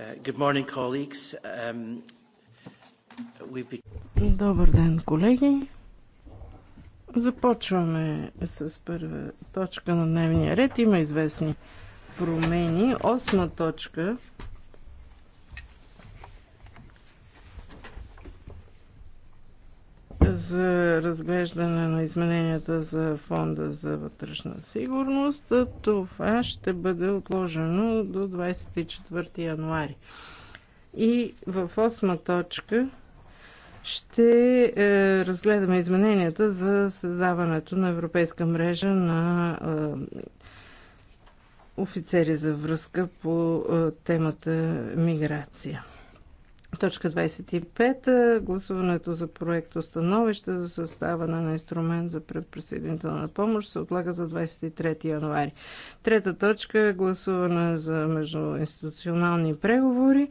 Uh, good morning, colleagues. Um, Добър ден, колеги. Започваме с първа точка на дневния ред. Има известни промени. Осма точка за разглеждане на измененията за фонда за вътрешна сигурност. Това ще бъде отложено до 24 януари. И в осма точка ще е, разгледаме измененията за създаването на Европейска мрежа на е, офицери за връзка по е, темата миграция. Точка 25. Гласуването за проект установище за съставане на инструмент за предприсъединителна помощ се отлага за 23 януари. Трета точка. Е гласуване за междуинституционални преговори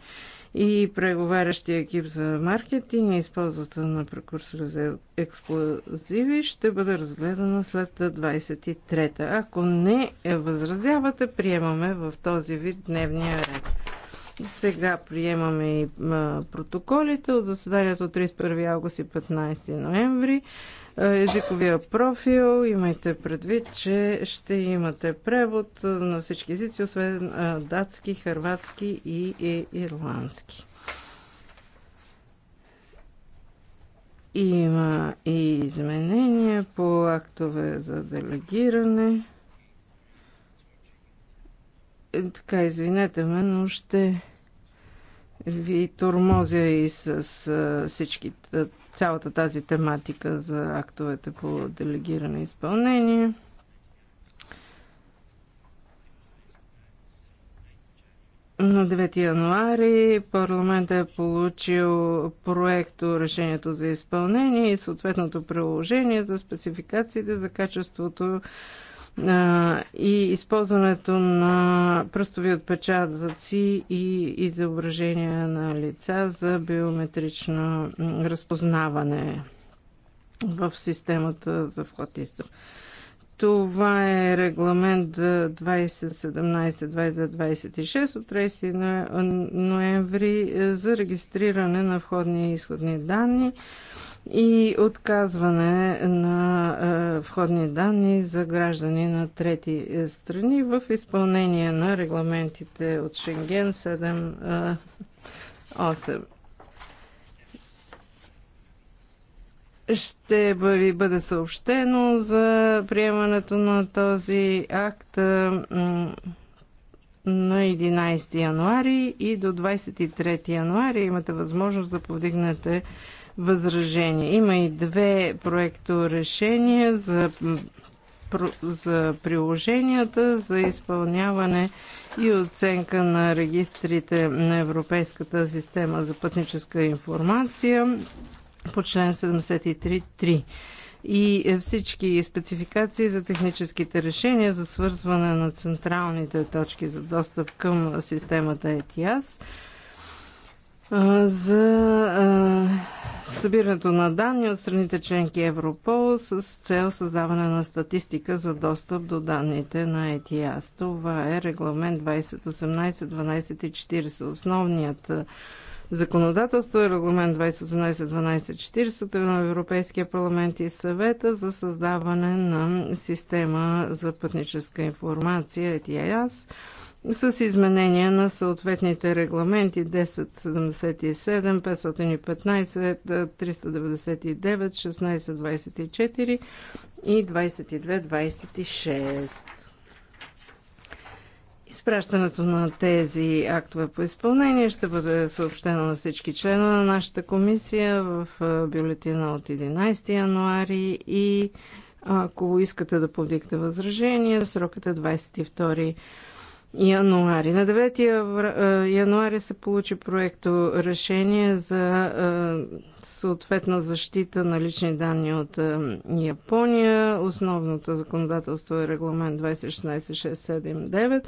и преговарящия екип за маркетинг и използвата на прекурсора за експлозиви ще бъде разгледана след 23-та. Ако не е възразявате, приемаме в този вид дневния ред. Сега приемаме и протоколите от заседанието от 31 август и 15 ноември. Езиковия профил, имайте предвид, че ще имате превод на всички езици, освен датски, хърватски и ирландски. Има и изменения по актове за делегиране. Е, така, извинете ме, но ще ви тормозя и с всички, цялата тази тематика за актовете по делегиране и изпълнение. На 9 януари парламентът е получил проекто решението за изпълнение и съответното приложение за спецификациите за качеството и използването на пръстови отпечатъци и изображения на лица за биометрично разпознаване в системата за вход и изток. Това е регламент 2017 2026 от 30 ноември за регистриране на входни и изходни данни и отказване на е, входни данни за граждани на трети е, страни в изпълнение на регламентите от Шенген 7-8. Е, Ще ви бъде съобщено за приемането на този акт на 11 януари и до 23 януари имате възможност да повдигнете възражения. Има и две проекто решения за, за приложенията, за изпълняване и оценка на регистрите на Европейската система за пътническа информация по член 73.3 и всички спецификации за техническите решения за свързване на централните точки за достъп към системата ETIAS – за събирането на данни от страните членки Европол с цел създаване на статистика за достъп до данните на ETIAS. Това е регламент 2018-1240. Основният законодателство е регламент 2018-1240 на Европейския парламент и съвета за създаване на система за пътническа информация ЕТИАС с изменения на съответните регламенти 1077, 515, 399, 1624 и 2226. Изпращането на тези актове по изпълнение ще бъде съобщено на всички членове на нашата комисия в бюлетина от 11 януари и ако искате да повдигате възражение, срокът е 22 януари. На 9 януари се получи проекто решение за съответна защита на лични данни от Япония. Основното законодателство е регламент 2016-679.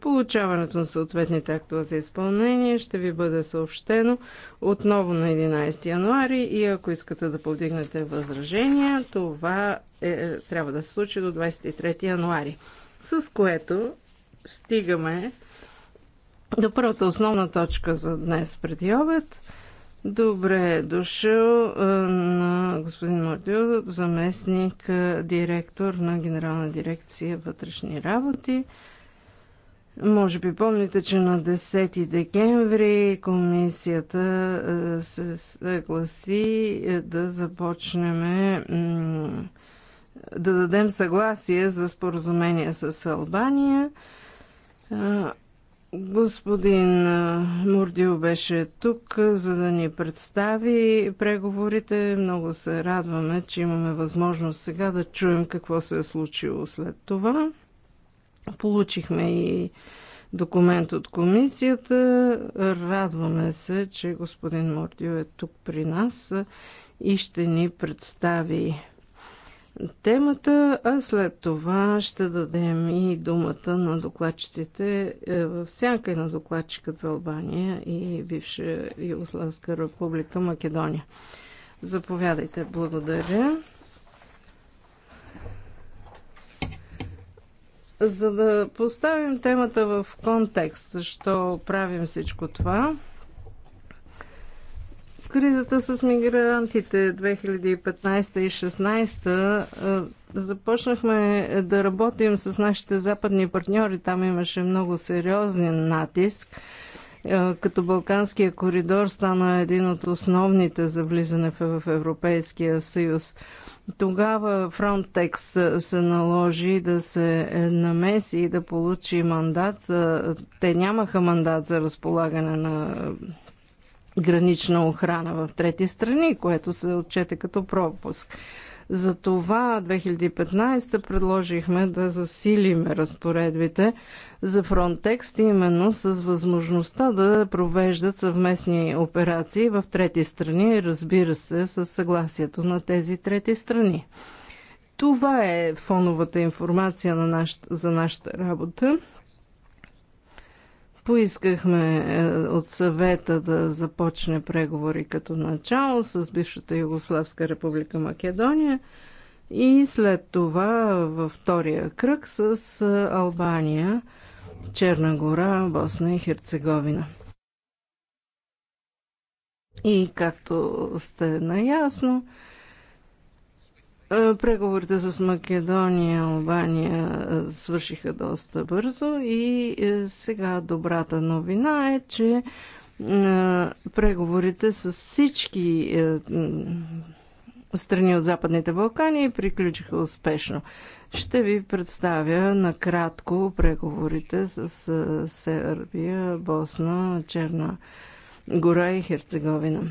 Получаването на съответните актове за изпълнение ще ви бъде съобщено отново на 11 януари и ако искате да повдигнете възражения, това е, трябва да се случи до 23 януари. С което стигаме до първата основна точка за днес преди обед. Добре е дошъл на господин Мордио, заместник директор на Генерална дирекция вътрешни работи. Може би помните, че на 10 декември комисията се съгласи да започнем да дадем съгласие за споразумение с Албания – Господин Мурдил беше тук, за да ни представи преговорите. Много се радваме, че имаме възможност сега да чуем какво се е случило след това. Получихме и документ от комисията. Радваме се, че господин Мордио е тук при нас и ще ни представи темата, а след това ще дадем и думата на докладчиците е, във всяка на докладчика за Албания и бивша Югославска република Македония. Заповядайте, благодаря. За да поставим темата в контекст, защо правим всичко това – кризата с мигрантите 2015 и 2016 започнахме да работим с нашите западни партньори. Там имаше много сериозен натиск. Като Балканския коридор стана един от основните за влизане в Европейския съюз. Тогава Frontex се наложи да се е, намеси и да получи мандат. Те нямаха мандат за разполагане на гранична охрана в трети страни, което се отчете като пропуск. Затова 2015 предложихме да засилим разпоредбите за Frontex, именно с възможността да провеждат съвместни операции в трети страни, разбира се, с съгласието на тези трети страни. Това е фоновата информация на наш... за нашата работа. Поискахме е, от съвета да започне преговори като начало с бившата Югославска република Македония и след това във втория кръг с е, Албания, Черна гора, Босна и Херцеговина. И както сте наясно, е, преговорите с Македония и Албания е, свършиха доста бързо и е, сега добрата новина е, че преговорите с всички страни от Западните Балкани приключиха успешно. Ще ви представя накратко преговорите с Сърбия, Босна, Черна гора и Херцеговина.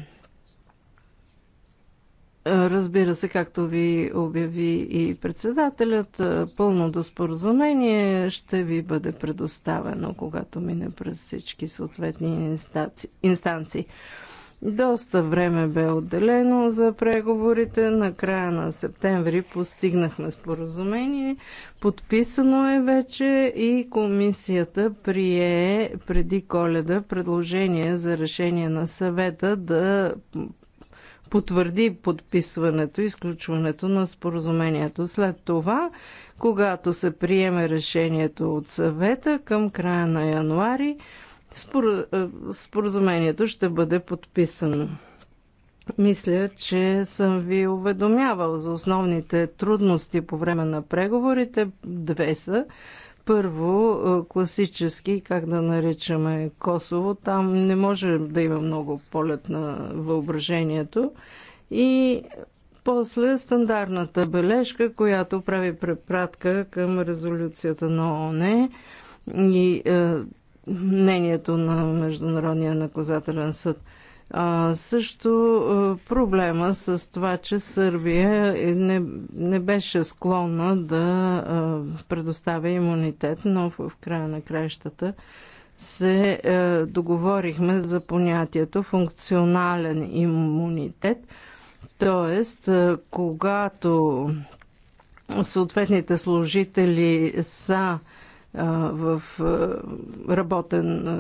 Разбира се, както ви обяви и председателят, пълното споразумение ще ви бъде предоставено, когато мине през всички съответни инстанции. Доста време бе отделено за преговорите. На края на септември постигнахме споразумение. Подписано е вече и комисията прие преди коледа предложение за решение на съвета да потвърди подписването и изключването на споразумението. След това, когато се приеме решението от съвета към края на януари, спор... Е, споразумението ще бъде подписано. Мисля, че съм ви уведомявал за основните трудности по време на преговорите. Две са. Първо, е, класически, как да наричаме Косово, там не може да има много полет на въображението. И после стандартната бележка, която прави препратка към резолюцията на ООН и е, мнението на Международния наказателен съд – а, също проблема с това, че Сърбия е, не, не беше склонна да а, предоставя имунитет, но в, в края на краищата се а, договорихме за понятието функционален имунитет, т.е. когато съответните служители са в работен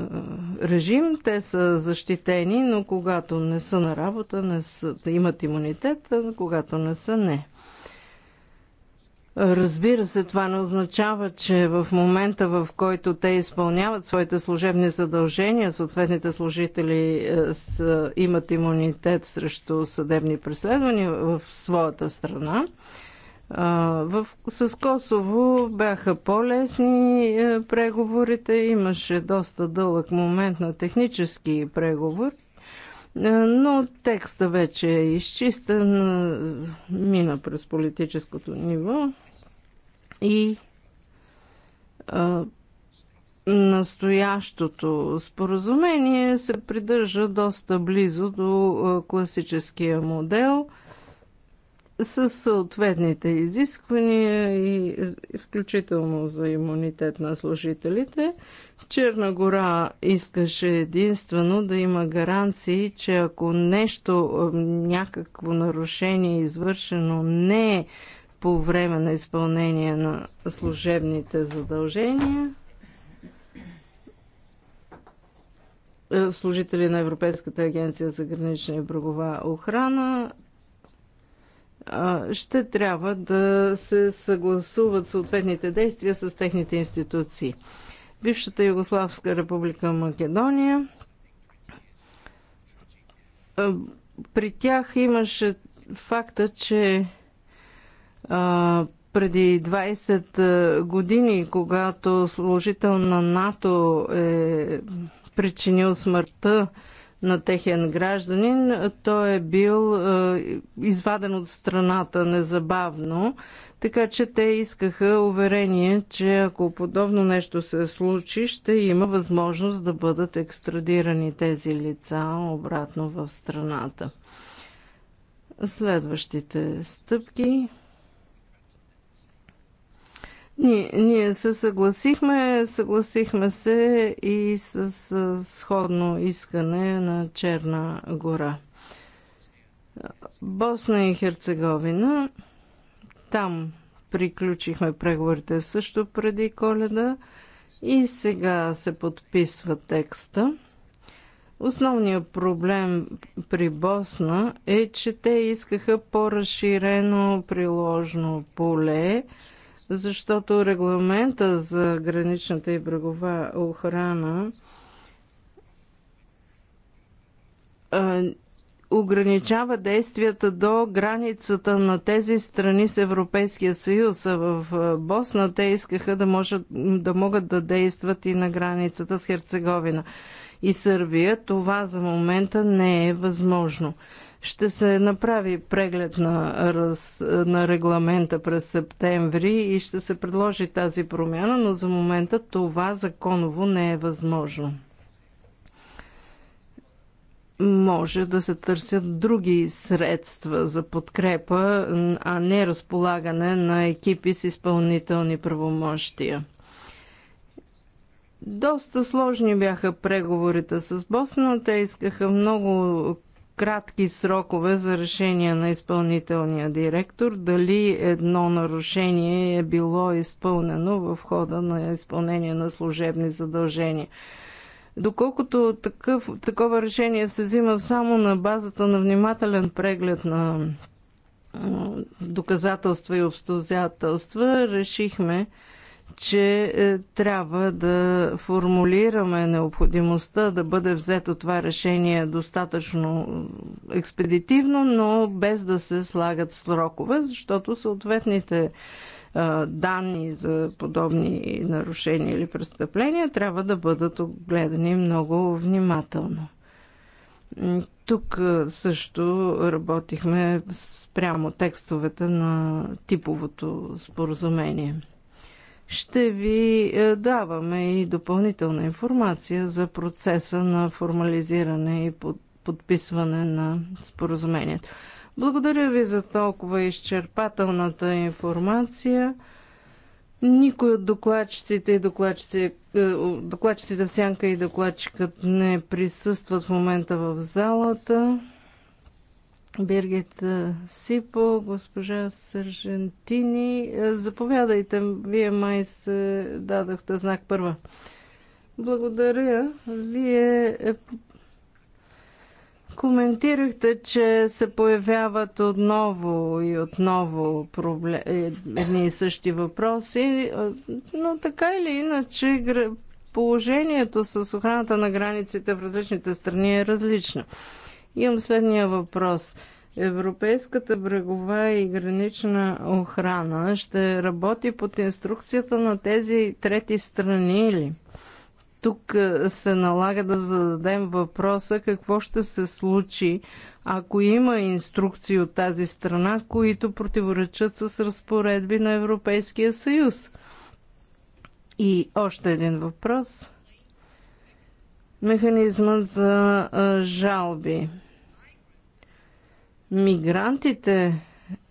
режим. Те са защитени, но когато не са на работа, не са, имат имунитет, а когато не са, не. Разбира се, това не означава, че в момента, в който те изпълняват своите служебни задължения, съответните служители е, имат имунитет срещу съдебни преследвания в своята страна. В, с Косово бяха по-лесни е, преговорите, имаше доста дълъг момент на технически преговор, е, но текста вече е изчистен, е, мина през политическото ниво и а, настоящото споразумение се придържа доста близо до класическия модел – със съответните изисквания и включително за имунитет на служителите. Черна гора искаше единствено да има гаранции, че ако нещо, някакво нарушение извършено не е по време на изпълнение на служебните задължения, е, служители на Европейската агенция за гранична и брагова охрана ще трябва да се съгласуват съответните действия с техните институции. Бившата Югославска република Македония при тях имаше факта, че преди 20 години, когато служител на НАТО е причинил смъртта на техен гражданин, той е бил е, изваден от страната незабавно, така че те искаха уверение, че ако подобно нещо се случи, ще има възможност да бъдат екстрадирани тези лица обратно в страната. Следващите стъпки ние, ние се съгласихме, съгласихме се и с, с сходно искане на Черна гора. Босна и Херцеговина, там приключихме преговорите също преди коледа и сега се подписва текста. Основният проблем при Босна е, че те искаха по-разширено приложно поле, защото регламента за граничната и брегова охрана ограничава действията до границата на тези страни с Европейския съюз. А в Босна те искаха да, можат, да могат да действат и на границата с Херцеговина и Сърбия. Това за момента не е възможно. Ще се направи преглед на, раз, на регламента през септември и ще се предложи тази промяна, но за момента това законово не е възможно. Може да се търсят други средства за подкрепа, а не разполагане на екипи с изпълнителни правомощия. Доста сложни бяха преговорите с Босна. Те искаха много кратки срокове за решение на изпълнителния директор, дали едно нарушение е било изпълнено в хода на изпълнение на служебни задължения. Доколкото такъв, такова решение се взима само на базата на внимателен преглед на доказателства и обстоятелства, решихме, че е, трябва да формулираме необходимостта да бъде взето това решение достатъчно експедитивно, но без да се слагат срокове, защото съответните е, данни за подобни нарушения или престъпления трябва да бъдат огледани много внимателно. Тук е, също работихме спрямо текстовете на типовото споразумение ще ви е, даваме и допълнителна информация за процеса на формализиране и подписване на споразумението. Благодаря ви за толкова изчерпателната информация. Никой от докладчиците и докладчиците, докладчиците в сянка и докладчикът не присъстват в момента в залата. Биргит Сипо, госпожа Сържентини. Заповядайте, вие май се дадохте знак първа. Благодаря. Вие е, коментирахте, че се появяват отново и отново проблем, е, едни и същи въпроси, но така или иначе положението с охраната на границите в различните страни е различно. Имам следния въпрос. Европейската брегова и гранична охрана ще работи под инструкцията на тези трети страни или? Тук е, се налага да зададем въпроса какво ще се случи, ако има инструкции от тази страна, които противоречат с разпоредби на Европейския съюз. И още един въпрос механизмът за жалби. Мигрантите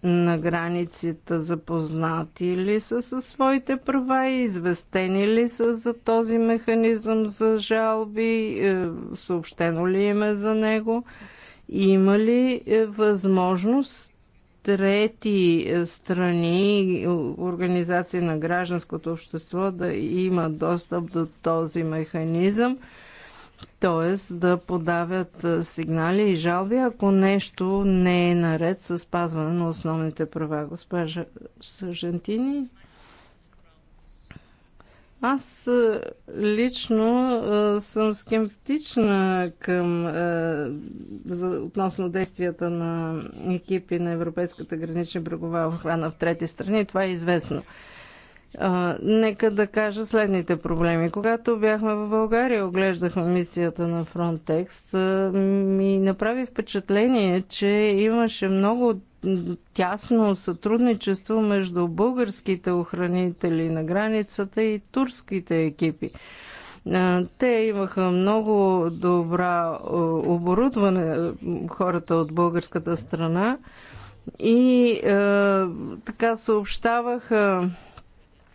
на границата запознати ли са със своите права и известени ли са за този механизъм за жалби, е, съобщено ли им е за него, има ли е, възможност трети е, страни, организации на гражданското общество да има достъп до този механизъм – т.е. да подавят сигнали и жалби, ако нещо не е наред с спазване на основните права. Госпожа Сържентини, аз лично съм скептична към за, относно действията на екипи на Европейската гранична брегова охрана в трети страни. Това е известно. А, нека да кажа следните проблеми. Когато бяхме в България, оглеждахме мисията на Frontex, ми направи впечатление, че имаше много тясно сътрудничество между българските охранители на границата и турските екипи. Те имаха много добра оборудване, хората от българската страна и е, така съобщаваха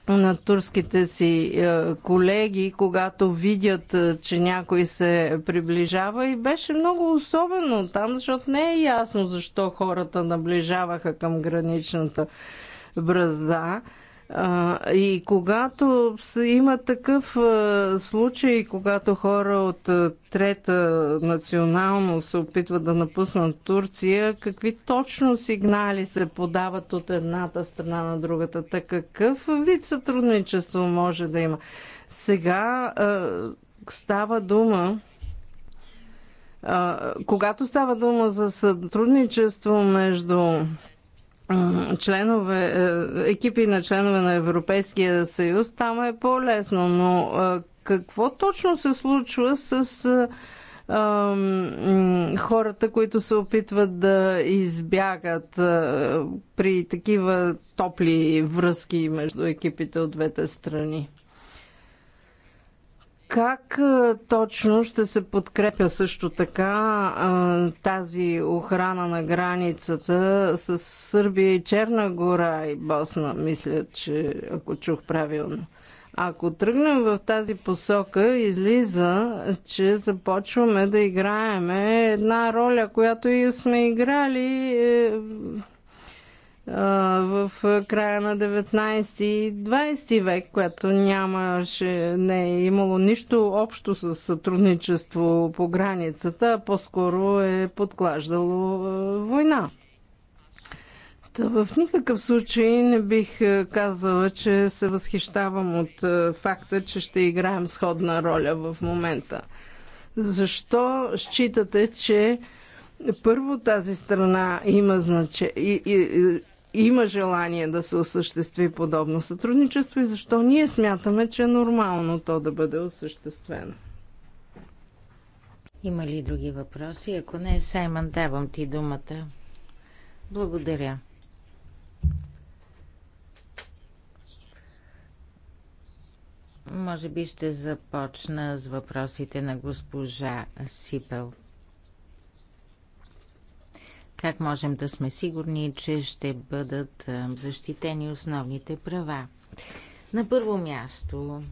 на турските си е, колеги, когато видят, е, че някой се приближава и беше много особено там, защото не е ясно защо хората наближаваха към граничната бръзда и когато има такъв случай, когато хора от трета национално се опитват да напуснат Турция, какви точно сигнали се подават от едната страна на другата? Та какъв вид сътрудничество може да има? Сега става дума когато става дума за сътрудничество между членове, е, екипи на членове на Европейския съюз, там е по-лесно, но какво точно се случва с хората, които се опитват да избягат при такива топли връзки между екипите от двете страни? Как точно ще се подкрепя също така тази охрана на границата с Сърбия и Черна гора и Босна? Мисля, че ако чух правилно. Ако тръгнем в тази посока, излиза, че започваме да играеме една роля, която и сме играли е, в края на 19 и 20 век, което нямаше, не е имало нищо общо с сътрудничество по границата, а по-скоро е подклаждало война. Та в никакъв случай не бих казала, че се възхищавам от факта, че ще играем сходна роля в момента. Защо считате, че първо тази страна има значение и, и, има желание да се осъществи подобно сътрудничество и защо ние смятаме, че е нормално то да бъде осъществено. Има ли други въпроси? Ако не, Саймън, давам ти думата. Благодаря. Може би ще започна с въпросите на госпожа Сипел. Как можем да сме сигурни, че ще бъдат защитени основните права? На първо място,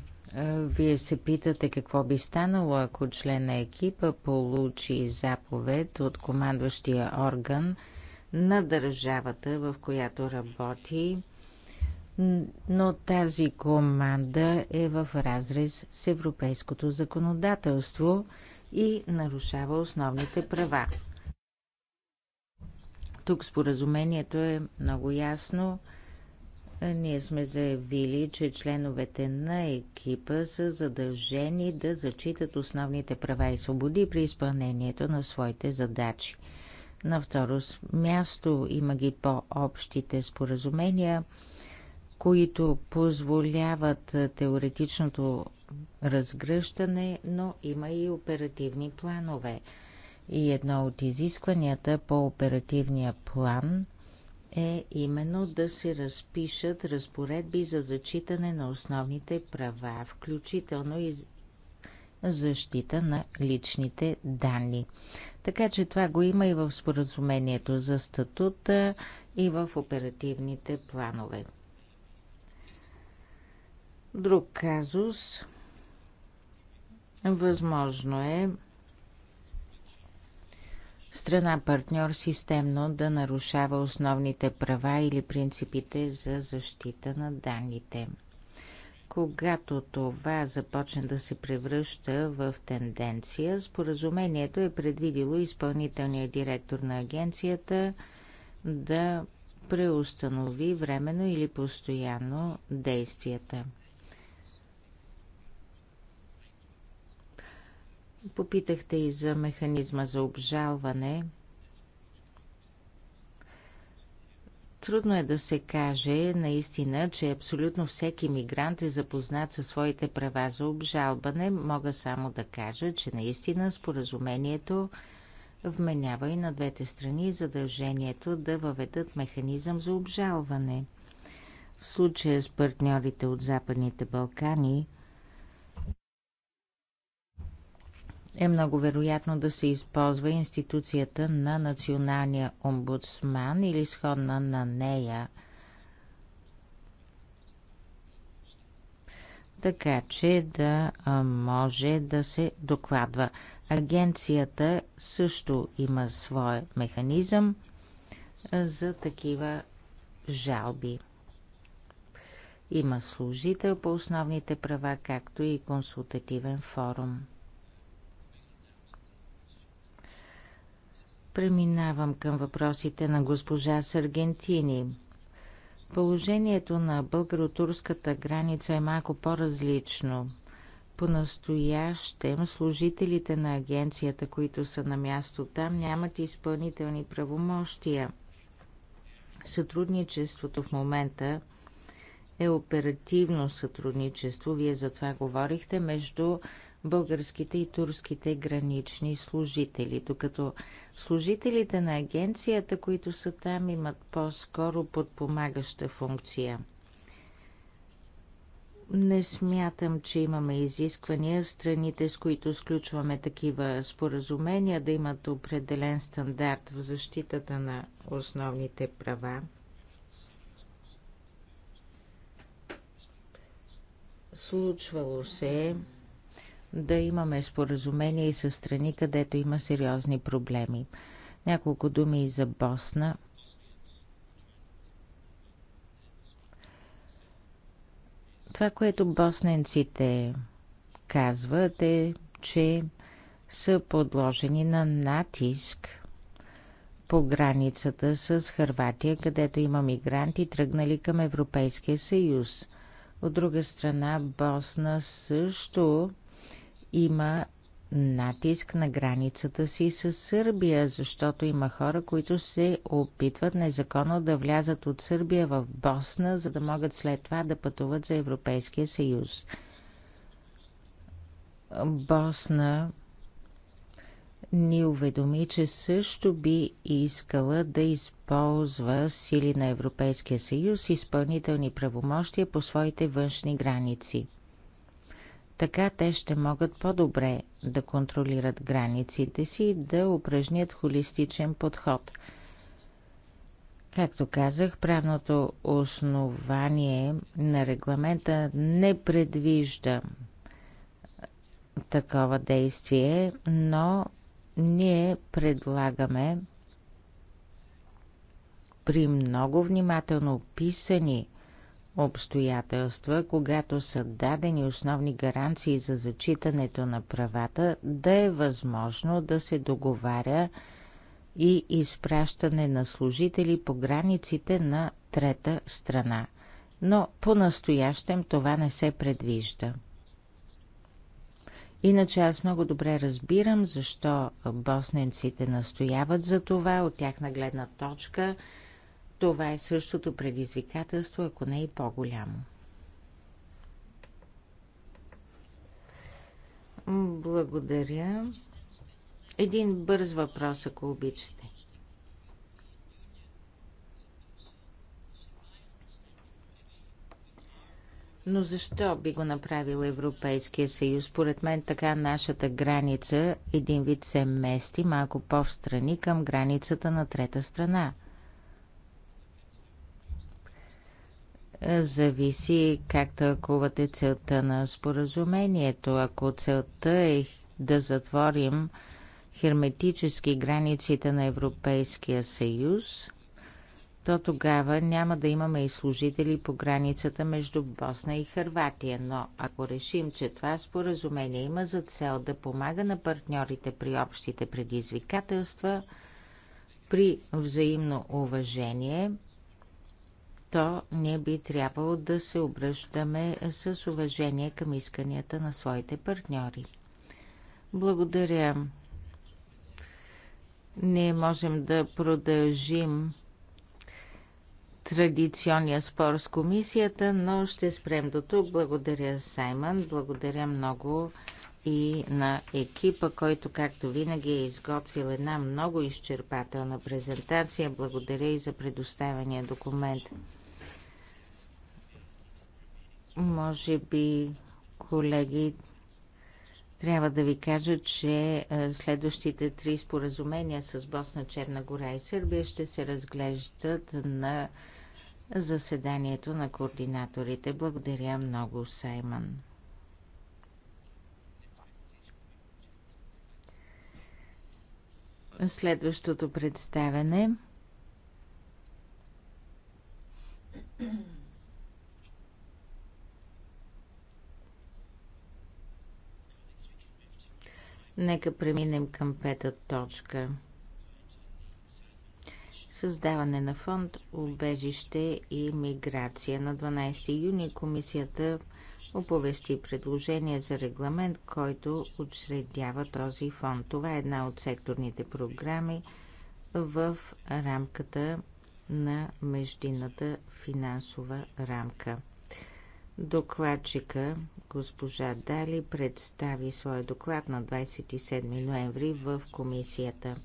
вие се питате какво би станало, ако член на екипа получи заповед от командващия орган на държавата, в която работи, но тази команда е в разрез с европейското законодателство и нарушава основните права. Тук споразумението е много ясно. Ние сме заявили, че членовете на екипа са задължени да зачитат основните права и свободи при изпълнението на своите задачи. На второ място има ги по-общите споразумения, които позволяват теоретичното разгръщане, но има и оперативни планове – и едно от изискванията по оперативния план е именно да се разпишат разпоредби за зачитане на основните права, включително и защита на личните данни. Така че това го има и в споразумението за статута и в оперативните планове. Друг казус. Възможно е страна партньор системно да нарушава основните права или принципите за защита на данните. Когато това започне да се превръща в тенденция, споразумението е предвидило изпълнителният директор на агенцията да преустанови временно или постоянно действията. Попитахте и за механизма за обжалване. Трудно е да се каже наистина, че абсолютно всеки мигрант е запознат със своите права за обжалване. Мога само да кажа, че наистина споразумението вменява и на двете страни задължението да въведат механизъм за обжалване. В случая с партньорите от Западните Балкани – е много вероятно да се използва институцията на националния омбудсман или сходна на нея. Така че да може да се докладва. Агенцията също има своя механизъм за такива жалби. Има служител по основните права, както и консултативен форум. Преминавам към въпросите на госпожа Саргентини. Положението на българо-турската граница е малко по-различно. По-настоящем служителите на агенцията, които са на място там, нямат изпълнителни правомощия. Сътрудничеството в момента е оперативно сътрудничество, вие за това говорихте, между българските и турските гранични служители, докато служителите на агенцията, които са там, имат по-скоро подпомагаща функция. Не смятам, че имаме изисквания страните, с които сключваме такива споразумения, да имат определен стандарт в защитата на основните права. Случвало се е да имаме споразумение и с страни, където има сериозни проблеми. Няколко думи и за Босна. Това, което босненците казват е, че са подложени на натиск по границата с Хърватия, където има мигранти, тръгнали към Европейския съюз. От друга страна, Босна също има натиск на границата си с Сърбия, защото има хора, които се опитват незаконно да влязат от Сърбия в Босна, за да могат след това да пътуват за Европейския съюз. Босна ни уведоми, че също би искала да използва сили на Европейския съюз изпълнителни правомощия по своите външни граници – така те ще могат по-добре да контролират границите си и да упражнят холистичен подход. Както казах, правното основание на регламента не предвижда такова действие, но ние предлагаме при много внимателно описани обстоятелства, когато са дадени основни гаранции за зачитането на правата, да е възможно да се договаря и изпращане на служители по границите на трета страна. Но по-настоящем това не се предвижда. Иначе аз много добре разбирам защо босненците настояват за това от тяхна гледна точка – това е същото предизвикателство, ако не и по-голямо. Благодаря. Един бърз въпрос, ако обичате. Но защо би го направил Европейския съюз? Поред мен така нашата граница един вид се мести малко по-встрани към границата на трета страна. зависи как тълкувате целта на споразумението. Ако целта е да затворим херметически границите на Европейския съюз, то тогава няма да имаме и служители по границата между Босна и Хърватия. Но ако решим, че това споразумение има за цел да помага на партньорите при общите предизвикателства, при взаимно уважение – то ние би трябвало да се обръщаме с уважение към исканията на своите партньори. Благодаря. Ние можем да продължим традиционния спор с комисията, но ще спрем до тук. Благодаря, Саймън. Благодаря много и на екипа, който както винаги е изготвил една много изчерпателна презентация. Благодаря и за предоставения документ. Може би, колеги, трябва да ви кажа, че е, следващите три споразумения с Босна, Черна гора и Сърбия ще се разглеждат на заседанието на координаторите. Благодаря много, Саймън. Следващото представяне. Нека преминем към пета точка. Създаване на фонд обежище и миграция. На 12 юни комисията оповести предложение за регламент, който учредява този фонд. Това е една от секторните програми в рамката на междинната финансова рамка. Докладчика Госпожа Дали представи своя доклад на 27 ноември в комисията.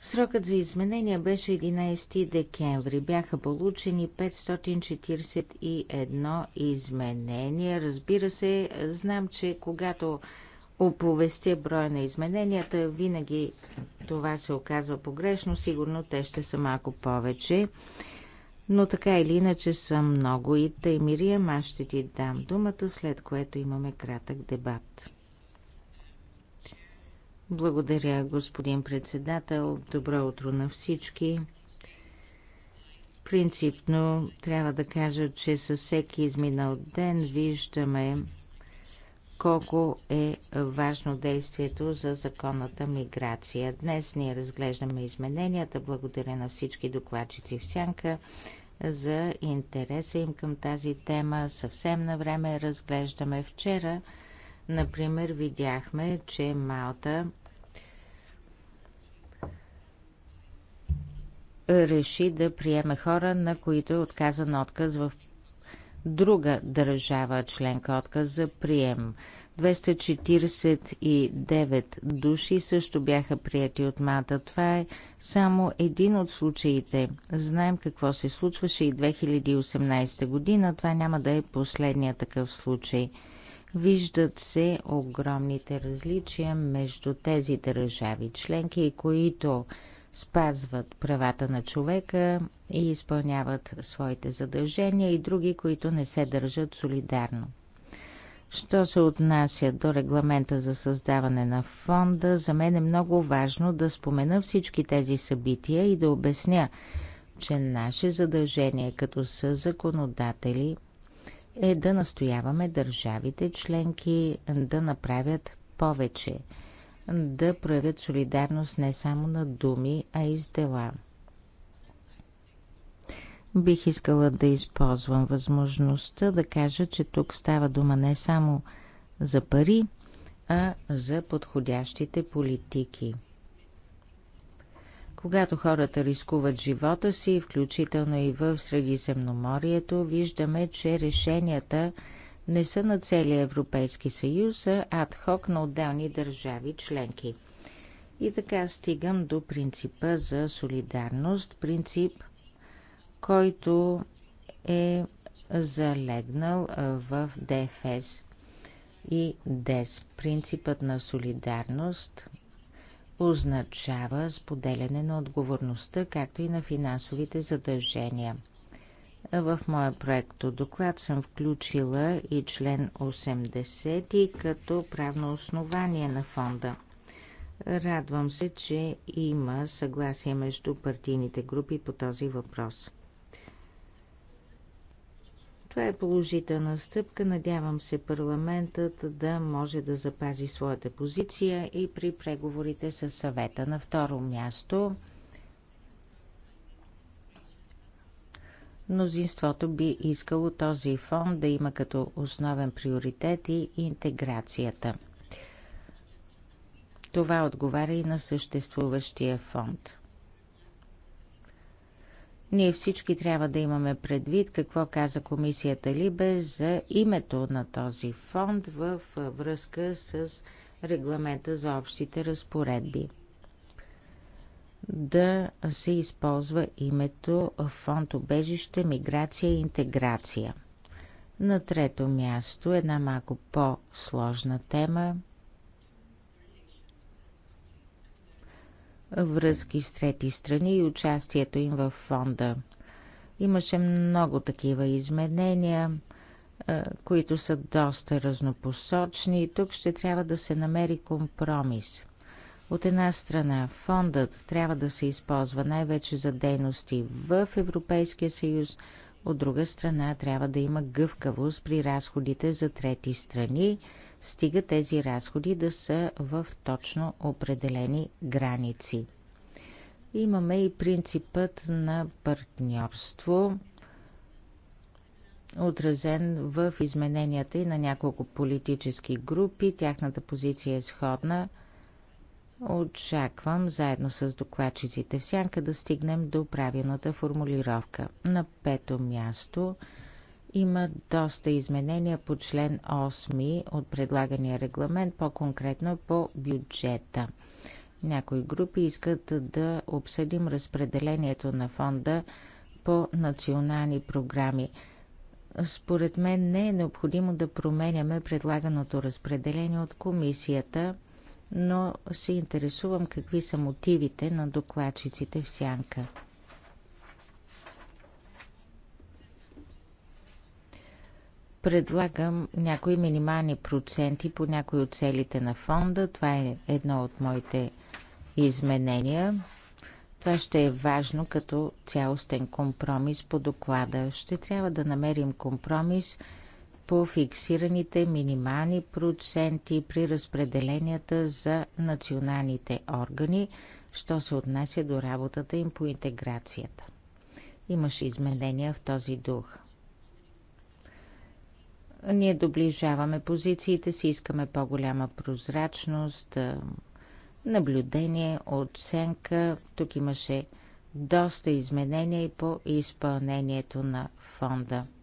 Срокът за изменения беше 11 декември. Бяха получени 541 изменения. Разбира се, знам, че когато оповестя броя на измененията, винаги това се оказва погрешно. Сигурно те ще са малко повече но така или иначе съм много и тъй, Мириам, аз ще ти дам думата, след което имаме кратък дебат. Благодаря, господин председател. Добро утро на всички. Принципно трябва да кажа, че със всеки изминал ден виждаме колко е важно действието за законната миграция. Днес ние разглеждаме измененията. Благодаря на всички докладчици в Сянка за интереса им към тази тема. Съвсем на време разглеждаме вчера. Например, видяхме, че Малта реши да приеме хора, на които е отказан отказ в друга държава членка отказ за прием. 249 души също бяха прияти от Мата. Това е само един от случаите. Знаем какво се случваше и 2018 година. Това няма да е последния такъв случай. Виждат се огромните различия между тези държави членки, които спазват правата на човека и изпълняват своите задължения и други, които не се държат солидарно. Що се отнася до регламента за създаване на фонда, за мен е много важно да спомена всички тези събития и да обясня, че наше задължение като са законодатели е да настояваме държавите членки да направят повече – да проявят солидарност не само на думи, а и с дела. Бих искала да използвам възможността да кажа, че тук става дума не само за пари, а за подходящите политики. Когато хората рискуват живота си, включително и в Средиземноморието, виждаме, че решенията – не са на целия Европейски съюз, а адхок на отделни държави членки. И така стигам до принципа за солидарност, принцип, който е залегнал в ДФС и ДЕС. Принципът на солидарност означава споделяне на отговорността, както и на финансовите задължения – в моя проекто доклад съм включила и член 80 като правно основание на фонда. Радвам се, че има съгласие между партийните групи по този въпрос. Това е положителна стъпка. Надявам се парламентът да може да запази своята позиция и при преговорите с съвета. На второ място Мнозинството би искало този фонд да има като основен приоритет и интеграцията. Това отговаря и на съществуващия фонд. Ние всички трябва да имаме предвид какво каза комисията Либе за името на този фонд в връзка с регламента за общите разпоредби да се използва името Фонд обежище, миграция и интеграция. На трето място една малко по-сложна тема връзки с трети страни и участието им в фонда. Имаше много такива изменения, които са доста разнопосочни и тук ще трябва да се намери компромис. От една страна, фондът трябва да се използва най-вече за дейности в Европейския съюз, от друга страна трябва да има гъвкавост при разходите за трети страни, стига тези разходи да са в точно определени граници. Имаме и принципът на партньорство, отразен в измененията и на няколко политически групи. Тяхната позиция е сходна – Очаквам заедно с докладчиците в сянка да стигнем до правилната формулировка. На пето място има доста изменения по член 8 от предлагания регламент, по-конкретно по бюджета. Някои групи искат да обсъдим разпределението на фонда по национални програми. Според мен не е необходимо да променяме предлаганото разпределение от комисията – но се интересувам какви са мотивите на докладчиците в сянка. Предлагам някои минимални проценти по някои от целите на фонда. Това е едно от моите изменения. Това ще е важно като цялостен компромис по доклада. Ще трябва да намерим компромис – по фиксираните минимални проценти при разпределенията за националните органи, що се отнася до работата им по интеграцията. Имаше изменения в този дух. Ние доближаваме позициите си, искаме по-голяма прозрачност, наблюдение, оценка. Тук имаше доста изменения и по изпълнението на фонда –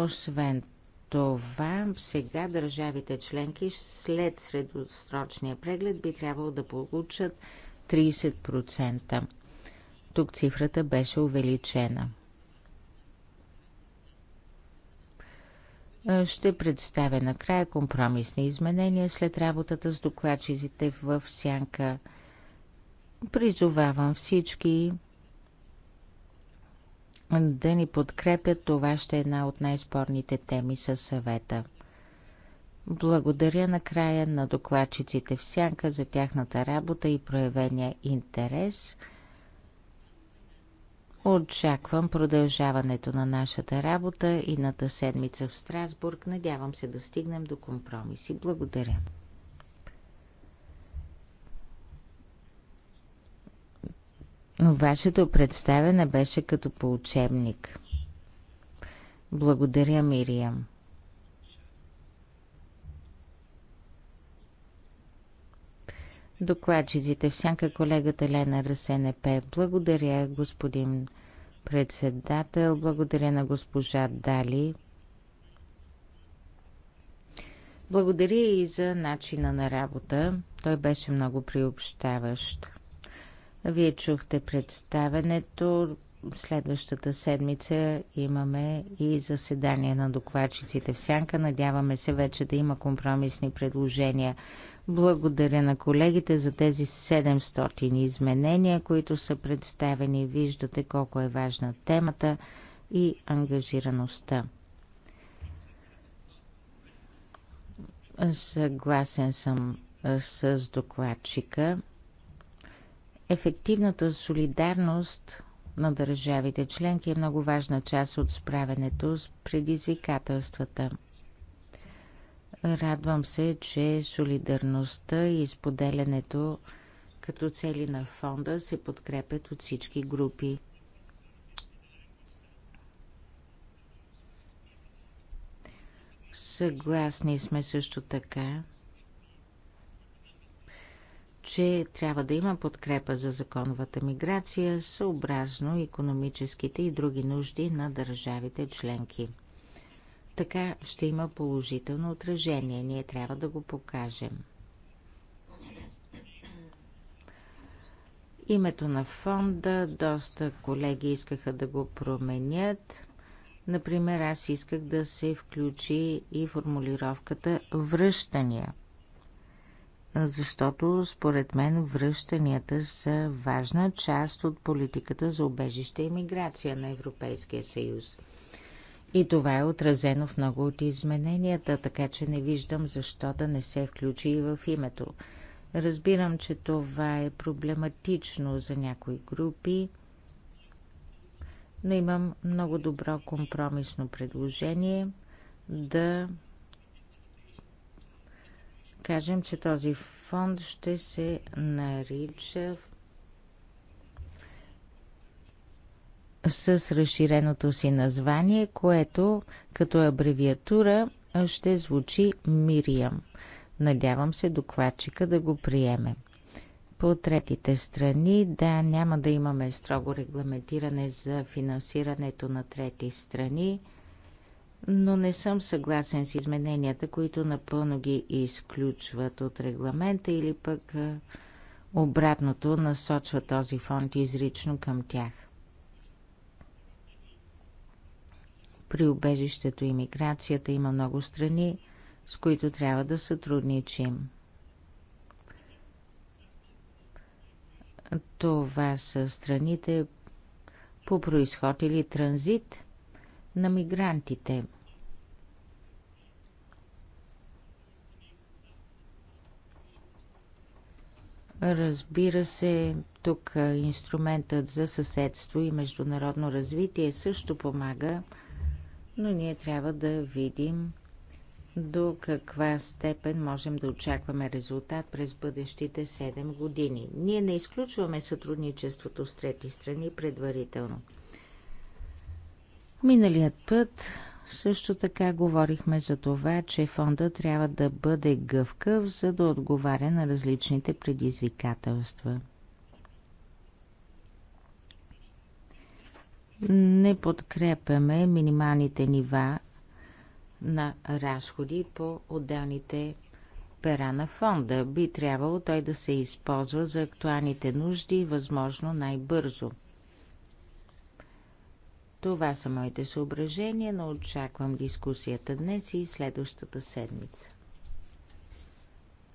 Освен това, сега държавите членки след средосрочния преглед би трябвало да получат 30%. Тук цифрата беше увеличена. Е, ще представя накрая компромисни изменения след работата с докладчиците в Сянка. Призовавам всички да ни подкрепят, това ще е една от най-спорните теми със съвета. Благодаря накрая на докладчиците в Сянка за тяхната работа и проявения интерес. Очаквам продължаването на нашата работа идната седмица в Страсбург. Надявам се да стигнем до компромиси. Благодаря. Вашето представяне беше като по учебник. Благодаря, Мириам. Докладчиците, всяка колегата Лена РСНП. Благодаря, господин председател. Благодаря на госпожа Дали. Благодаря и за начина на работа. Той беше много приобщаващ. Вие чухте представенето. Следващата седмица имаме и заседание на докладчиците в Сянка. Надяваме се вече да има компромисни предложения. Благодаря на колегите за тези 700 изменения, които са представени. Виждате колко е важна темата и ангажираността. Съгласен съм с докладчика. Ефективната солидарност на държавите членки е много важна част от справенето с предизвикателствата. Радвам се, че солидарността и споделянето като цели на фонда се подкрепят от всички групи. Съгласни сме също така, че трябва да има подкрепа за законовата миграция, съобразно економическите и други нужди на държавите членки. Така ще има положително отражение. Ние трябва да го покажем. Името на фонда доста колеги искаха да го променят. Например, аз исках да се включи и формулировката връщания – защото според мен връщанията са важна част от политиката за обежище и миграция на Европейския съюз. И това е отразено в много от измененията, така че не виждам защо да не се включи и в името. Разбирам, че това е проблематично за някои групи, но имам много добро компромисно предложение да кажем, че този фонд ще се нарича с разширеното си название, което като абревиатура ще звучи Мириам. Надявам се докладчика да го приеме. По третите страни, да, няма да имаме строго регламентиране за финансирането на трети страни но не съм съгласен с измененията, които напълно ги изключват от регламента или пък обратното насочва този фонд изрично към тях. При убежището и миграцията има много страни, с които трябва да сътрудничим. Това са страните по происход или транзит – на мигрантите. Разбира се, тук инструментът за съседство и международно развитие също помага, но ние трябва да видим до каква степен можем да очакваме резултат през бъдещите 7 години. Ние не изключваме сътрудничеството с трети страни предварително – Миналият път също така говорихме за това, че фонда трябва да бъде гъвкав, за да отговаря на различните предизвикателства. Не подкрепяме минималните нива на разходи по отделните пера на фонда. Би трябвало той да се използва за актуалните нужди, възможно най-бързо – това са моите съображения, но очаквам дискусията днес и следващата седмица.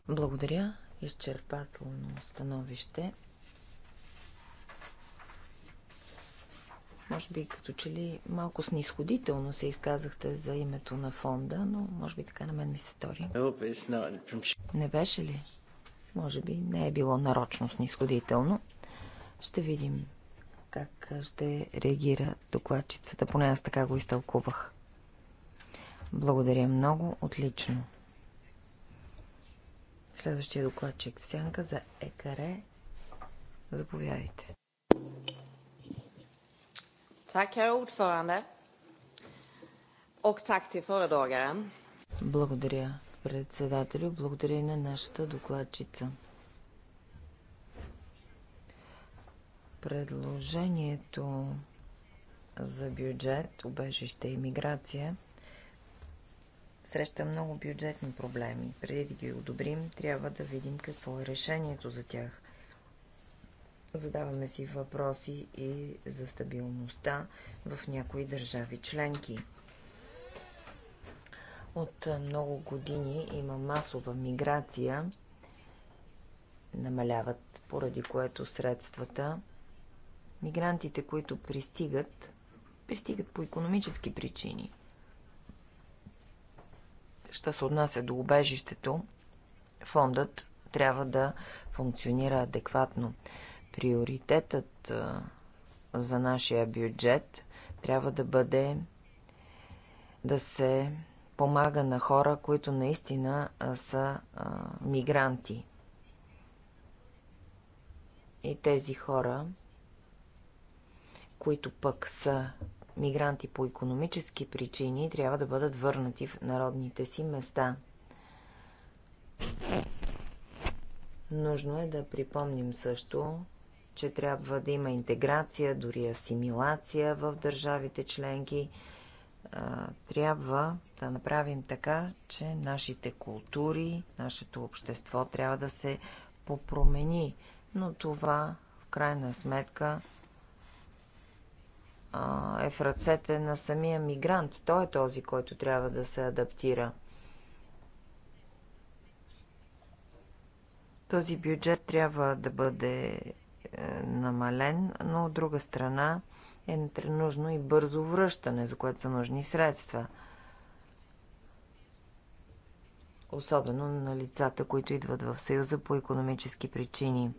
Благодаря. Изчерпателно становище. Може би като че ли малко снисходително се изказахте за името на фонда, но може би така на мен ми се стори. Не беше ли? Може би не е било нарочно снисходително. Ще видим как ще реагира докладчицата. Поне аз така го изтълкувах. Благодаря много. Отлично. Следващия докладчик в сянка за ЕКАРЕ. Заповядайте. Благодаря, председателю. Благодаря и на нашата докладчица. Предложението за бюджет, убежище и миграция среща много бюджетни проблеми. Преди да ги одобрим, трябва да видим какво е решението за тях. Задаваме си въпроси и за стабилността в някои държави членки. От много години има масова миграция, намаляват поради което средствата мигрантите, които пристигат, пристигат по економически причини. Що се отнася до убежището, фондът трябва да функционира адекватно. Приоритетът за нашия бюджет трябва да бъде да се помага на хора, които наистина са мигранти. И тези хора които пък са мигранти по економически причини, трябва да бъдат върнати в народните си места. Нужно е да припомним също, че трябва да има интеграция, дори асимилация в държавите членки. Трябва да направим така, че нашите култури, нашето общество трябва да се попромени. Но това, в крайна сметка, е в ръцете на самия мигрант. Той е този, който трябва да се адаптира. Този бюджет трябва да бъде е, намален, но от друга страна е нужно и бързо връщане, за което са нужни средства. Особено на лицата, които идват в Съюза по економически причини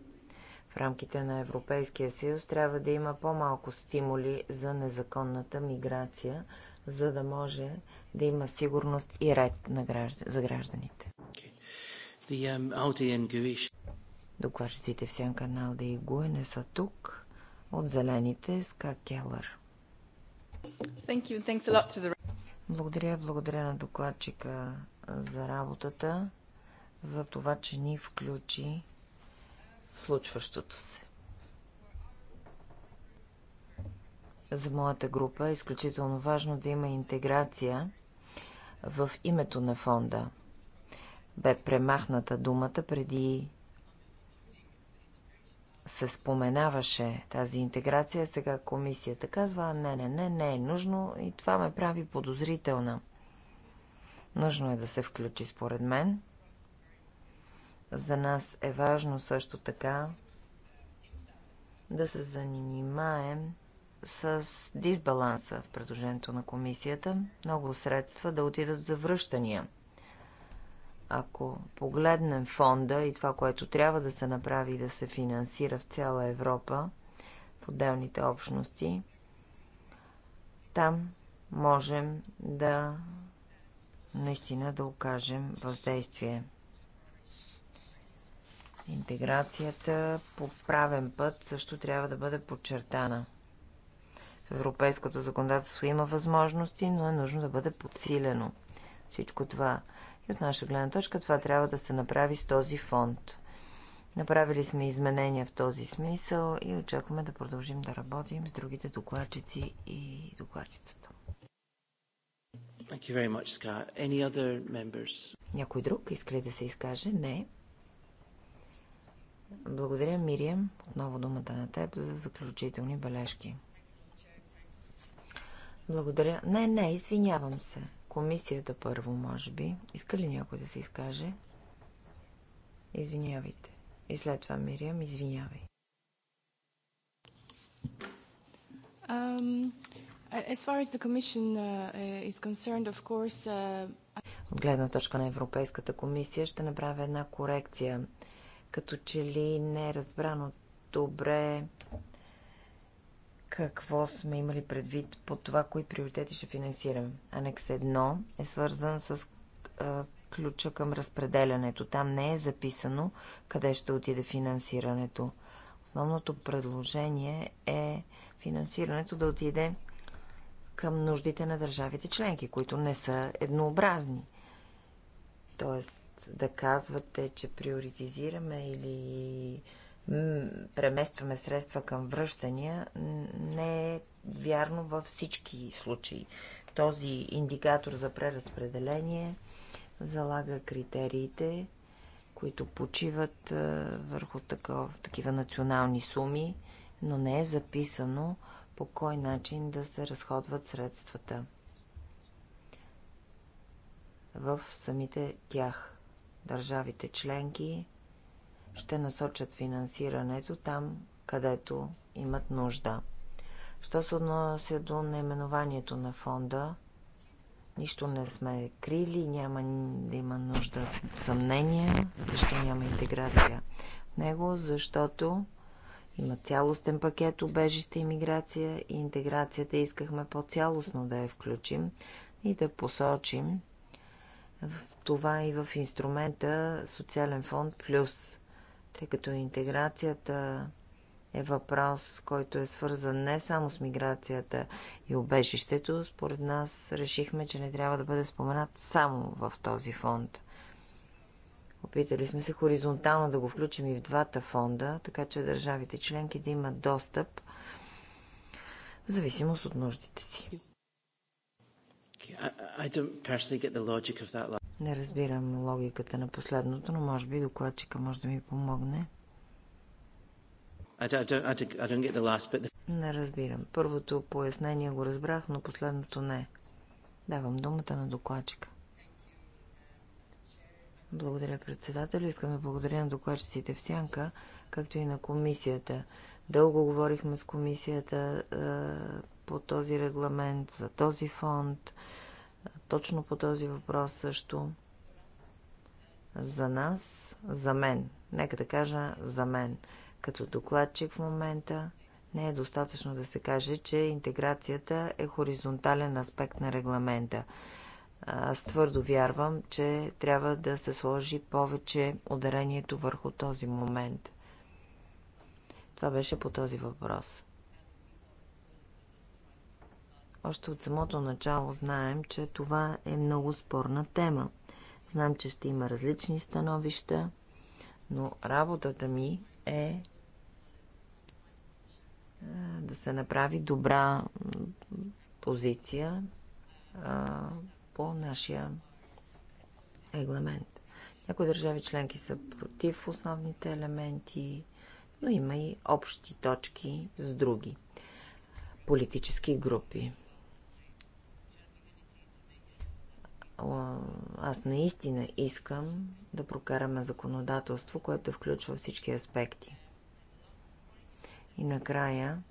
в рамките на Европейския съюз трябва да има по-малко стимули за незаконната миграция, за да може да има сигурност и ред на за гражданите. Um, Докладчиците в сянка на Алде и Гуе не са тук. От зелените Ска Келър. Thank the... Благодаря, благодаря на докладчика за работата, за това, че ни включи случващото се. За моята група е изключително важно да има интеграция в името на фонда. Бе премахната думата преди се споменаваше тази интеграция, сега комисията казва, не, не, не, не е нужно и това ме прави подозрителна. Нужно е да се включи според мен. За нас е важно също така да се занимаем с дисбаланса в предложението на комисията. Много средства да отидат за връщания. Ако погледнем фонда и това, което трябва да се направи и да се финансира в цяла Европа, в отделните общности, там можем да наистина да окажем въздействие. Интеграцията по правен път също трябва да бъде подчертана. В европейското законодателство има възможности, но е нужно да бъде подсилено всичко това. И от наша гледна точка това трябва да се направи с този фонд. Направили сме изменения в този смисъл и очакваме да продължим да работим с другите докладчици и докладчицата. Much, Някой друг иска ли да се изкаже? Не. Благодаря, Мирием. Отново думата на теб за заключителни бележки. Благодаря. Не, не, извинявам се. Комисията първо, може би. Иска ли някой да се изкаже? Извинявайте. И след това, Мирием, извинявай. Um, as far as the Commission uh, uh is concerned, of course... Uh... От гледна точка на Европейската комисия ще направя една корекция като че ли не е разбрано добре какво сме имали предвид по това, кои приоритети ще финансираме. Анекс 1 е свързан с а, ключа към разпределянето. Там не е записано къде ще отиде финансирането. Основното предложение е финансирането да отиде към нуждите на държавите членки, които не са еднообразни. Тоест, да казвате, че приоритизираме или преместваме средства към връщания, не е вярно във всички случаи. Този индикатор за преразпределение залага критериите, които почиват върху такъв, такива национални суми, но не е записано по кой начин да се разходват средствата в самите тях. Държавите членки ще насочат финансирането там, където имат нужда. Що се относи до наименованието на фонда, нищо не сме крили, няма да има нужда съмнение, защо няма интеграция в него, защото има цялостен пакет обежище и миграция и интеграцията искахме по-цялостно да я включим и да посочим това и в инструмента Социален фонд Плюс, тъй като интеграцията е въпрос, който е свързан не само с миграцията и обежището. Според нас решихме, че не трябва да бъде споменат само в този фонд. Опитали сме се хоризонтално да го включим и в двата фонда, така че държавите членки да имат достъп в зависимост от нуждите си. Не разбирам логиката на последното, но може би докладчика може да ми помогне. Не разбирам. Първото пояснение го разбрах, но последното не. Давам думата на докладчика. Благодаря, председател. Искам да благодаря на докладчиците в Сянка, както и на комисията. Дълго говорихме с комисията по този регламент, за този фонд, точно по този въпрос също. За нас, за мен, нека да кажа за мен, като докладчик в момента, не е достатъчно да се каже, че интеграцията е хоризонтален аспект на регламента. Аз твърдо вярвам, че трябва да се сложи повече ударението върху този момент. Това беше по този въпрос. Още от самото начало знаем, че това е много спорна тема. Знам, че ще има различни становища, но работата ми е, е да се направи добра позиция по нашия регламент. Някои държави членки са против основните елементи, но има и общи точки с други политически групи. аз наистина искам да прокараме законодателство, което включва всички аспекти. И накрая,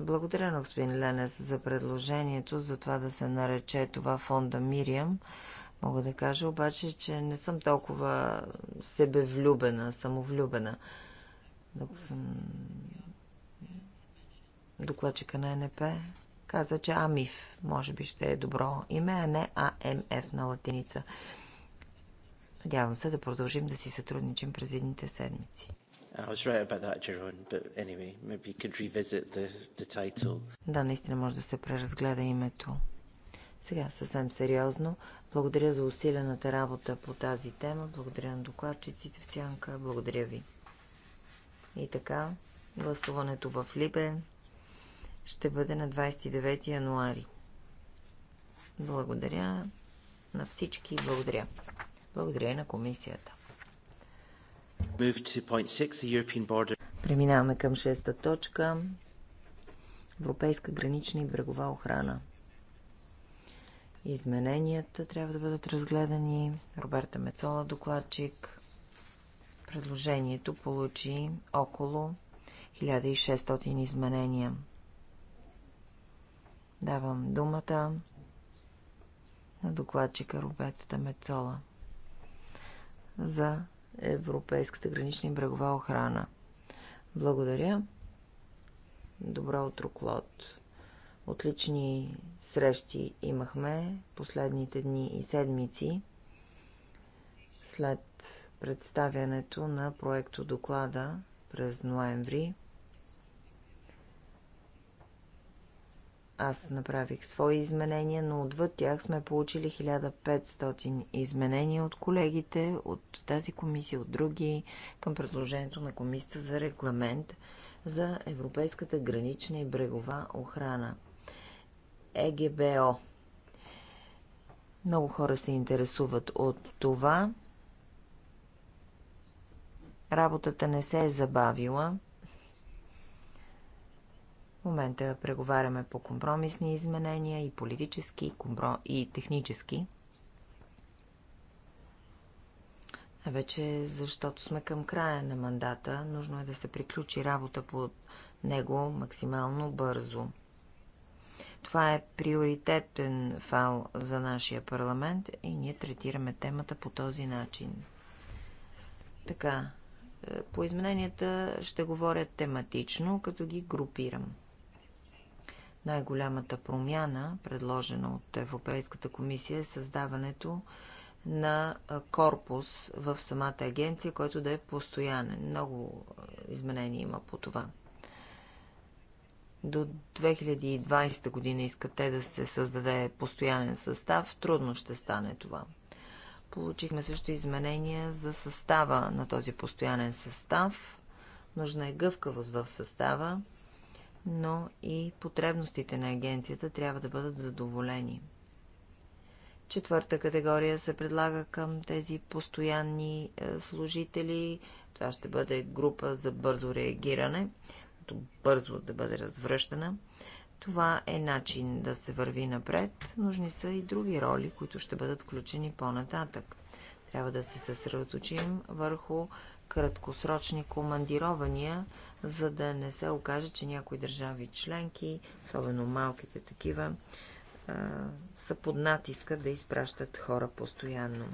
благодаря на господин Ленес за предложението за това да се нарече това фонда Мириам. Мога да кажа обаче, че не съм толкова себевлюбена, самовлюбена. Докато съм докладчика на НП, каза, че АМИФ може би ще е добро име, а не АМФ на латиница. Надявам се да продължим да си сътрудничим през едните седмици. Right that, Jerome, anyway, the, the да, наистина може да се преразгледа името. Сега съвсем сериозно. Благодаря за усилената работа по тази тема. Благодаря на докладчиците в Сянка. Благодаря ви. И така, гласуването в Либе ще бъде на 29 януари. Благодаря на всички. Благодаря. Благодаря и на комисията. Преминаваме към шеста точка. Европейска гранична и брегова охрана. Измененията трябва да бъдат разгледани. Роберта Мецола, докладчик. Предложението получи около 1600 изменения. Давам думата на докладчика Робетата Мецола за Европейската гранична и брегова охрана. Благодаря. Добро утро, Клод. Отлични срещи имахме последните дни и седмици след представянето на проекто доклада през ноември Аз направих свои изменения, но отвъд тях сме получили 1500 изменения от колегите, от тази комисия, от други, към предложението на комисията за регламент за Европейската гранична и брегова охрана. ЕГБО. Много хора се интересуват от това. Работата не се е забавила. В момента преговаряме по компромисни изменения и политически, и, технически. А вече защото сме към края на мандата, нужно е да се приключи работа по него максимално бързо. Това е приоритетен фал за нашия парламент и ние третираме темата по този начин. Така, е, по измененията ще говоря тематично, като ги групирам. Най-голямата промяна, предложена от Европейската комисия, е създаването на корпус в самата агенция, който да е постоянен. Много изменения има по това. До 2020 година искат те да се създаде постоянен състав. Трудно ще стане това. Получихме също изменения за състава на този постоянен състав. Нужна е гъвкавост в състава но и потребностите на агенцията трябва да бъдат задоволени. Четвърта категория се предлага към тези постоянни е, служители. Това ще бъде група за бързо реагиране, бързо да бъде развръщана. Това е начин да се върви напред. Нужни са и други роли, които ще бъдат включени по-нататък. Трябва да се съсредоточим върху краткосрочни командирования за да не се окаже, че някои държави членки, особено малките такива, са под натиска да изпращат хора постоянно.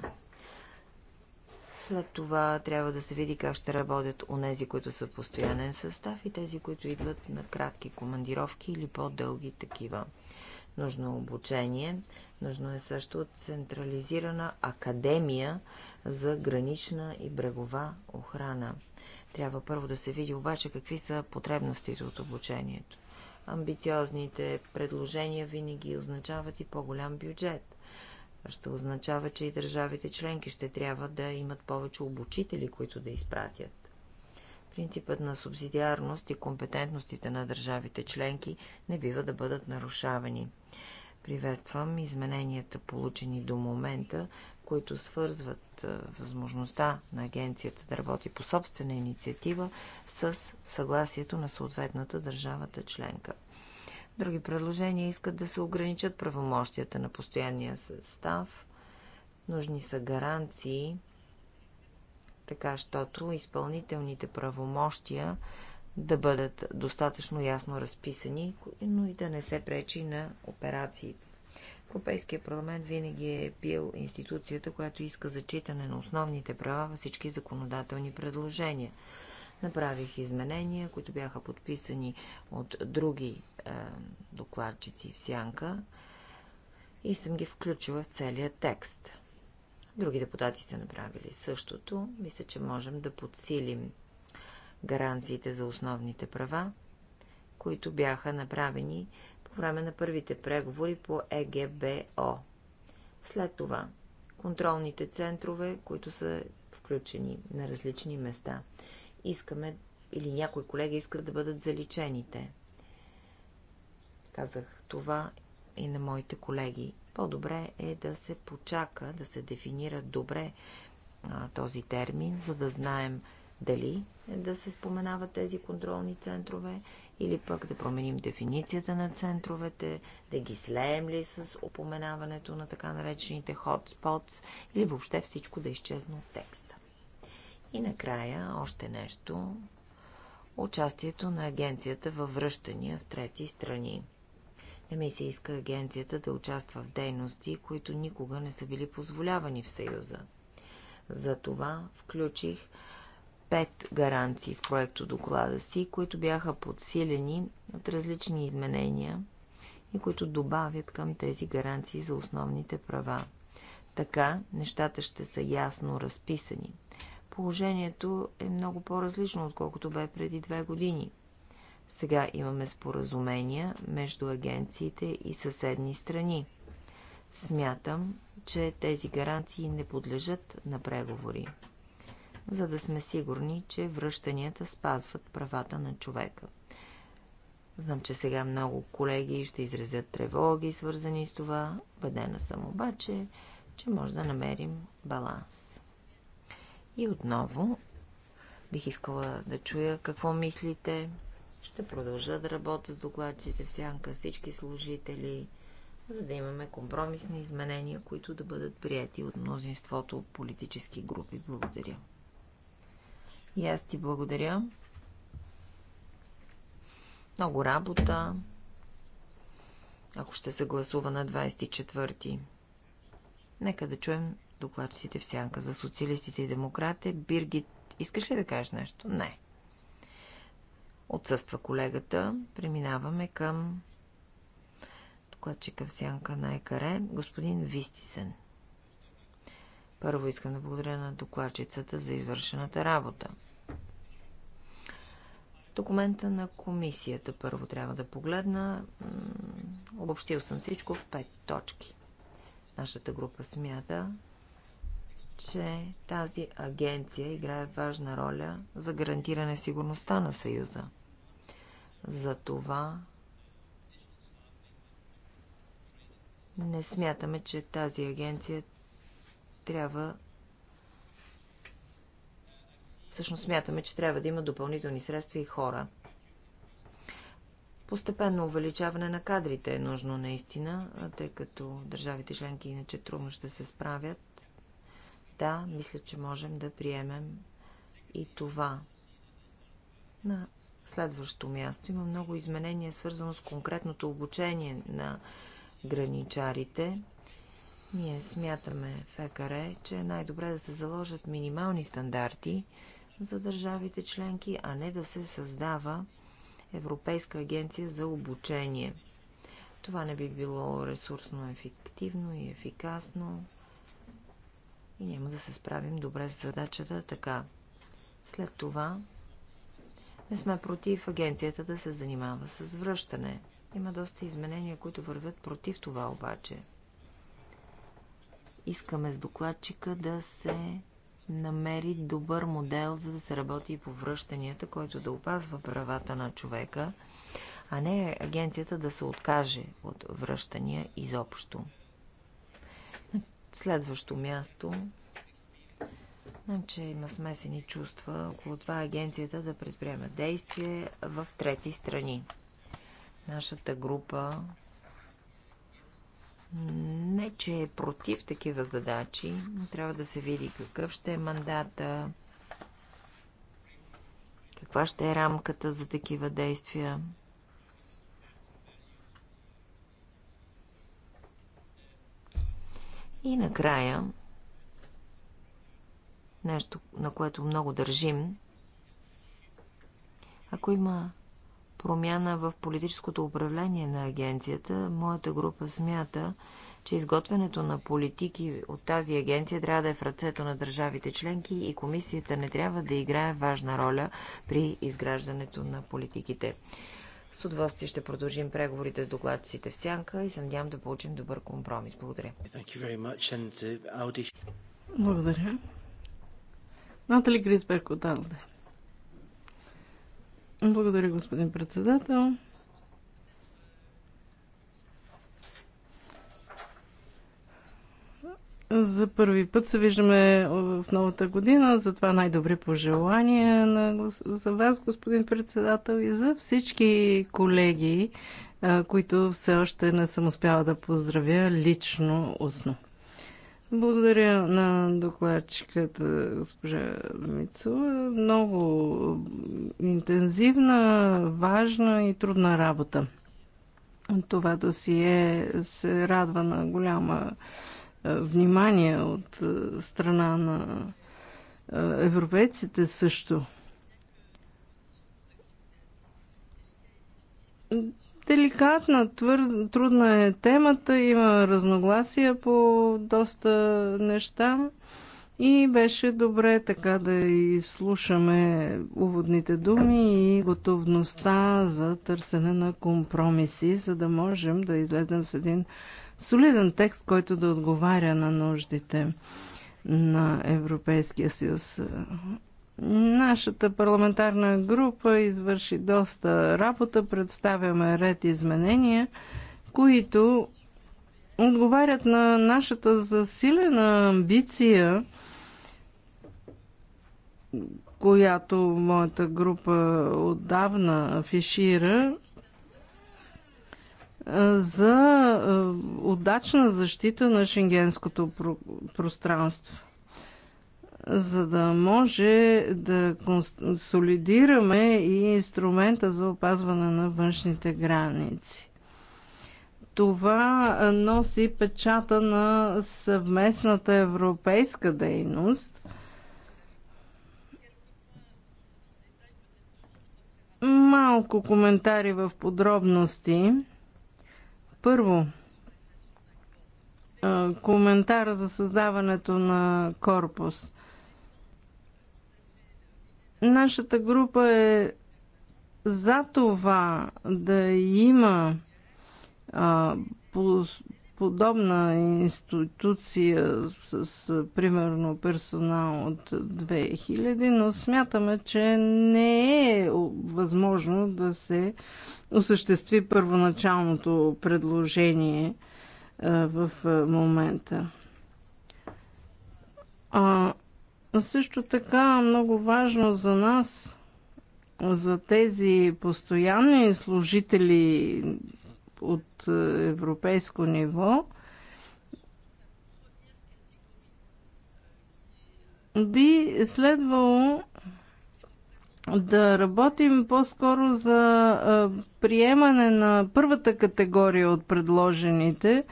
След това трябва да се види как ще работят онези, които са постоянен състав и тези, които идват на кратки командировки или по-дълги такива. Нужно е обучение, нужно е също централизирана академия за гранична и брегова охрана. Трябва първо да се види обаче какви са потребностите от обучението. Амбициозните предложения винаги означават и по-голям бюджет. Ще означава, че и държавите членки ще трябва да имат повече обучители, които да изпратят. Принципът на субсидиарност и компетентностите на държавите членки не бива да бъдат нарушавани. Приветствам измененията, получени до момента които свързват възможността на агенцията да работи по собствена инициатива с съгласието на съответната държавата членка. Други предложения искат да се ограничат правомощията на постоянния състав. Нужни са гаранции, така щото изпълнителните правомощия да бъдат достатъчно ясно разписани, но и да не се пречи на операциите. Европейския парламент винаги е бил институцията, която иска зачитане на основните права във всички законодателни предложения. Направих изменения, които бяха подписани от други е, докладчици в сянка и съм ги включила в целия текст. Други депутати са направили същото. Мисля, че можем да подсилим гаранциите за основните права, които бяха направени време на първите преговори по ЕГБО. След това контролните центрове, които са включени на различни места. Искаме, или някои колеги искат да бъдат заличените. Казах това и на моите колеги. По-добре е да се почака, да се дефинира добре а, този термин, за да знаем дали да се споменават тези контролни центрове или пък да променим дефиницията на центровете, да ги слеем ли с упоменаването на така наречените hotspots или въобще всичко да изчезне от текста. И накрая още нещо. Участието на агенцията във връщания в трети страни. Не ми се иска агенцията да участва в дейности, които никога не са били позволявани в Съюза. Затова включих пет гаранции в проекто доклада си, които бяха подсилени от различни изменения и които добавят към тези гаранции за основните права. Така нещата ще са ясно разписани. Положението е много по-различно, отколкото бе преди две години. Сега имаме споразумения между агенциите и съседни страни. Смятам, че тези гаранции не подлежат на преговори за да сме сигурни, че връщанията спазват правата на човека. Знам, че сега много колеги ще изразят тревоги, свързани с това. Бъдена съм обаче, че може да намерим баланс. И отново бих искала да чуя какво мислите. Ще продължа да работя с докладчите в сянка, всички служители, за да имаме компромисни изменения, които да бъдат прияти от мнозинството политически групи. Благодаря. И аз ти благодаря. Много работа. Ако ще се гласува на 24-ти. Нека да чуем докладчиците в сянка за социалистите и демократи. Биргит, искаш ли да кажеш нещо? Не. Отсъства колегата. Преминаваме към докладчика в сянка на ЕКР, господин Вистисен. Първо искам да благодаря на докладчицата за извършената работа. Документа на комисията първо трябва да погледна. Обобщил съм всичко в пет точки. Нашата група смята, че тази агенция играе важна роля за гарантиране сигурността на Съюза. За това не смятаме, че тази агенция трябва Всъщност смятаме, че трябва да има допълнителни средства и хора. Постепенно увеличаване на кадрите е нужно наистина, тъй като държавите членки иначе трудно ще се справят. Да, мисля, че можем да приемем и това. На следващото място има много изменения, свързано с конкретното обучение на граничарите – ние смятаме в ЕКР, че е най-добре да се заложат минимални стандарти за държавите членки, а не да се създава Европейска агенция за обучение. Това не би било ресурсно ефективно и ефикасно и няма да се справим добре с задачата така. След това не сме против агенцията да се занимава с връщане. Има доста изменения, които вървят против това обаче – Искаме с докладчика да се намери добър модел, за да се работи и по връщанията, който да опазва правата на човека, а не агенцията да се откаже от връщания изобщо. На следващо място Знам, че има смесени чувства около това агенцията да предприема действие в трети страни. Нашата група не, че е против такива задачи, но трябва да се види какъв ще е мандата, каква ще е рамката за такива действия. И накрая, нещо, на което много държим, ако има промяна в политическото управление на агенцията, моята група смята, че изготвянето на политики от тази агенция трябва да е в ръцето на държавите членки и комисията не трябва да играе важна роля при изграждането на политиките. С удоволствие ще продължим преговорите с докладчиците в сянка и се надявам да получим добър компромис. Благодаря. Uh, Благодаря. Натали Гризберг от Алде. Благодаря, господин председател. За първи път се виждаме в новата година, затова най-добри пожелания на, за вас, господин председател, и за всички колеги, които все още не съм успяла да поздравя лично, устно. Благодаря на докладчиката госпожа Мицова. Много интензивна, важна и трудна работа. Това досие се радва на голяма е, внимание от е, страна на е, европейците също деликатна, твър... трудна е темата, има разногласия по доста неща и беше добре така да изслушаме уводните думи и готовността за търсене на компромиси, за да можем да излезем с един солиден текст, който да отговаря на нуждите на Европейския съюз. Нашата парламентарна група извърши доста работа, представяме ред изменения, които отговарят на нашата засилена амбиция, която моята група отдавна афишира, за удачна защита на шенгенското пространство за да може да консолидираме и инструмента за опазване на външните граници. Това носи печата на съвместната европейска дейност. Малко коментари в подробности. Първо, коментара за създаването на корпус. Нашата група е за това да има а, подобна институция с, примерно персонал от 2000, но смятаме, че не е възможно да се осъществи първоначалното предложение в момента. А, също така много важно за нас, за тези постоянни служители от е, европейско ниво, би следвало да работим по-скоро за е, приемане на първата категория от предложените,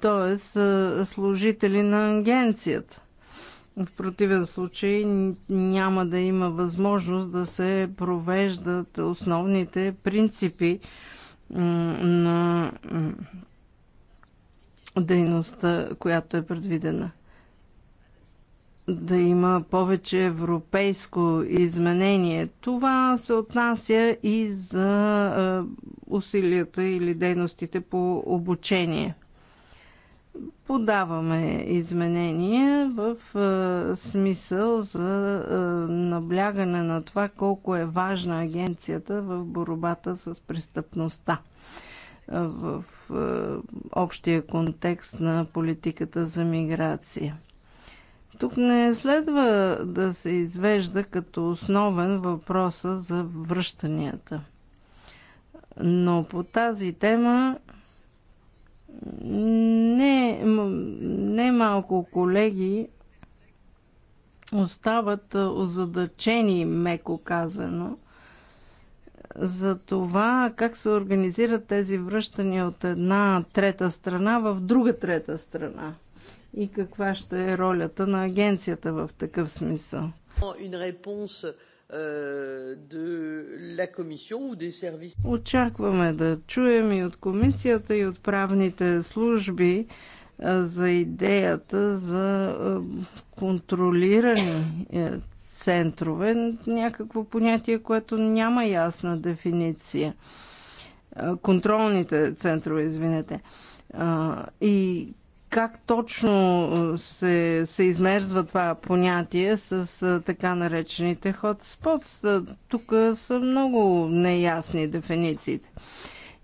т.е. Е, служители на агенцията. В противен случай няма да има възможност да се провеждат основните принципи на дейността, която е предвидена. Да има повече европейско изменение. Това се отнася и за усилията или дейностите по обучение – подаваме изменения в е, смисъл за е, наблягане на това колко е важна агенцията в борбата с престъпността е, в общия контекст на политиката за миграция. Тук не следва да се извежда като основен въпроса за връщанията. Но по тази тема не, не малко колеги остават озадачени, меко казано, за това как се организират тези връщания от една трета страна в друга трета страна и каква ще е ролята на агенцията в такъв смисъл. Une réponse е, Очакваме да чуем и от комисията, и от правните служби е, за идеята за е, контролирани центрове, някакво понятие, което няма ясна дефиниция. Контролните центрове, извинете. И как точно е, се, се измерзва това понятие с е, така наречените hotspots. Е, тук са много неясни дефинициите.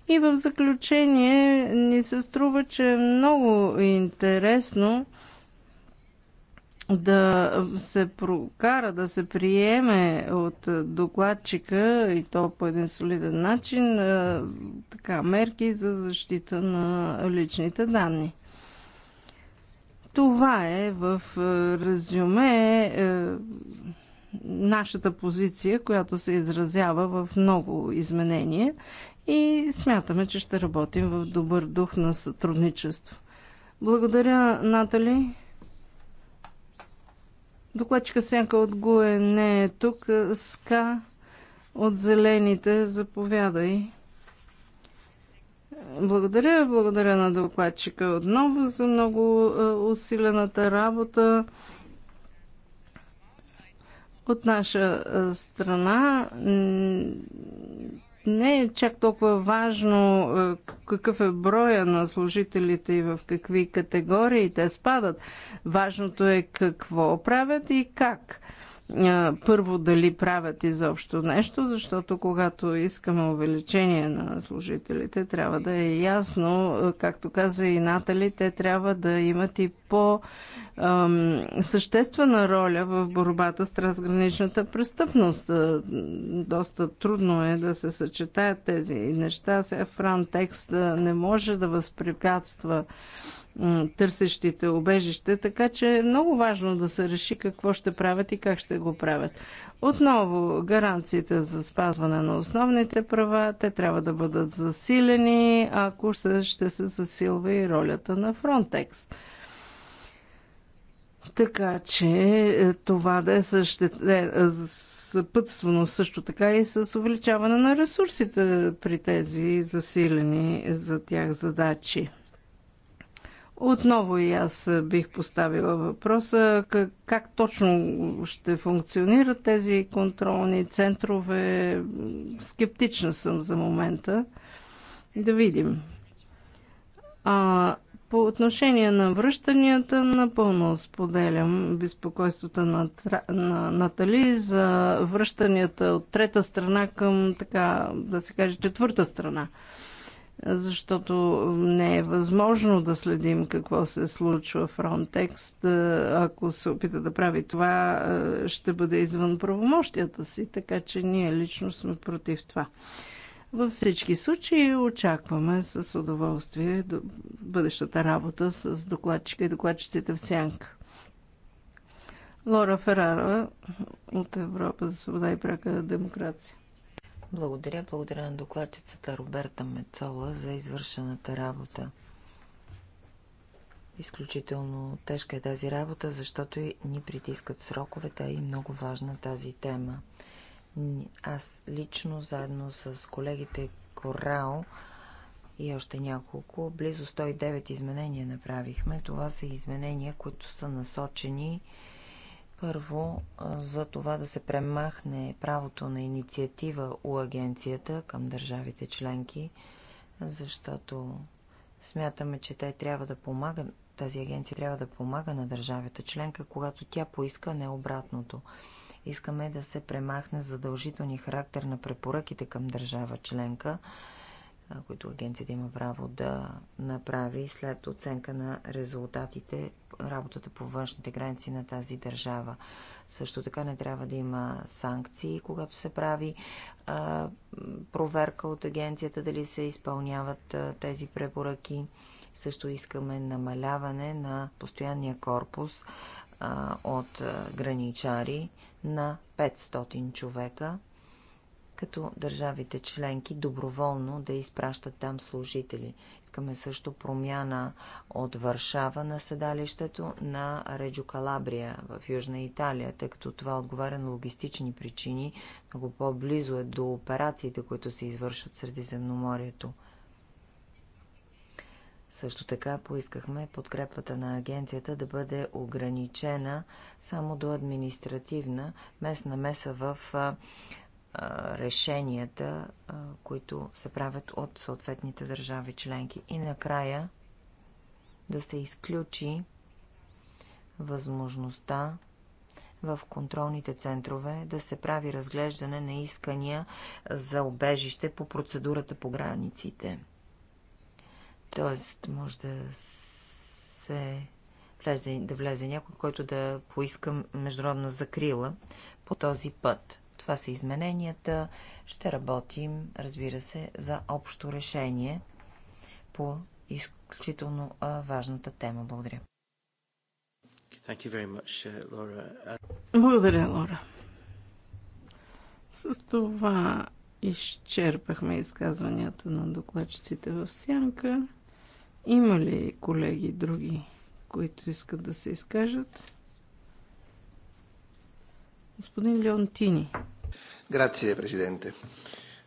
И в заключение ни се струва, че е много интересно да се прокара, да се приеме от докладчика и то по един солиден начин така, мерки за защита на личните данни. Това е в е, резюме е, нашата позиция, която се изразява в много изменения и смятаме, че ще работим в добър дух на сътрудничество. Благодаря, Натали. Докладчика Сенка от Гуе не е тук. Ска от Зелените, заповядай. Благодаря, благодаря на докладчика отново за много е, усилената работа. От наша е, страна не е чак толкова важно е, какъв е броя на служителите и в какви категории те спадат. Важното е какво правят и как първо дали правят изобщо нещо, защото когато искаме увеличение на служителите, трябва да е ясно, както каза и Натали, те трябва да имат и по съществена роля в борбата с трансграничната престъпност. Доста трудно е да се съчетаят тези неща. Сега Франтекст не може да възпрепятства търсещите обежище, така че е много важно да се реши какво ще правят и как ще го правят. Отново, гаранциите за спазване на основните права, те трябва да бъдат засилени, ако ще се засилва и ролята на Фронтекс. Така че е, това да е, е, е съпътствано също така и с увеличаване на ресурсите при тези засилени за тях задачи. Отново и аз бих поставила въпроса как, как точно ще функционират тези контролни центрове. Скептична съм за момента. Да видим. А, по отношение на връщанията, напълно споделям безпокойството на, на Натали за връщанията от трета страна към, така да се каже, четвърта страна защото не е възможно да следим какво се случва в Frontex. Е, ако се опита да прави това, е, ще бъде извън правомощията си, така че ние лично сме против това. Във всички случаи очакваме с удоволствие бъдещата работа с докладчика и докладчиците в сянка. Лора Ферара от Европа за свобода и пряка демокрация. Благодаря. Благодаря на докладчицата Роберта Мецола за извършената работа. Изключително тежка е тази работа, защото ни притискат сроковете и много важна тази тема. Аз лично, заедно с колегите Корао и още няколко, близо 109 изменения направихме. Това са изменения, които са насочени първо, за това да се премахне правото на инициатива у агенцията към държавите членки, защото смятаме, че те трябва да помага, тази агенция трябва да помага на държавата членка, когато тя поиска не обратното. Искаме да се премахне задължителния характер на препоръките към държава членка, които агенцията има право да направи след оценка на резултатите работата по външните граници на тази държава. Също така не трябва да има санкции, когато се прави а, проверка от агенцията дали се изпълняват а, тези препоръки. Също искаме намаляване на постоянния корпус а, от граничари на 500 човека като държавите членки доброволно да изпращат там служители. Искаме също промяна от Варшава на седалището на Реджо Калабрия в Южна Италия, тъй като това отговаря на логистични причини, много по-близо е до операциите, които се извършват Средиземноморието. Също така поискахме подкрепата на агенцията да бъде ограничена само до административна местна меса в решенията, които се правят от съответните държави членки. И накрая да се изключи възможността в контролните центрове да се прави разглеждане на искания за обежище по процедурата по границите. Тоест, може да се влезе, да влезе някой, който да поиска международна закрила по този път. Това са измененията. Ще работим, разбира се, за общо решение по изключително важната тема. Благодаря. Much, uh, Laura. Uh, Благодаря, Лора. С това изчерпахме изказванията на докладчиците в сянка. Има ли колеги други, които искат да се изкажат? Господин Леонтини. Тини. Грация, президенте.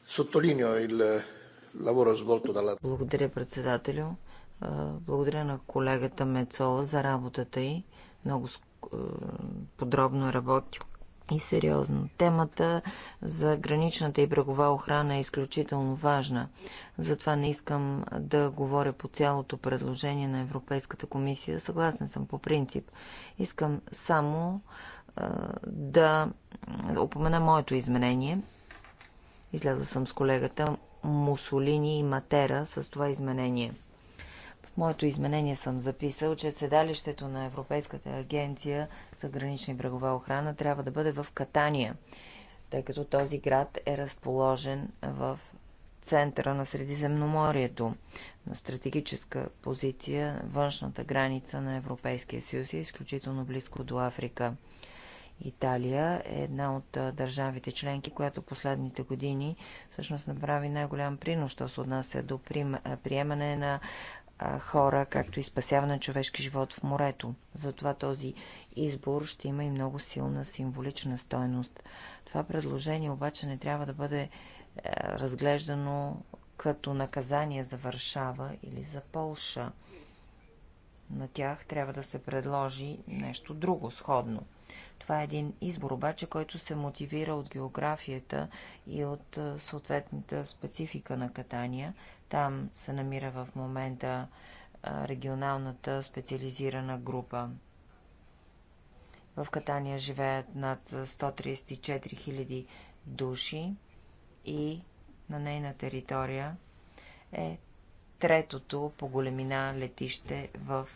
Соттолинио il lavoro svolto dalla... Благодаря, председателю. Благодаря на колегата Мецола за работата й. Много подробно е и сериозно. Темата за граничната и брегова охрана е изключително важна. Затова не искам да говоря по цялото предложение на Европейската комисия. Съгласен съм по принцип. Искам само да упомена моето изменение. Излязла съм с колегата Мусолини и Матера с това изменение. В моето изменение съм записал, че седалището на Европейската агенция за гранични брегова охрана трябва да бъде в Катания, тъй като този град е разположен в центъра на Средиземноморието, на стратегическа позиция, външната граница на Европейския съюз е изключително близко до Африка. Италия е една от държавите членки, която последните години всъщност направи най-голям принос, що се отнася до приемане на хора, както и спасяване на човешки живот в морето. Затова този избор ще има и много силна символична стойност. Това предложение обаче не трябва да бъде разглеждано като наказание за Варшава или за Полша. На тях трябва да се предложи нещо друго, сходно. Това е един избор, обаче, който се мотивира от географията и от съответната специфика на катания. Там се намира в момента регионалната специализирана група. В Катания живеят над 134 000 души и на нейна територия е третото по големина летище в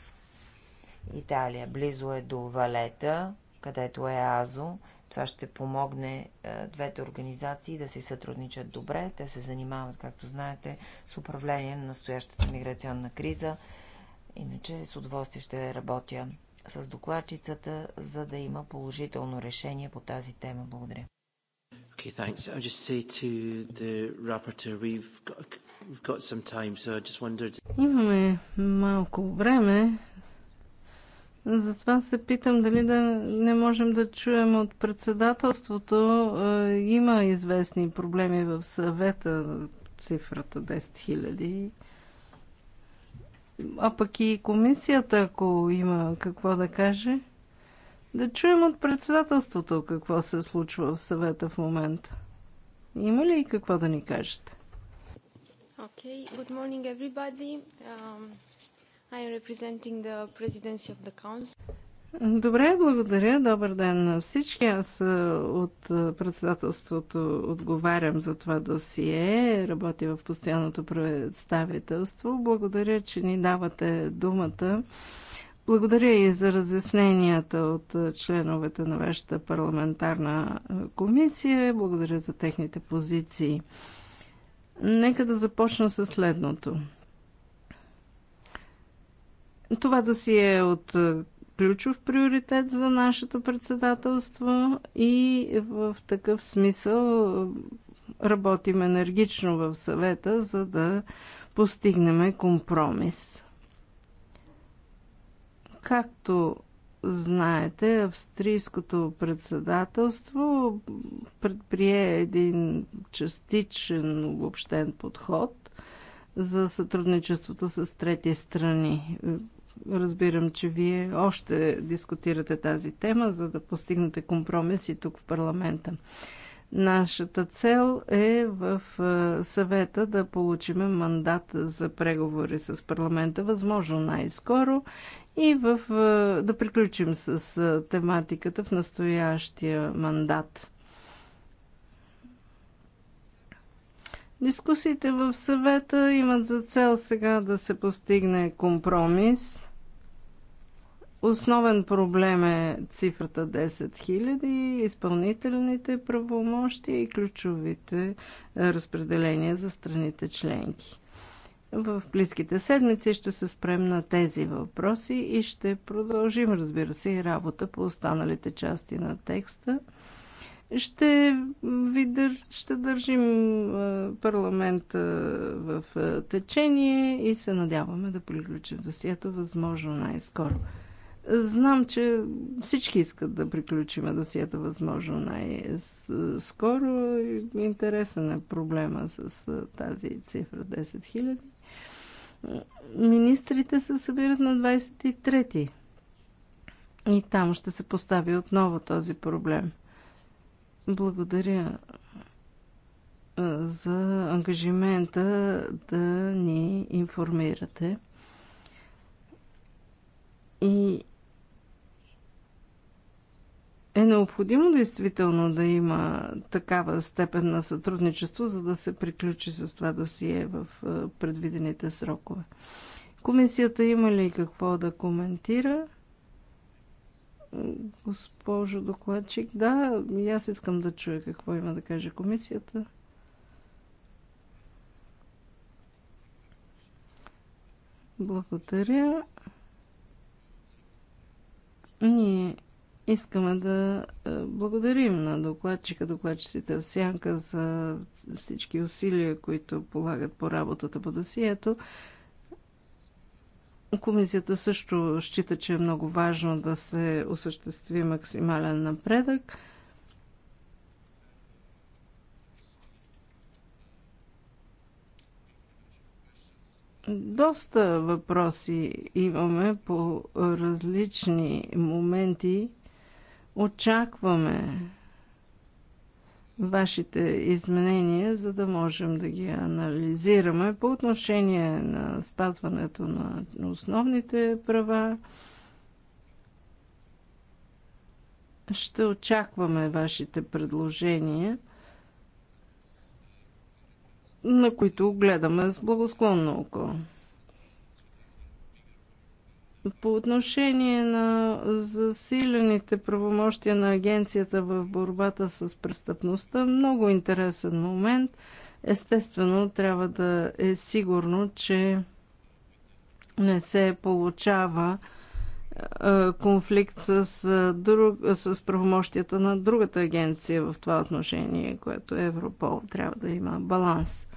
Италия. Близо е до Валета, където е АЗО. Това ще помогне е, двете организации да си сътрудничат добре. Те се занимават, както знаете, с управление на настоящата миграционна криза. Иначе с удоволствие ще работя с докладчицата, за да има положително решение по тази тема. Благодаря. Okay, thanks. I'll just say to the rapporteur, we've got, we've got some time, so I just wondered... Имаме малко време, затова се питам дали да не можем да чуем от председателството. Е, има известни проблеми в съвета, цифрата 10 000. А пък и комисията, ако има какво да каже, да чуем от председателството какво се случва в съвета в момента. Има ли какво да ни кажете? Okay, good morning everybody. Um... Добре, благодаря. Добър ден на всички. Аз е, от е, председателството отговарям за това досие. Работя в постоянното представителство. Благодаря, че ни давате думата. Благодаря и за разясненията от е, членовете на вашата парламентарна комисия. Благодаря за техните позиции. Нека да започна с следното. Това да си е от е, ключов приоритет за нашето председателство и в такъв смисъл е, работим енергично в съвета, за да постигнем компромис. Както знаете, австрийското председателство предприе един частичен обобщен подход за сътрудничеството с трети страни. Разбирам, че вие още дискутирате тази тема, за да постигнете компромиси тук в парламента. Нашата цел е в съвета да получим мандат за преговори с парламента, възможно най-скоро, и в, да приключим с тематиката в настоящия мандат. Дискусиите в съвета имат за цел сега да се постигне компромис. Основен проблем е цифрата 10 000, изпълнителните правомощия и ключовите разпределения за страните членки. В близките седмици ще се спрем на тези въпроси и ще продължим, разбира се, и работа по останалите части на текста – ще, ви държ, ще държим парламента в течение и се надяваме да приключим досието възможно най-скоро. Знам, че всички искат да приключиме досието възможно най-скоро. Интересен е проблема с тази цифра 10 000. Министрите се събират на 23-ти. И там ще се постави отново този проблем – благодаря за ангажимента да ни информирате. И е необходимо действително да има такава степен на сътрудничество, за да се приключи с това досие в предвидените срокове. Комисията има ли какво да коментира? госпожо докладчик. Да, и аз искам да чуя какво има да каже комисията. Благодаря. Ние искаме да е, благодарим на докладчика, докладчиците в Сянка за всички усилия, които полагат по работата по досието. Комисията също счита, че е много важно да се осъществи максимален напредък. Доста въпроси имаме по различни моменти. Очакваме вашите изменения, за да можем да ги анализираме по отношение на спазването на основните права. Ще очакваме вашите предложения, на които гледаме с благосклонно око. По отношение на засилените правомощия на агенцията в борбата с престъпността, много интересен момент. Естествено, трябва да е сигурно, че не се получава конфликт с, друг, с правомощията на другата агенция в това отношение, което е Европол. Трябва да има баланс.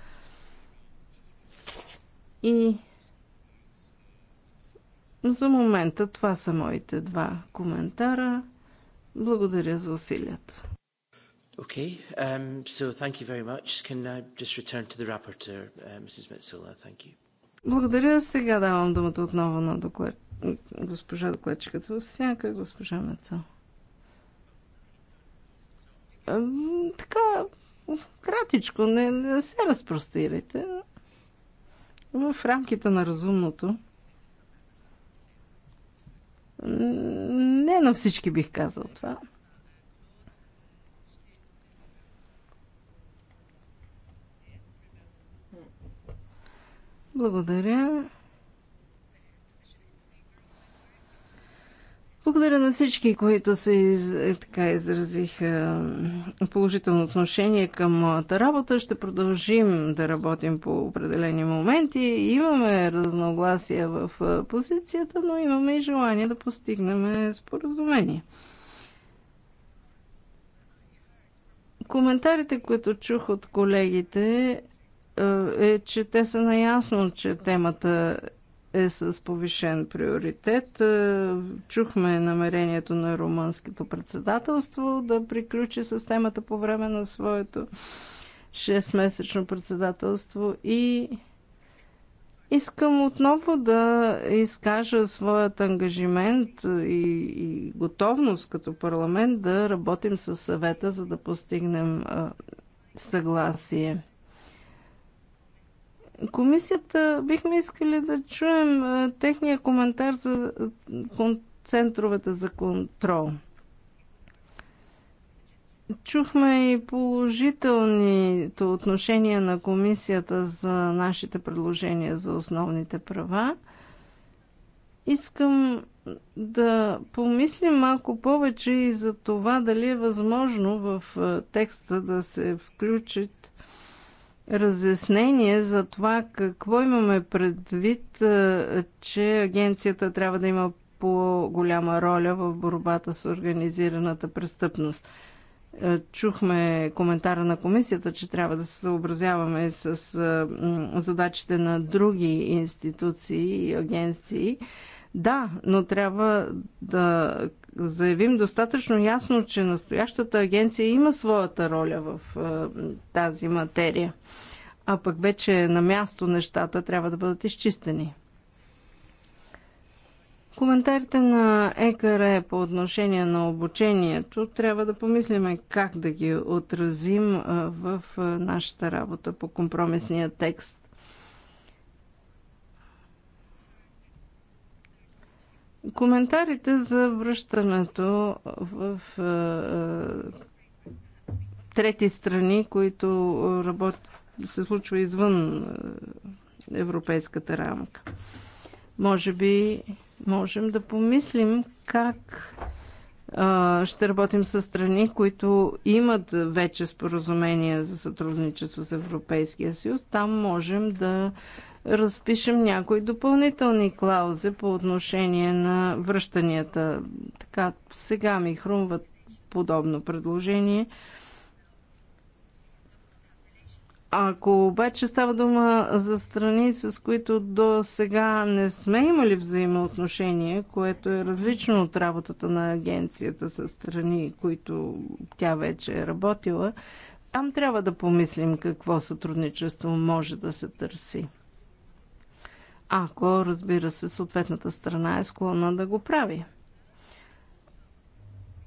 И за момента това са моите два коментара. Благодаря за усилията. Okay, um, so thank you very much. Can I just return to the rapporteur, uh, Mrs. Metzola? Thank you. Благодаря. Сега давам думата отново на доклад... госпожа докладчиката в сянка, госпожа Мецо. Така, кратичко, не, не се разпростирайте. В рамките на разумното. Не на всички бих казал това. Благодаря. Благодаря на всички, които се из, е, така изразиха положително отношение към моята работа. Ще продължим да работим по определени моменти. Имаме разногласия в е, позицията, но имаме и желание да постигнем споразумение. Коментарите, които чух от колегите, е, е че те са наясно, че темата е с повишен приоритет. Е, чухме намерението на румънското председателство да приключи с темата по време на своето 6-месечно председателство и искам отново да изкажа своят ангажимент и, и готовност като парламент да работим с съвета, за да постигнем съгласие. Комисията бихме искали да чуем е, техния коментар за е, центровете за контрол. Чухме и положителните отношения на комисията за нашите предложения за основните права. Искам да помислим малко повече и за това дали е възможно в е, текста да се включат разяснение за това какво имаме предвид, е, че агенцията трябва да има по-голяма роля в борбата с организираната престъпност. Е, чухме коментара на комисията, че трябва да се съобразяваме с е, задачите на други институции и агенции. Да, но трябва да заявим достатъчно ясно, че настоящата агенция има своята роля в тази материя. А пък вече на място нещата трябва да бъдат изчистени. Коментарите на ЕКР е по отношение на обучението трябва да помислиме как да ги отразим в нашата работа по компромисния текст. Коментарите за връщането в трети страни, които работ... се случва извън европейската рамка. Може би можем да помислим как ще работим с страни, които имат вече споразумения за сътрудничество с Европейския съюз. Там можем да разпишем някои допълнителни клаузи по отношение на връщанията. Така, сега ми хрумват подобно предложение. Ако обаче става дума за страни, с които до сега не сме имали взаимоотношения, което е различно от работата на агенцията с страни, които тя вече е работила, там трябва да помислим какво сътрудничество може да се търси ако, разбира се, съответната страна е склонна да го прави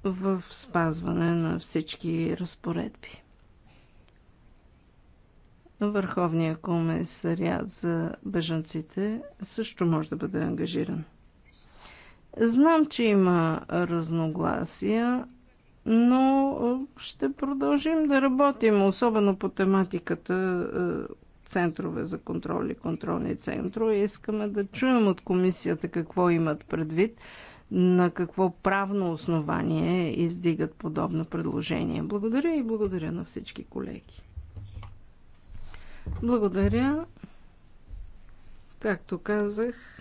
в спазване на всички разпоредби. Върховният комисариат за бежанците също може да бъде ангажиран. Знам, че има разногласия, но ще продължим да работим, особено по тематиката е, центрове за контрол и контролни центрове. Искаме да чуем от комисията какво имат предвид, на какво правно основание издигат подобно предложение. Благодаря и благодаря на всички колеги. Благодаря. Както казах,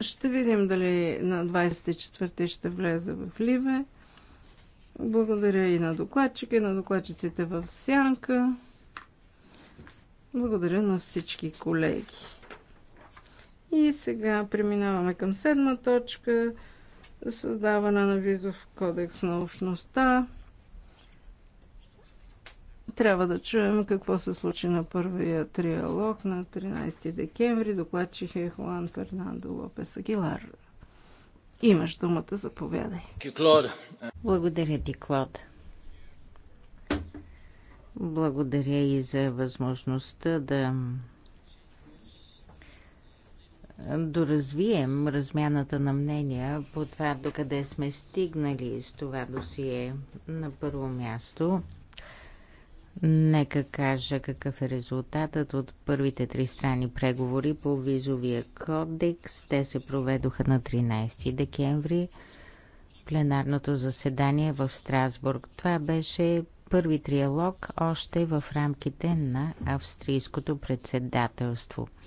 Ще видим дали на 24 ще влезе в Ливе. Благодаря и на докладчика, и на докладчиците в Сянка. Благодаря на всички колеги. И сега преминаваме към седма точка. Създаване на визов кодекс на общността. Трябва да чуем какво се случи на първия триалог на 13 декември. Докладчих е Хуан Фернандо Лопес Агилар. Имаш думата, заповядай. Благодаря ти, Клод. Благодаря и за възможността да доразвием размяната на мнения по това докъде сме стигнали с това досие на първо място – Нека кажа какъв е резултатът от първите три страни преговори по визовия кодекс. Те се проведоха на 13 декември пленарното заседание в Страсбург. Това беше първи триалог още в рамките на австрийското председателство –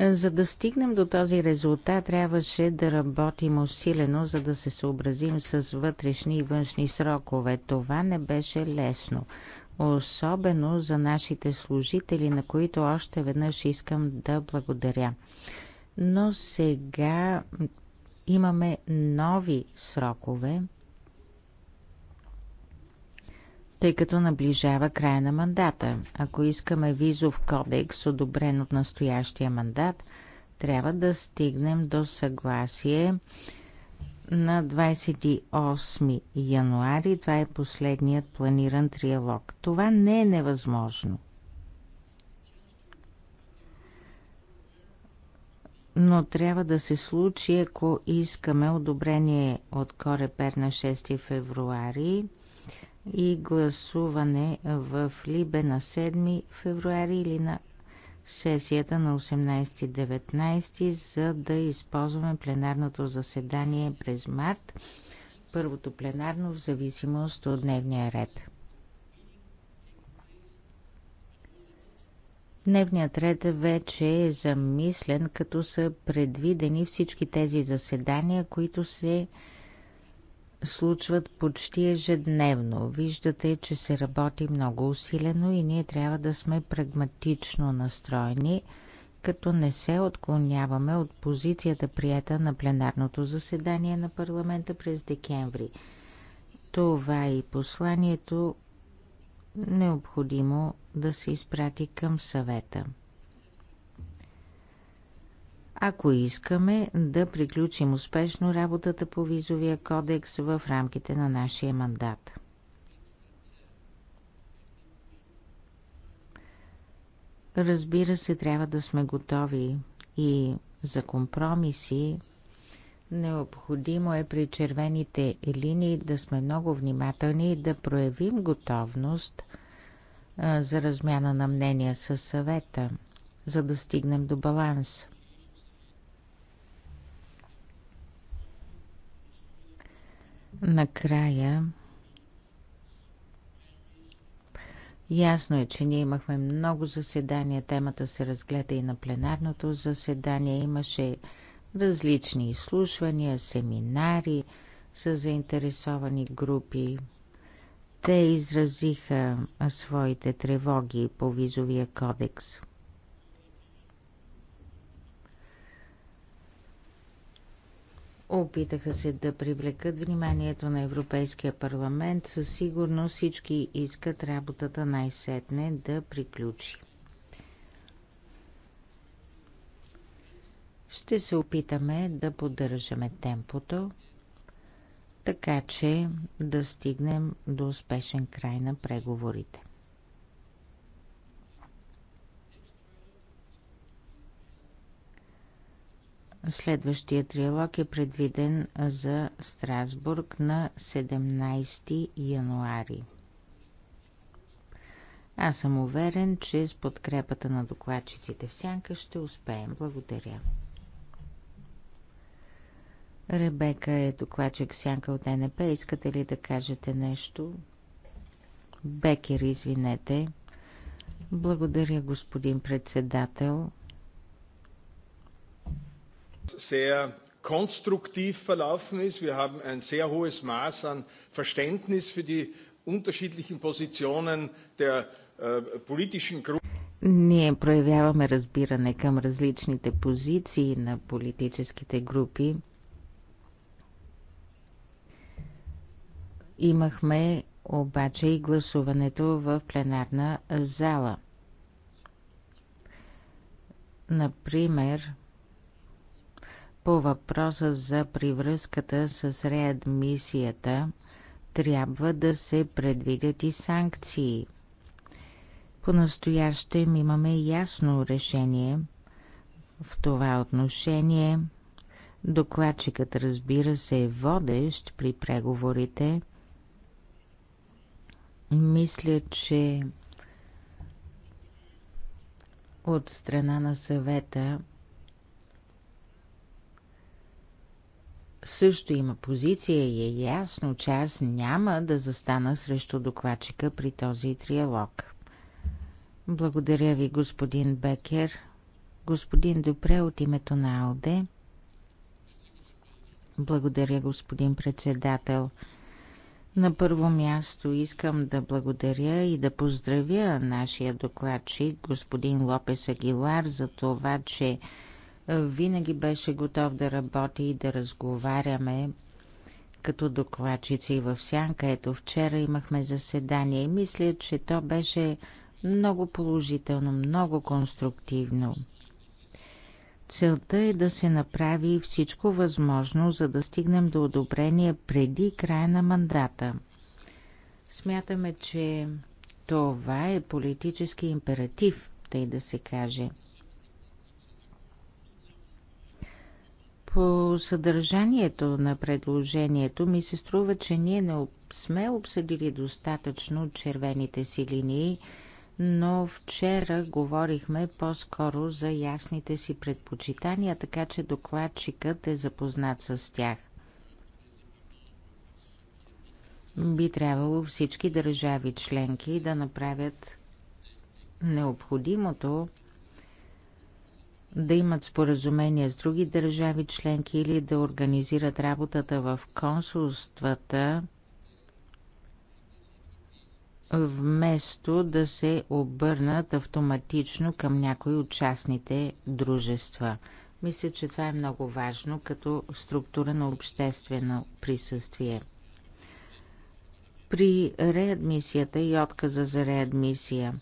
Е, за да стигнем до този резултат, трябваше да работим усилено, за да се съобразим с вътрешни и външни срокове. Това не беше лесно. Особено за нашите служители, на които още веднъж искам да благодаря. Но сега имаме нови срокове – тъй като наближава края на мандата. Ако искаме визов кодекс, одобрен от настоящия мандат, трябва да стигнем до съгласие на 28 януари. Това е последният планиран триалог. Това не е невъзможно. но трябва да се случи, ако искаме одобрение от Корепер на 6 февруари и гласуване в Либе на 7 февруари или на сесията на 18-19, за да използваме пленарното заседание през март, първото пленарно в зависимост от дневния ред. Дневният ред вече е замислен, като са предвидени всички тези заседания, които се случват почти ежедневно. Виждате, че се работи много усилено и ние трябва да сме прагматично настроени, като не се отклоняваме от позицията прията на пленарното заседание на парламента през декември. Това и посланието необходимо да се изпрати към съвета ако искаме да приключим успешно работата по визовия кодекс в рамките на нашия мандат. Разбира се, трябва да сме готови и за компромиси. Необходимо е при червените линии да сме много внимателни и да проявим готовност за размяна на мнения със съвета, за да стигнем до баланса. Накрая Ясно е, че ние имахме много заседания. Темата се разгледа и на пленарното заседание. Имаше различни изслушвания, семинари с заинтересовани групи. Те изразиха своите тревоги по визовия кодекс – Опитаха се да привлекат вниманието на Европейския парламент. Със сигурност всички искат работата най-сетне да приключи. Ще се опитаме да поддържаме темпото, така че да стигнем до успешен край на преговорите. Следващия триалог е предвиден за Страсбург на 17 януари. Аз съм уверен, че с подкрепата на докладчиците в Сянка ще успеем. Благодаря. Ребека е докладчик Сянка от НП. Искате ли да кажете нещо? Бекер, извинете. Благодаря, господин председател sehr konstruktiv verlaufen ist. Wir haben ein sehr hohes Maß an Verständnis für die unterschiedlichen Positionen der politischen Gruppen. Ние проявяваме разбиране към различните позиции на политическите групи. Имахме обаче и гласуването в пленарна зала. Например, по въпроса за привръзката с реадмисията трябва да се предвидят и санкции. По-настоящем имаме ясно решение в това отношение. Докладчикът, разбира се, е водещ при преговорите. Мисля, че от страна на съвета също има позиция и е ясно, че аз няма да застана срещу докладчика при този триалог. Благодаря ви, господин Бекер. Господин Допре от името на Алде. Благодаря, господин председател. На първо място искам да благодаря и да поздравя нашия докладчик, господин Лопес Агилар, за това, че винаги беше готов да работи и да разговаряме като докладчици и в сянка. Ето вчера имахме заседание и мисля, че то беше много положително, много конструктивно. Целта е да се направи всичко възможно, за да стигнем до одобрение преди края на мандата. Смятаме, че това е политически императив, тъй да се каже – По съдържанието на предложението ми се струва, че ние не сме обсъдили достатъчно червените си линии, но вчера говорихме по-скоро за ясните си предпочитания, така че докладчикът е запознат с тях. Би трябвало всички държави членки да направят необходимото да имат споразумения с други държави членки или да организират работата в консулствата, вместо да се обърнат автоматично към някои от частните дружества. Мисля, че това е много важно като структура на обществено присъствие. При реадмисията и отказа за реадмисия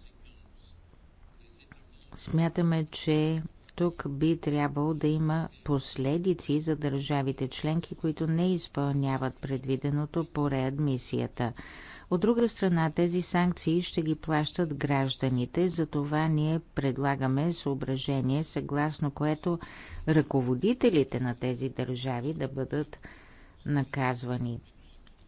смятаме, че тук би трябвало да има последици за държавите членки, които не изпълняват предвиденото по реадмисията. От друга страна, тези санкции ще ги плащат гражданите, затова ние предлагаме съображение, съгласно което ръководителите на тези държави да бъдат наказвани.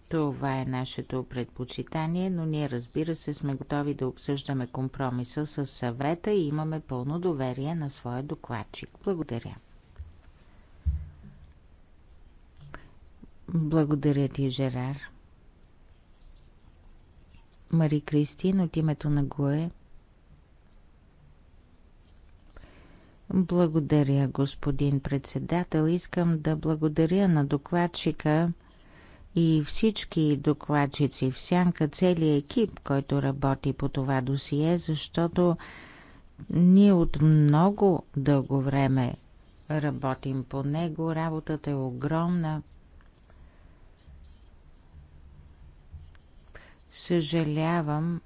Това е нашето предпочитание, но ние разбира се сме готови да обсъждаме компромиса с съвета и имаме пълно доверие на своя докладчик. Благодаря. Благодаря ти, Жерар. Мари Кристин от името на Гое. Благодаря, господин председател. Искам да благодаря на докладчика и всички докладчици в сянка, целият екип, който работи по това досие, защото ние от много дълго време работим по него, работата е огромна. Съжалявам,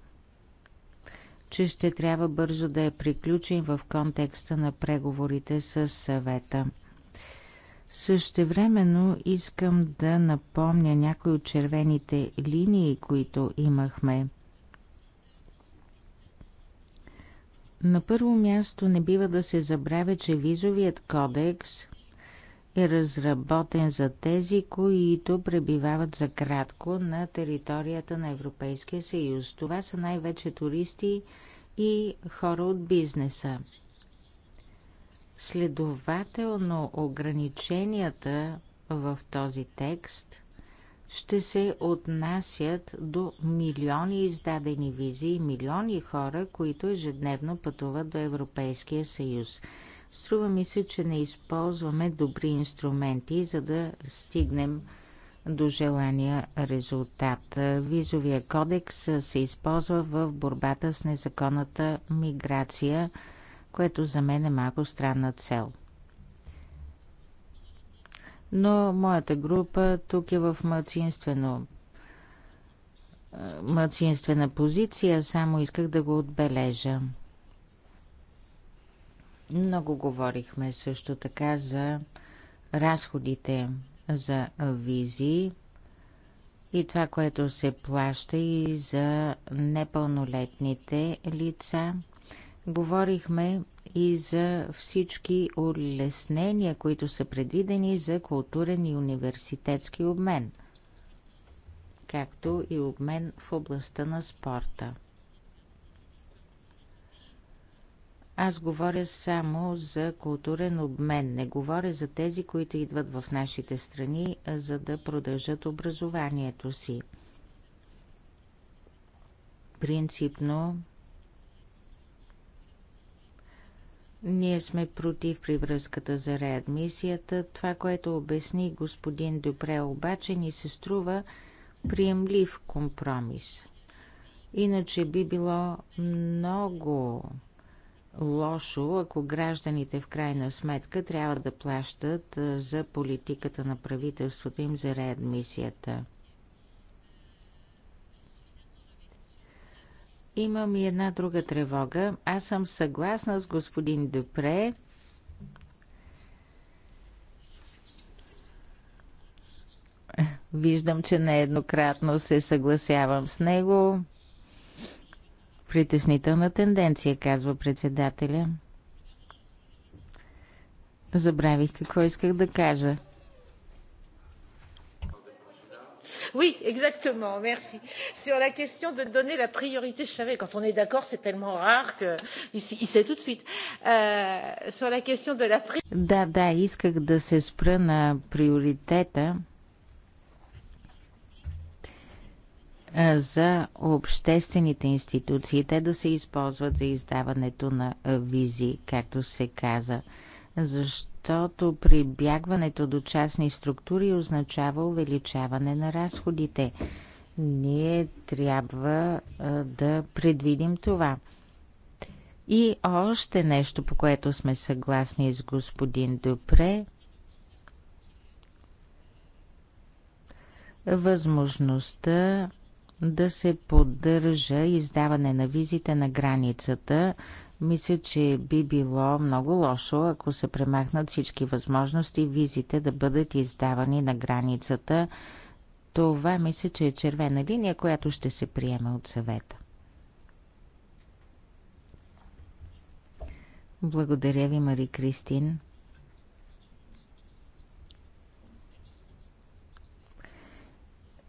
че ще трябва бързо да я приключим в контекста на преговорите с съвета. Същевременно искам да напомня някои от червените линии, които имахме. На първо място не бива да се забравя, че визовият кодекс е разработен за тези, които пребивават за кратко на територията на Европейския съюз. Това са най-вече туристи и хора от бизнеса. Следователно, ограниченията в този текст ще се отнасят до милиони издадени визи и милиони хора, които ежедневно пътуват до Европейския съюз. Струва ми се, че не използваме добри инструменти, за да стигнем до желания резултат. Визовия кодекс се използва в борбата с незаконната миграция – което за мен е малко странна цел. Но моята група тук е в мълцинствено мълцинствена позиция, само исках да го отбележа. Много говорихме също така за разходите за визи и това, което се плаща и за непълнолетните лица – Говорихме и за всички улеснения, които са предвидени за културен и университетски обмен, както и обмен в областта на спорта. Аз говоря само за културен обмен, не говоря за тези, които идват в нашите страни, за да продължат образованието си. Принципно Ние сме против привръзката за реадмисията. Това, което обясни господин Добре, обаче ни се струва приемлив компромис. Иначе би било много лошо, ако гражданите в крайна сметка трябва да плащат за политиката на правителството им за реадмисията. Имам и една друга тревога. Аз съм съгласна с господин Дюпре. Виждам, че нееднократно се съгласявам с него. Притеснителна тенденция, казва председателя. Забравих какво исках да кажа. oui exactement merci sur la question de donner la priorité je savais quand on est d'accord c'est tellement rare que sait tout de suite sur la question de la Да, да, исках да се спра на приоритета за обществените институции, те да се използват за издаването на визи, както се каза защото прибягването до частни структури означава увеличаване на разходите. Ние трябва да предвидим това. И още нещо, по което сме съгласни с господин Дупре. Възможността да се поддържа издаване на визите на границата мисля, че би било много лошо, ако се премахнат всички възможности визите да бъдат издавани на границата. Това мисля, че е червена линия, която ще се приеме от съвета. Благодаря ви, Мари Кристин.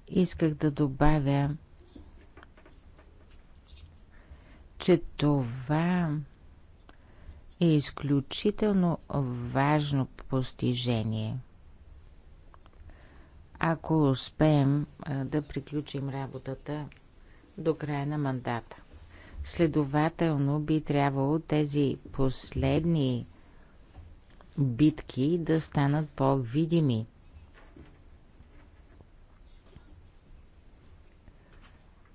Исках да добавя, че това е изключително важно постижение. Ако успеем да приключим работата до края на мандата. Следователно би трябвало тези последни битки да станат по-видими –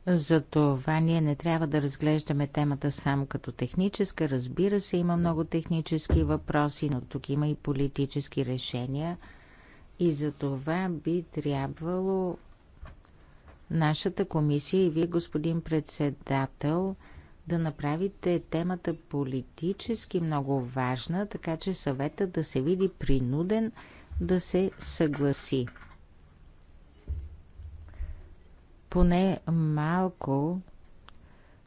Затова ние не трябва да разглеждаме темата само като техническа. Разбира се, има много технически въпроси, но тук има и политически решения. И за това би трябвало нашата комисия и вие, господин председател, да направите темата политически много важна, така че съвета да се види принуден да се съгласи. поне малко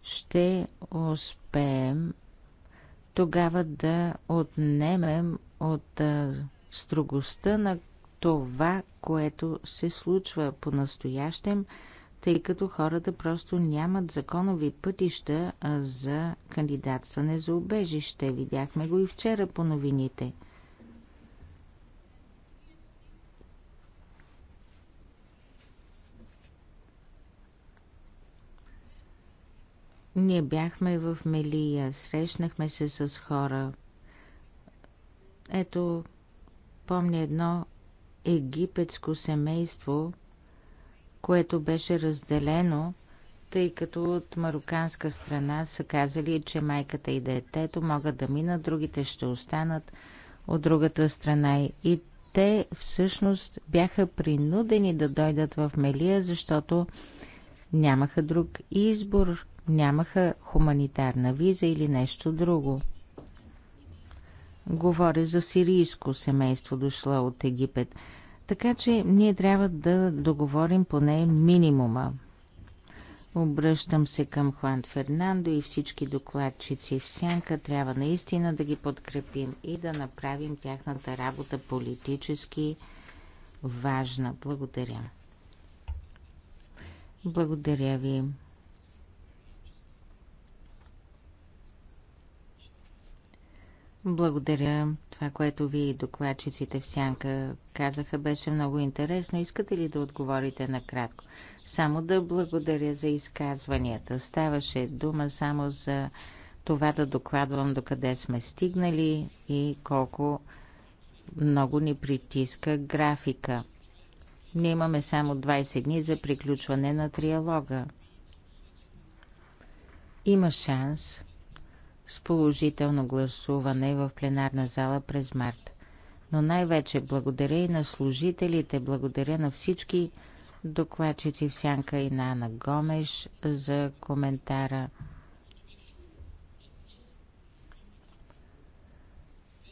ще успеем тогава да отнемем от строгостта на това, което се случва по-настоящем, тъй като хората просто нямат законови пътища за кандидатстване за убежище. Видяхме го и вчера по новините – Ние бяхме в Мелия, срещнахме се с хора. Ето, помня едно египетско семейство, което беше разделено, тъй като от мароканска страна са казали, че майката и детето могат да минат, другите ще останат от другата страна. И те всъщност бяха принудени да дойдат в Мелия, защото нямаха друг избор нямаха хуманитарна виза или нещо друго. Говоря за сирийско семейство, дошло от Египет. Така че ние трябва да договорим поне минимума. Обръщам се към Хуан Фернандо и всички докладчици в сянка. Трябва наистина да ги подкрепим и да направим тяхната работа политически важна. Благодаря. Благодаря ви. Благодаря. Това, което вие и докладчиците в Сянка казаха, беше много интересно. Искате ли да отговорите накратко? Само да благодаря за изказванията. Ставаше дума само за това да докладвам докъде сме стигнали и колко много ни притиска графика. Ние имаме само 20 дни за приключване на триалога. Има шанс с положително гласуване в пленарна зала през март. Но най-вече благодаря и на служителите, благодаря на всички докладчици в Сянка и на Ана Гомеш за коментара.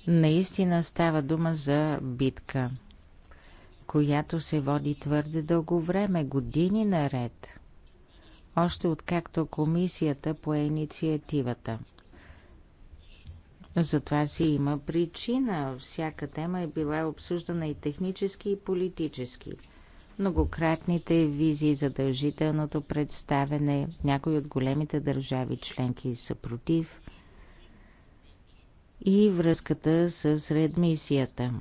Наистина става дума за битка, която се води твърде дълго време, години наред, още откакто комисията пое инициативата – затова си има причина. Всяка тема е била обсъждана и технически, и политически. Многократните визии, задължителното представене, някои от големите държави членки са против и връзката с редмисията.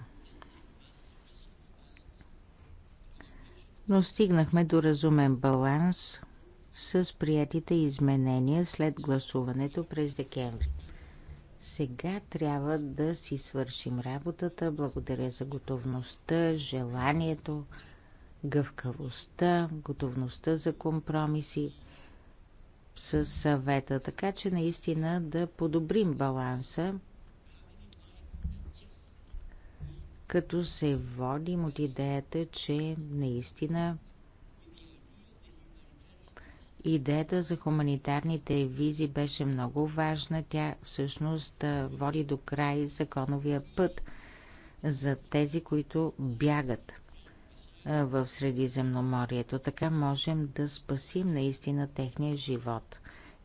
Но стигнахме до разумен баланс с приятите изменения след гласуването през декември. Сега трябва да си свършим работата. Благодаря за готовността, желанието, гъвкавостта, готовността за компромиси с съвета, така че наистина да подобрим баланса, като се водим от идеята, че наистина Идеята за хуманитарните визи беше много важна. Тя всъщност води до край законовия път за тези, които бягат в Средиземноморието. Така можем да спасим наистина техния живот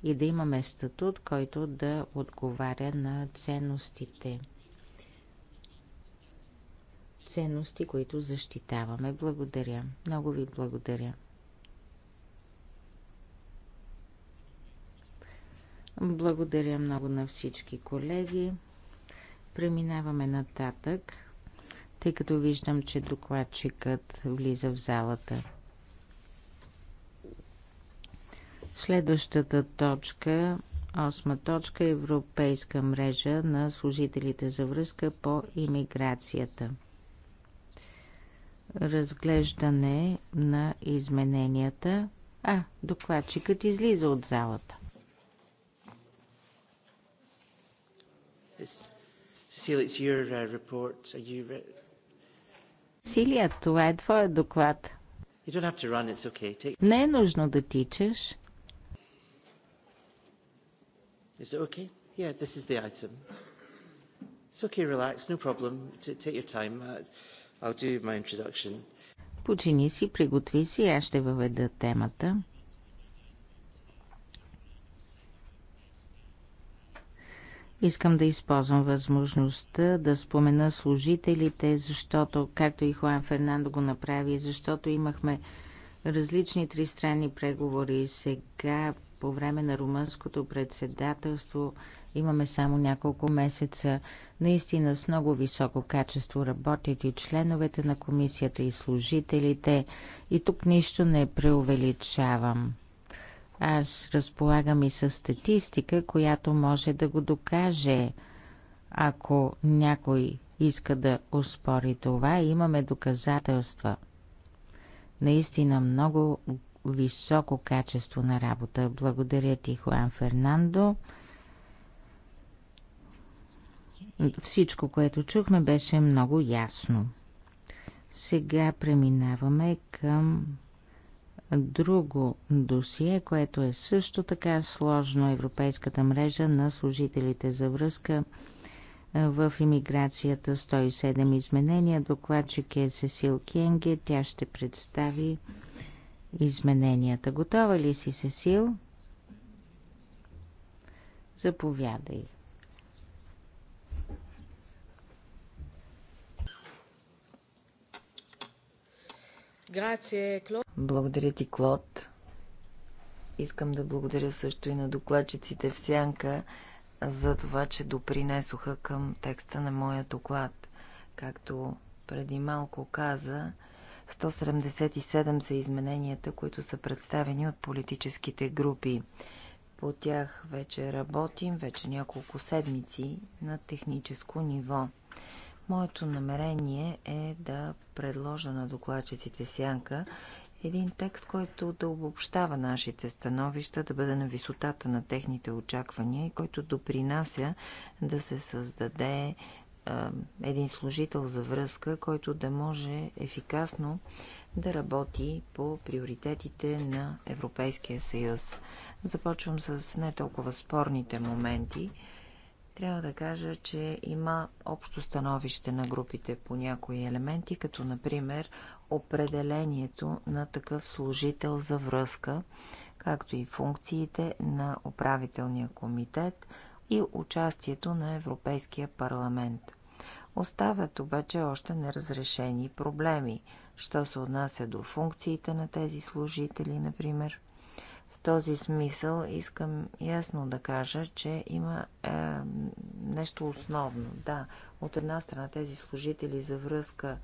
и да имаме статут, който да отговаря на ценностите. Ценности, които защитаваме. Благодаря. Много ви благодаря. Благодаря много на всички колеги. Преминаваме нататък, тъй като виждам, че докладчикът влиза в залата. Следващата точка, осма точка, Европейска мрежа на служителите за връзка по имиграцията. Разглеждане на измененията. А, докладчикът излиза от залата. It's, Cecilia, it's your uh, report. Are you re- Силия, това е твоя доклад. You don't have to run, it's okay. Take... Не е нужно да тичаш. Is it okay? Yeah, this is the item. It's okay, relax, no problem. Take your time. I'll do my introduction. Почини си, приготви си, аз ще въведа темата. Искам да използвам възможността да спомена служителите, защото, както и Хуан Фернандо го направи, защото имахме различни тристранни преговори. Сега, по време на румънското председателство, имаме само няколко месеца. Наистина с много високо качество работят и членовете на комисията, и служителите. И тук нищо не преувеличавам. Аз разполагам и с статистика, която може да го докаже. Ако някой иска да успори това, имаме доказателства. Наистина много високо качество на работа. Благодаря ти, Хуан Фернандо. Всичко, което чухме, беше много ясно. Сега преминаваме към друго досие, което е също така сложно Европейската мрежа на служителите за връзка в иммиграцията 107 изменения. Докладчик е Сесил Кенге. Тя ще представи измененията. Готова ли си, Сесил? Заповядай. Благодаря ти, Клод. Искам да благодаря също и на докладчиците в Сянка за това, че допринесоха към текста на моя доклад. Както преди малко каза, 177 са измененията, които са представени от политическите групи. По тях вече работим, вече няколко седмици на техническо ниво. Моето намерение е да предложа на докладчиците Сянка един текст, който да обобщава нашите становища, да бъде на висотата на техните очаквания и който допринася да се създаде е, един служител за връзка, който да може ефикасно да работи по приоритетите на Европейския съюз. Започвам с не толкова спорните моменти, трябва да кажа, че има общо становище на групите по някои елементи, като например определението на такъв служител за връзка, както и функциите на управителния комитет и участието на Европейския парламент. Остават обаче още неразрешени проблеми, що се отнася до функциите на тези служители, например. В този смисъл искам ясно да кажа, че има е, нещо основно. Да, от една страна тези служители за връзка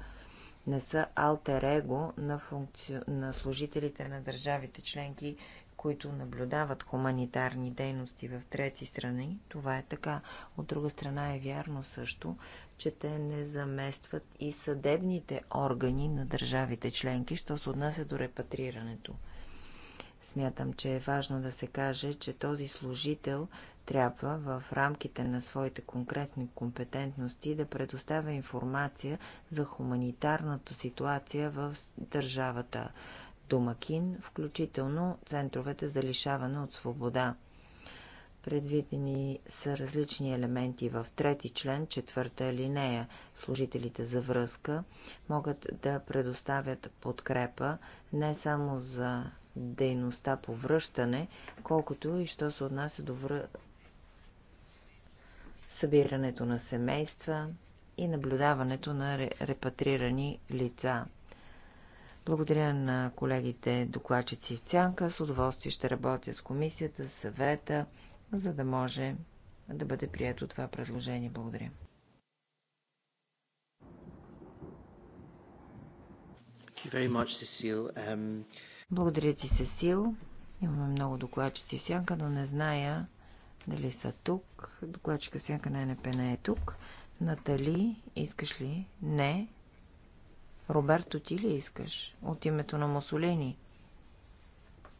не са алтер его на, функци... на служителите на държавите членки, които наблюдават хуманитарни дейности в трети страни. Това е така. От друга страна е вярно също, че те не заместват и съдебните органи на държавите членки, що се отнася до репатрирането. Смятам, че е важно да се каже, че този служител трябва в рамките на своите конкретни компетентности да предоставя информация за хуманитарната ситуация в държавата домакин, включително центровете за лишаване от свобода. Предвидени са различни елементи в трети член, четвърта линея. Служителите за връзка могат да предоставят подкрепа не само за дейността по връщане, колкото и що се отнася до вър... събирането на семейства и наблюдаването на репатрирани лица. Благодаря на колегите докладчици в Цянка. С удоволствие ще работя с комисията, съвета, за да може да бъде прието това предложение. Благодаря. Thank you very much, Cecile. Um, благодаря ти, Сесил. Имаме много докладчици в сянка, но не зная дали са тук. Докладчика сянка на НП не е тук. Натали, искаш ли? Не. Роберто, ти ли искаш? От името на Мусолини.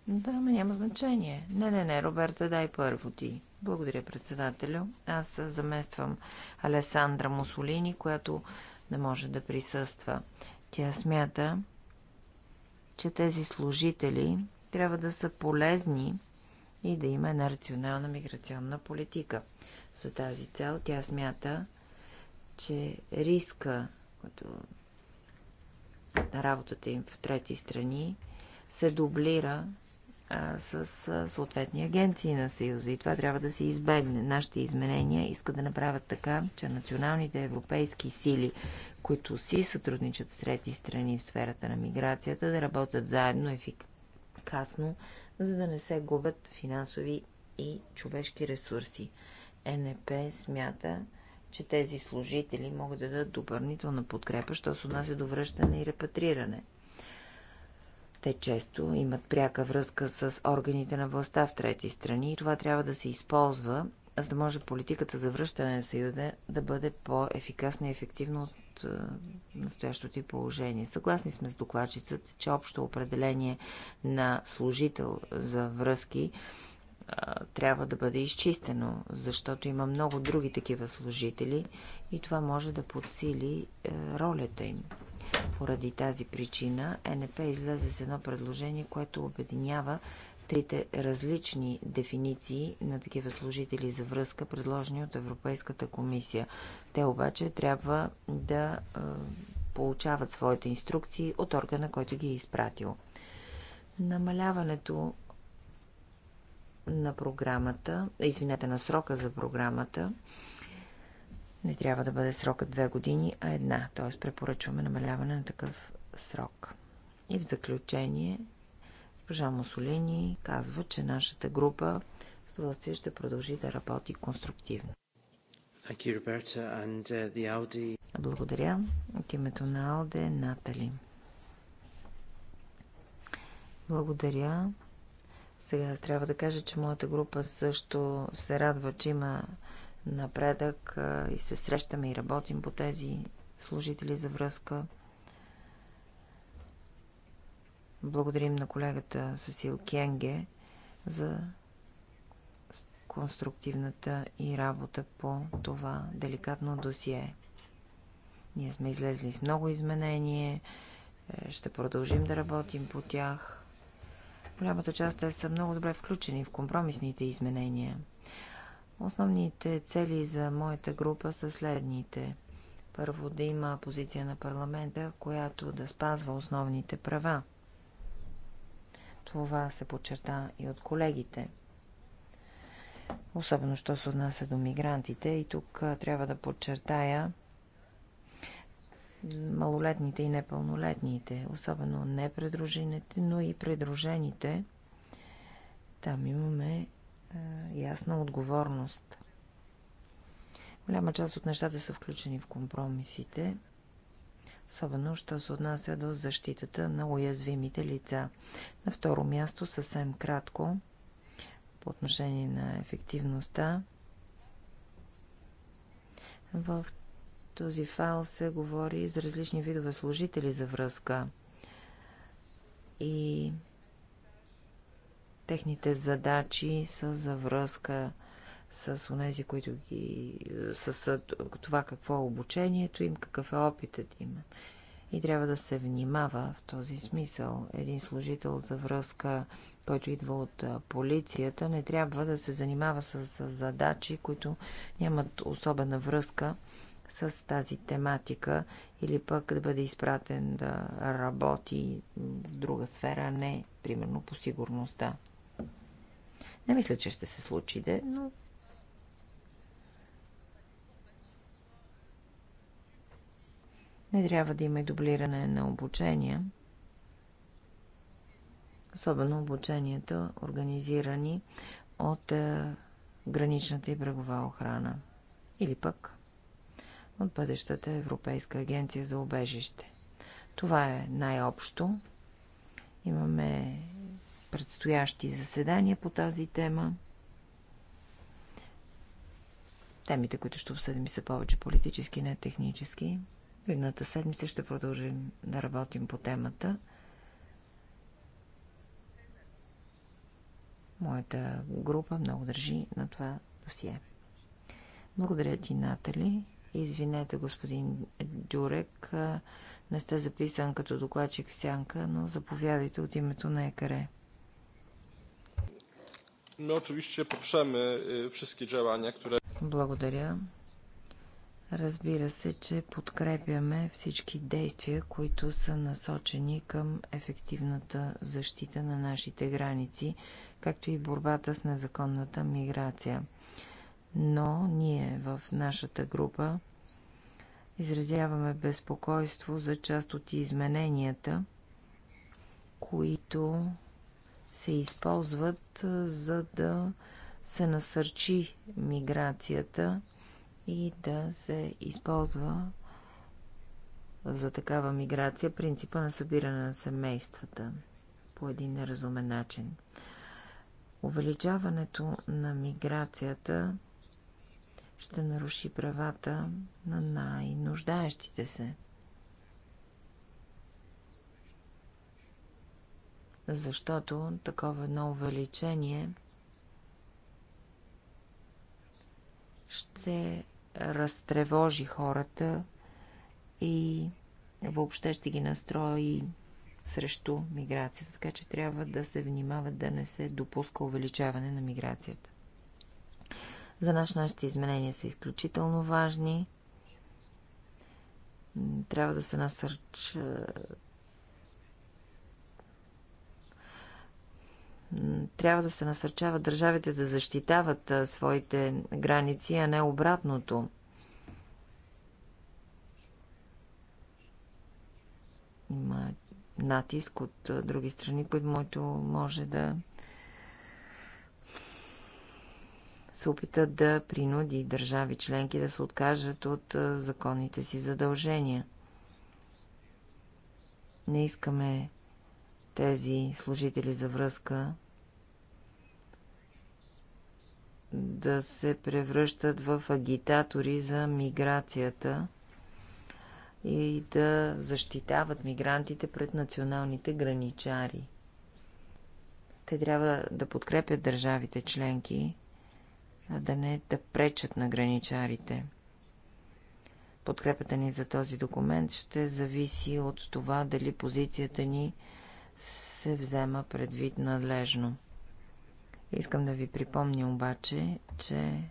Да, ме няма значение. Не, не, не, Роберта, дай първо ти. Благодаря, председателю. Аз замествам Алесандра Мусолини, която не може да присъства. Тя смята, че тези служители трябва да са полезни и да има една рационална миграционна политика. За тази цел тя смята, че риска като на работата им в трети страни се дублира а, с а, съответни агенции на Съюза. И това трябва да се избегне. Нашите изменения искат да направят така, че националните европейски сили, които си сътрудничат с трети страни в сферата на миграцията, да работят заедно ефикасно, за да не се губят финансови и човешки ресурси. НП смята, че тези служители могат да дадат допълнителна подкрепа, що се отнася до връщане и репатриране. Те често имат пряка връзка с органите на властта в трети страни и това трябва да се използва, за да може политиката за връщане на Съюза да бъде по-ефикасна и ефективно от настоящото и положение. Съгласни сме с докладчицата, че общо определение на служител за връзки трябва да бъде изчистено, защото има много други такива служители и това може да подсили е, ролята им. Поради тази причина НП излезе с едно предложение, което обединява трите различни дефиниции на такива служители за връзка, предложени от Европейската комисия. Те обаче трябва да получават своите инструкции от органа, който ги е изпратил. Намаляването на програмата, извинете, на срока за програмата, не трябва да бъде срока две години, а една. Т.е. препоръчваме намаляване на такъв срок. И в заключение Госпожа Мусолини казва, че нашата група с удоволствие ще продължи да работи конструктивно. You, Roberta, and, uh, Благодаря. От името на Алде, Натали. Благодаря. Сега аз трябва да кажа, че моята група също се радва, че има напредък и се срещаме и работим по тези служители за връзка. Благодарим на колегата Сасил Кенге за конструктивната и работа по това деликатно досие. Ние сме излезли с много изменения, е, ще продължим да работим по тях. Голямата част те са много добре включени в компромисните изменения. Основните цели за моята група са следните. Първо да има позиция на парламента, която да спазва основните права – това се подчерта и от колегите. Особено, що се отнася до мигрантите. И тук трябва да подчертая малолетните и непълнолетните, особено предружените, но и придружените. Там имаме е, ясна отговорност. Голяма част от нещата са включени в компромисите особено, що се отнася до защитата на уязвимите лица. На второ място, съвсем кратко, по отношение на ефективността, в този файл се говори за различни видове служители за връзка и техните задачи са за връзка с онези, които ги... с това какво е обучението им, какъв е опитът им. И трябва да се внимава в този смисъл. Един служител за връзка, който идва от полицията, не трябва да се занимава с, с задачи, които нямат особена връзка с тази тематика или пък да бъде изпратен да работи в друга сфера, а не, примерно, по сигурността. Не мисля, че ще се случи, де, но Не трябва да има и дублиране на обучения. Особено обученията, организирани от е, граничната и брегова охрана. Или пък от бъдещата Европейска агенция за обежище. Това е най-общо. Имаме предстоящи заседания по тази тема. Темите, които ще обсъдим, са повече политически, не технически. В едната седмица ще продължим да работим по темата. Моята група много държи на това досие. Благодаря ти, Натали. Извинете, господин Дюрек, не сте записан като докладчик в сянка, но заповядайте от името на ЕКАРЕ. My oczywiście poprzemy е, wszystkie działania, które... Благодаря. Разбира се, че подкрепяме всички действия, които са насочени към ефективната защита на нашите граници, както и борбата с незаконната миграция. Но ние в нашата група изразяваме безпокойство за част от измененията, които се използват за да се насърчи миграцията – и да се използва за такава миграция принципа на събиране на семействата по един неразумен начин. Увеличаването на миграцията ще наруши правата на най-нуждаещите се. Защото такова едно увеличение ще разтревожи хората и въобще ще ги настрои срещу миграцията. Така че трябва да се внимава да не се допуска увеличаване на миграцията. За нас нашите изменения са изключително важни. Трябва да се насърчат Трябва да се насърчават държавите да защитават своите граници, а не обратното. Има натиск от други страни, които може да се опитат да принуди държави членки да се откажат от законните си задължения. Не искаме тези служители за връзка да се превръщат в агитатори за миграцията и да защитават мигрантите пред националните граничари. Те трябва да подкрепят държавите членки, а да не да пречат на граничарите. Подкрепата ни за този документ ще зависи от това дали позицията ни се взема предвид надлежно. Искам да ви припомня обаче, че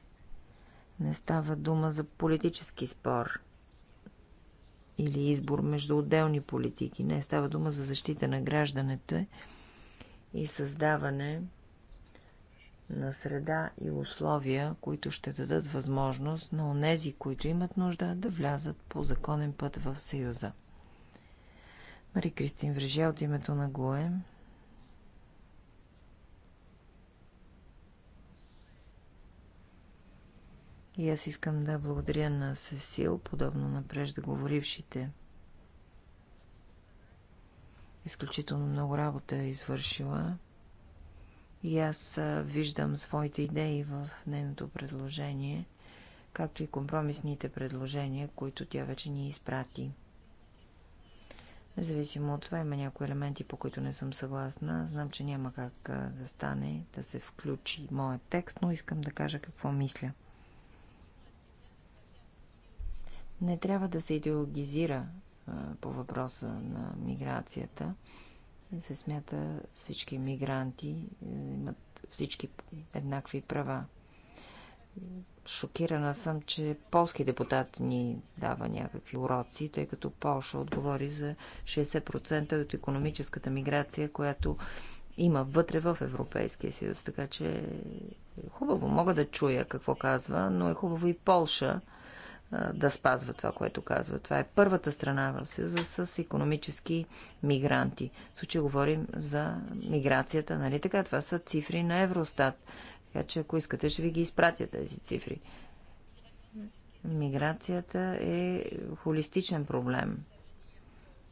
не става дума за политически спор или избор между отделни политики. Не, става дума за защита на гражданите и създаване на среда и условия, които ще дадат възможност на онези, които имат нужда да влязат по законен път в Съюза. Мари Кристин Врежа от името на Гоем. И аз искам да благодаря на Сесил, подобно на преждеговорившите. Изключително много работа е извършила и аз виждам своите идеи в нейното предложение, както и компромисните предложения, които тя вече ни изпрати. Независимо от това, има някои елементи, по които не съм съгласна. Знам, че няма как да стане да се включи моят текст, но искам да кажа какво мисля. Не трябва да се идеологизира по въпроса на миграцията. Се смята всички мигранти е, имат всички еднакви права. Шокирана съм, че полски депутат ни дава някакви уроци, тъй като Полша отговори за 60% от економическата миграция, която има вътре в Европейския съюз. Така че хубаво, мога да чуя какво казва, но е хубаво и Полша да спазва това, което казва. Това е първата страна в Съюза с економически мигранти. В случай говорим за миграцията, нали така? Това са цифри на Евростат. Така че, ако искате, ще ви ги изпратя тези цифри. Миграцията е холистичен проблем.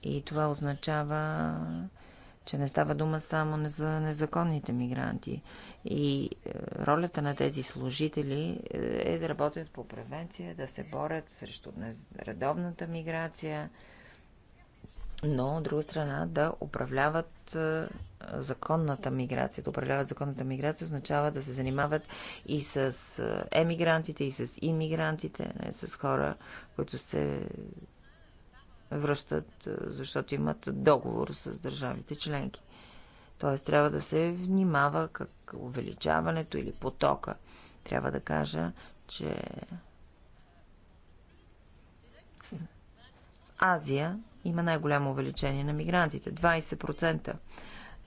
И това означава, че не става дума само за незаконните мигранти. И е, ролята на тези служители е, е да работят по превенция, да се борят срещу редовната миграция, но от друга страна да управляват е, законната миграция, да управляват законната миграция, означава да се занимават и с е, емигрантите, и с иммигрантите, не с хора, които се връщат, е, защото имат договор с държавите членки. Тоест трябва да се внимава как увеличаването или потока. Трябва да кажа, че Азия има най-голямо увеличение на мигрантите 20%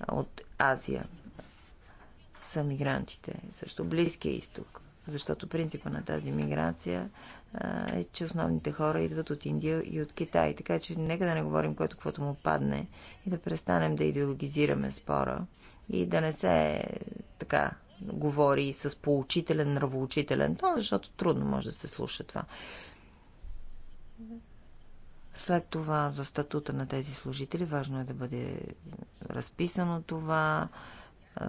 от Азия са мигрантите, също Близкия изток. Защото принципа на тази миграция е, че основните хора идват от Индия и от Китай. Така че нека да не говорим което каквото му падне и да престанем да идеологизираме спора и да не се така говори с поучителен, нравоучителен тон, защото трудно може да се слуша това. След това за статута на тези служители важно е да бъде разписано това.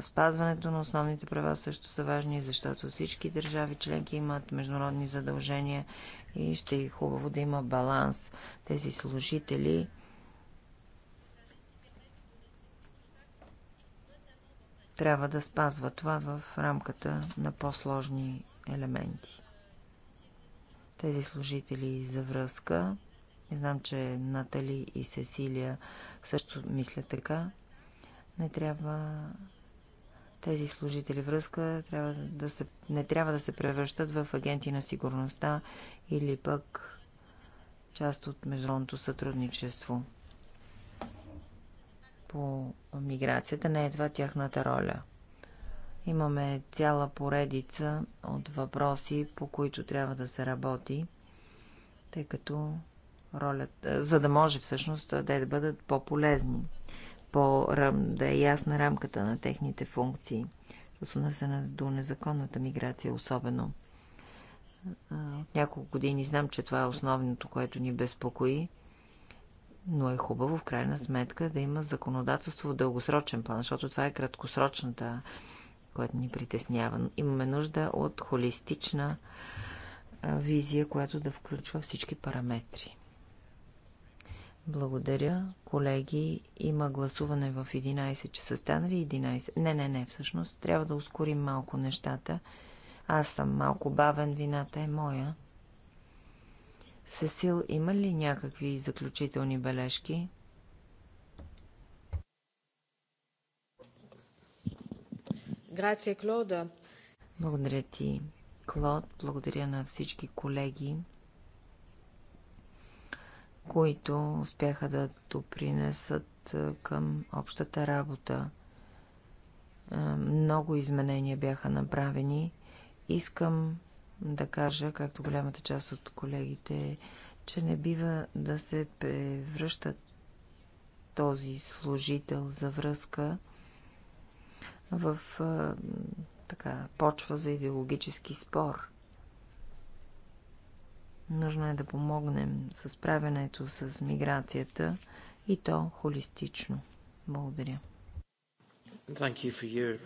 Спазването на основните права също са важни, защото всички държави членки имат международни задължения и ще е хубаво да има баланс. Тези служители трябва да спазва това в рамката на по-сложни елементи. Тези служители за връзка Знам, че Натали и Сесилия също мислят така. Не трябва тези служители връзка трябва да се, не трябва да се превръщат в агенти на сигурността или пък част от международното сътрудничество по миграцията не е това тяхната роля. Имаме цяла поредица от въпроси, по които трябва да се работи, тъй като ролята, е, за да може всъщност е, да бъдат по-полезни, по, да е ясна рамката на техните функции. Осъдна се до незаконната миграция особено. От няколко години знам, че това е основното, което ни безпокои, но е хубаво в крайна сметка да има законодателство в дългосрочен план, защото това е краткосрочната, което ни притеснява. Имаме нужда от холистична визия, която да включва всички параметри. Благодаря, колеги. Има гласуване в 11 часа. Стана ли 11? Не, не, не, всъщност. Трябва да ускорим малко нещата. Аз съм малко бавен, вината е моя. Сесил, има ли някакви заключителни бележки? Грация, Клода. Благодаря ти, Клод. Благодаря на всички колеги които успяха да допринесат към общата работа. Много изменения бяха направени. Искам да кажа, както голямата част от колегите, че не бива да се превръща този служител за връзка в така, почва за идеологически спор. Нужно е да помогнем с правенето с миграцията и то холистично. Благодаря. You your...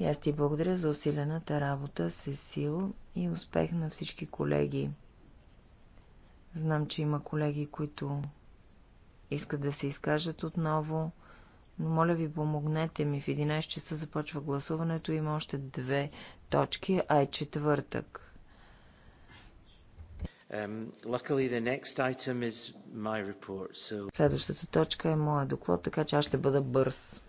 И аз ти благодаря за усилената работа, сил и успех на всички колеги. Знам, че има колеги, които искат да се изкажат отново, но моля ви, помогнете ми. В 11 часа започва гласуването. Има още две точки, а е четвъртък. Um, Следващата точка е моя доклад, така че аз ще бъда бърз.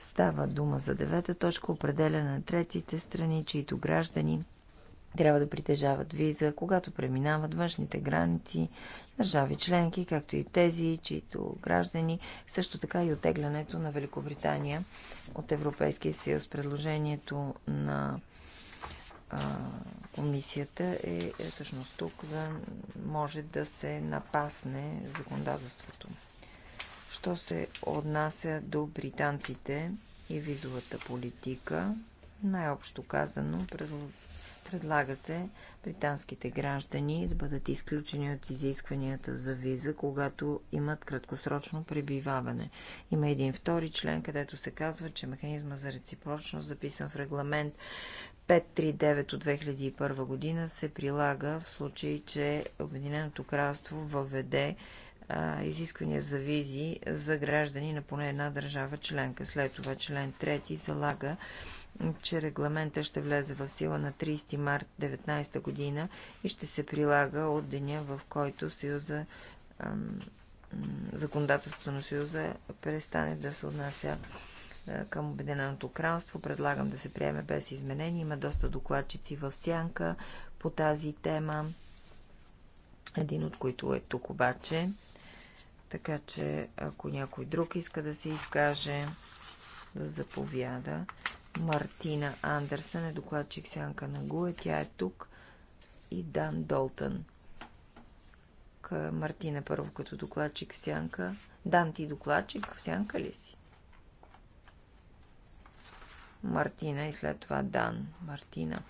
Става дума за девета точка, определена на третите страни, чието граждани трябва да притежават виза, когато преминават външните граници, държави членки, както и тези, чието граждани, също така и отеглянето на Великобритания от Европейския съюз. Предложението на комисията е, е всъщност тук за може да се напасне законодателството. Що се отнася до британците и визовата политика, най-общо казано, предлага се британските граждани да бъдат изключени от изискванията за виза, когато имат краткосрочно пребиваване. Има един втори член, където се казва, че механизма за реципрочност, записан в регламент 539 от 2001 година се прилага в случай, че Обединеното кралство въведе а, изисквания за визи за граждани на поне една държава членка. След това член 3 залага, че регламента ще влезе в сила на 30 март 19 година и ще се прилага от деня, в който Съюза законодателството на Съюза престане да се отнася е, към Обединеното кралство. Предлагам да се приеме без изменения. Има доста докладчици в сянка по тази тема. Един от които е тук обаче. Така че, ако някой друг иска да се изкаже, да заповяда. Мартина Андерсън е докладчик сянка на Гуе. Тя е тук. И Дан Долтън. Мартина е първо като докладчик в сянка. Дан, ти докладчик в сянка ли си? Мартина и след това Дан. Мартина.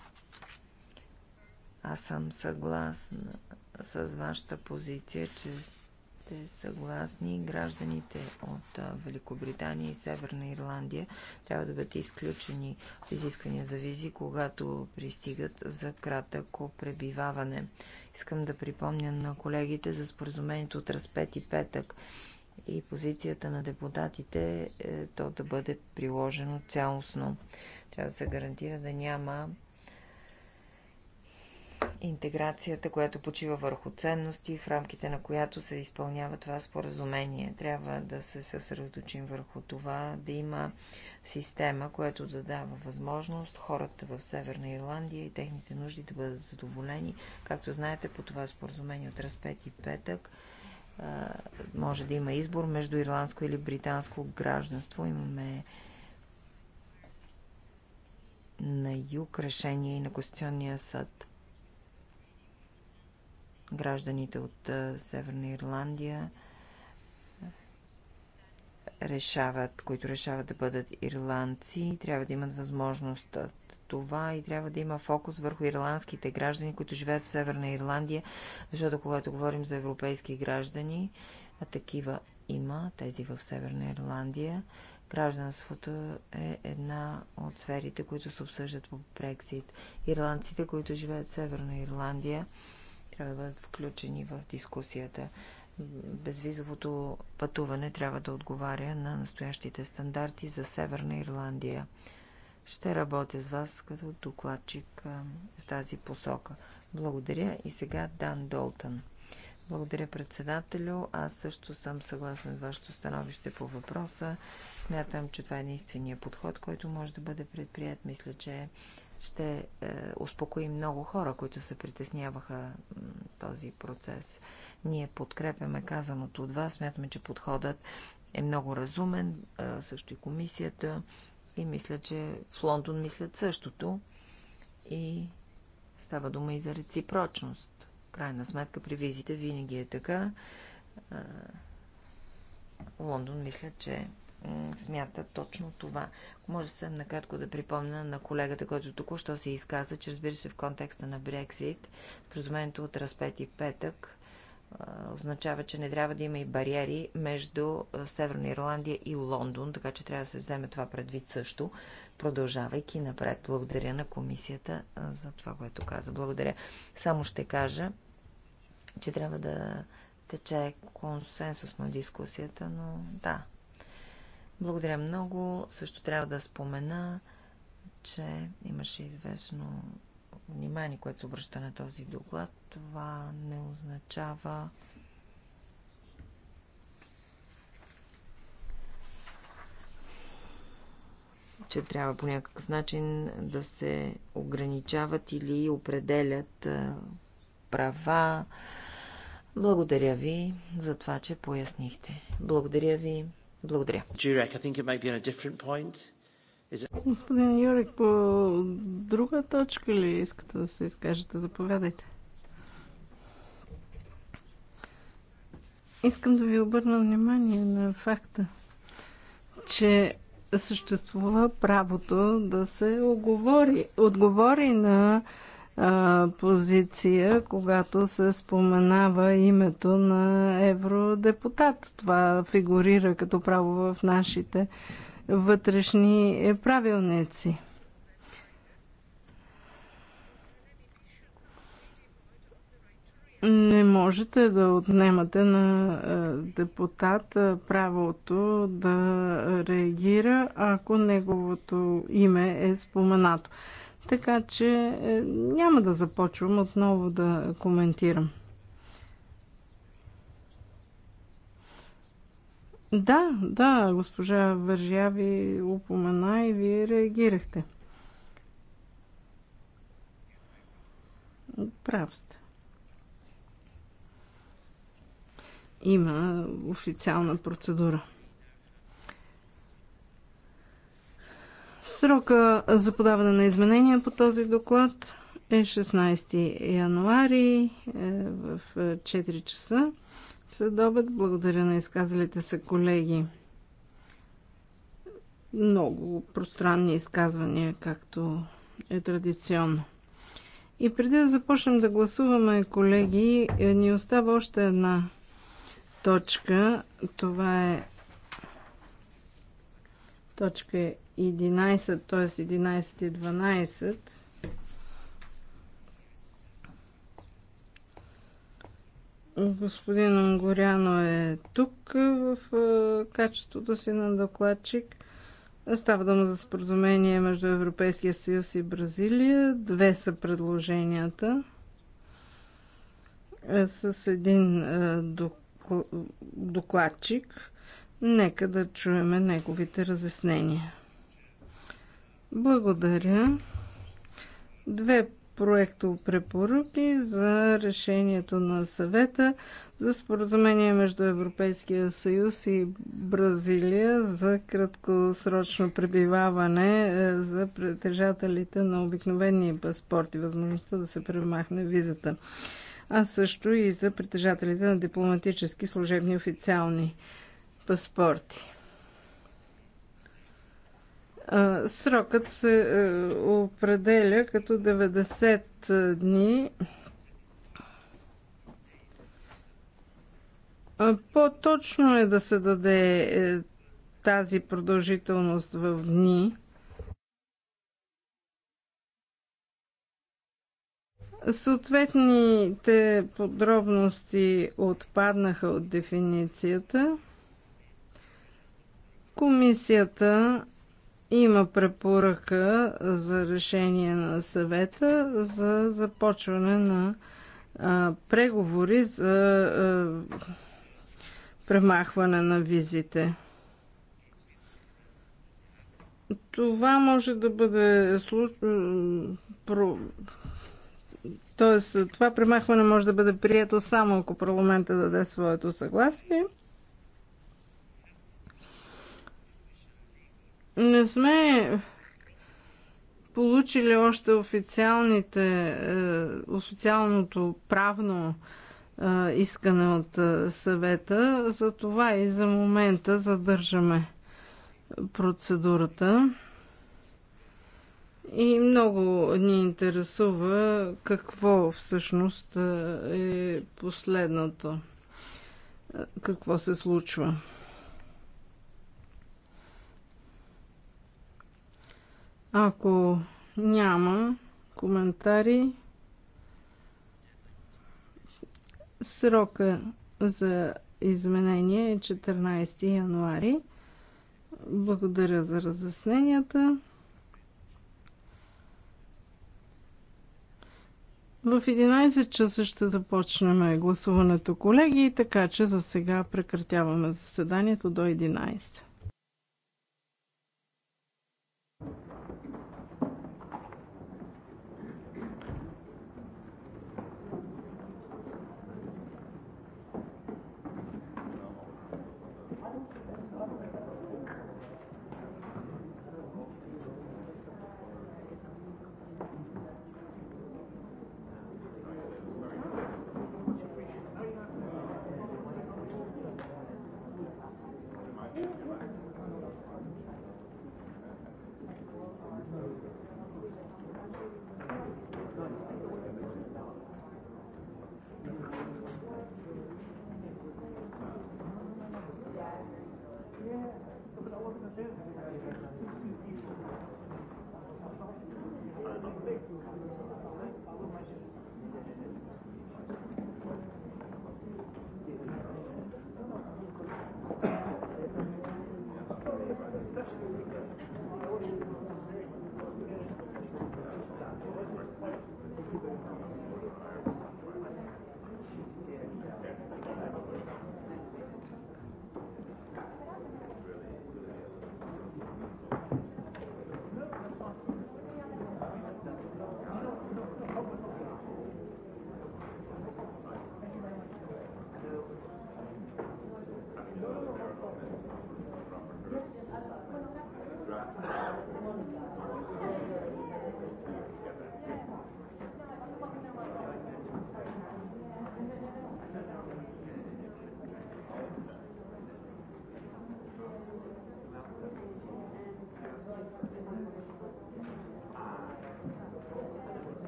Аз съм съгласна с вашата позиция, че сте съгласни гражданите от Великобритания и Северна Ирландия трябва да бъдат изключени в изисквания за визи, когато пристигат за кратко пребиваване. Искам да припомня на колегите за споразумението от разпет и петък и позицията на депутатите е то да бъде приложено цялостно. Трябва да се гарантира да няма интеграцията, която почива върху ценности, в рамките на която се изпълнява това споразумение. Трябва да се съсредоточим върху това, да има система, която да дава възможност хората в Северна Ирландия и техните нужди да бъдат задоволени. Както знаете, по това споразумение от разпет и петък може да има избор между ирландско или британско гражданство. Имаме на юг решение и на Конституционния съд. Гражданите от Северна Ирландия решават, които решават да бъдат ирландци, трябва да имат възможност това и трябва да има фокус върху ирландските граждани, които живеят в Северна Ирландия, защото когато говорим за европейски граждани, а такива има, тези в Северна Ирландия, гражданството е една от сферите, които се обсъждат по Брексит. Ирландците, които живеят в Северна Ирландия, трябва да бъдат включени в дискусията. Безвизовото пътуване трябва да отговаря на настоящите стандарти за Северна Ирландия. Ще работя с вас като докладчик в тази посока. Благодаря и сега Дан Долтън. Благодаря, председателю. Аз също съм съгласен с вашето становище по въпроса. Смятам, че това е единствения подход, който може да бъде предприят. Мисля, че ще е, успокои много хора, които се притесняваха този процес. Ние подкрепяме казаното от вас. Смятаме, че подходът е много разумен, е, също и комисията. И мисля, че в Лондон мислят същото. И става дума и за реципрочност. Крайна сметка при визите винаги е така. Лондон мисля, че смята точно това. Ако може съм накратко да припомня на колегата, който току-що се изказа, че разбира се в контекста на Брексит, споразумението от разпети и петък, означава, че не трябва да има и бариери между Северна Ирландия и Лондон, така че трябва да се вземе това предвид също, продължавайки напред. Благодаря на комисията за това, което каза. Благодаря. Само ще кажа, че трябва да тече консенсус на дискусията, но да. Благодаря много. Също трябва да спомена, че имаше известно внимание, което се обръща на този доклад. Това не означава че трябва по някакъв начин да се ограничават или определят права. Благодаря ви за това, че пояснихте. Благодаря ви. Благодаря. I think it might be on a different point. Господин Юрик, по друга точка ли искате да се изкажете? Заповядайте. Искам да ви обърна внимание на факта, че съществува правото да се оговори, отговори на а, позиция, когато се споменава името на евродепутат. Това фигурира като право в нашите вътрешни е, правилници. Не можете да отнемате на е, депутат е, правото да реагира, ако неговото име е споменато. Така че няма да започвам отново да коментирам. Да, да, госпожа Вържя ви упомена и вие реагирахте. Прав сте. Има официална процедура. Срока за подаване на изменения по този доклад е 16 януари е, в 4 е, часа обед. Благодаря на изказалите се колеги. Много пространни изказвания, както е традиционно. И преди да започнем да гласуваме, колеги, ни остава още една точка. Това е точка 11, т.е. 11 и 12. Господин Ангоряно е тук в качеството си на докладчик. Става дума за споразумение между Европейския съюз и Бразилия. Две са предложенията е, с един докладчик. Нека да чуеме неговите разяснения. Благодаря. Две проекто препоръки за решението на съвета за споразумение между Европейския съюз и Бразилия за краткосрочно пребиваване е, за притежателите на обикновени паспорти, възможността да се премахне визата, а също и за притежателите на дипломатически, служебни, официални паспорти. Срокът се е, определя като 90 дни. По-точно е да се даде е, тази продължителност в дни. Съответните подробности отпаднаха от дефиницията. Комисията има препоръка за решение на съвета за започване на а, преговори за а, премахване на визите. Това може да бъде случ... Про... Тоест, това премахване може да бъде прието само ако парламента даде своето съгласие – Не сме получили още официалните, е, официалното правно е, искане от е, съвета, за това и за момента задържаме процедурата. И много ни интересува какво всъщност е последното, какво се случва. Ако няма коментари, срока за изменение е 14 януари. Благодаря за разясненията. В 11 часа ще започнем гласуването, колеги, така че за сега прекратяваме заседанието до 11.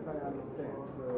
if I understand. Uh,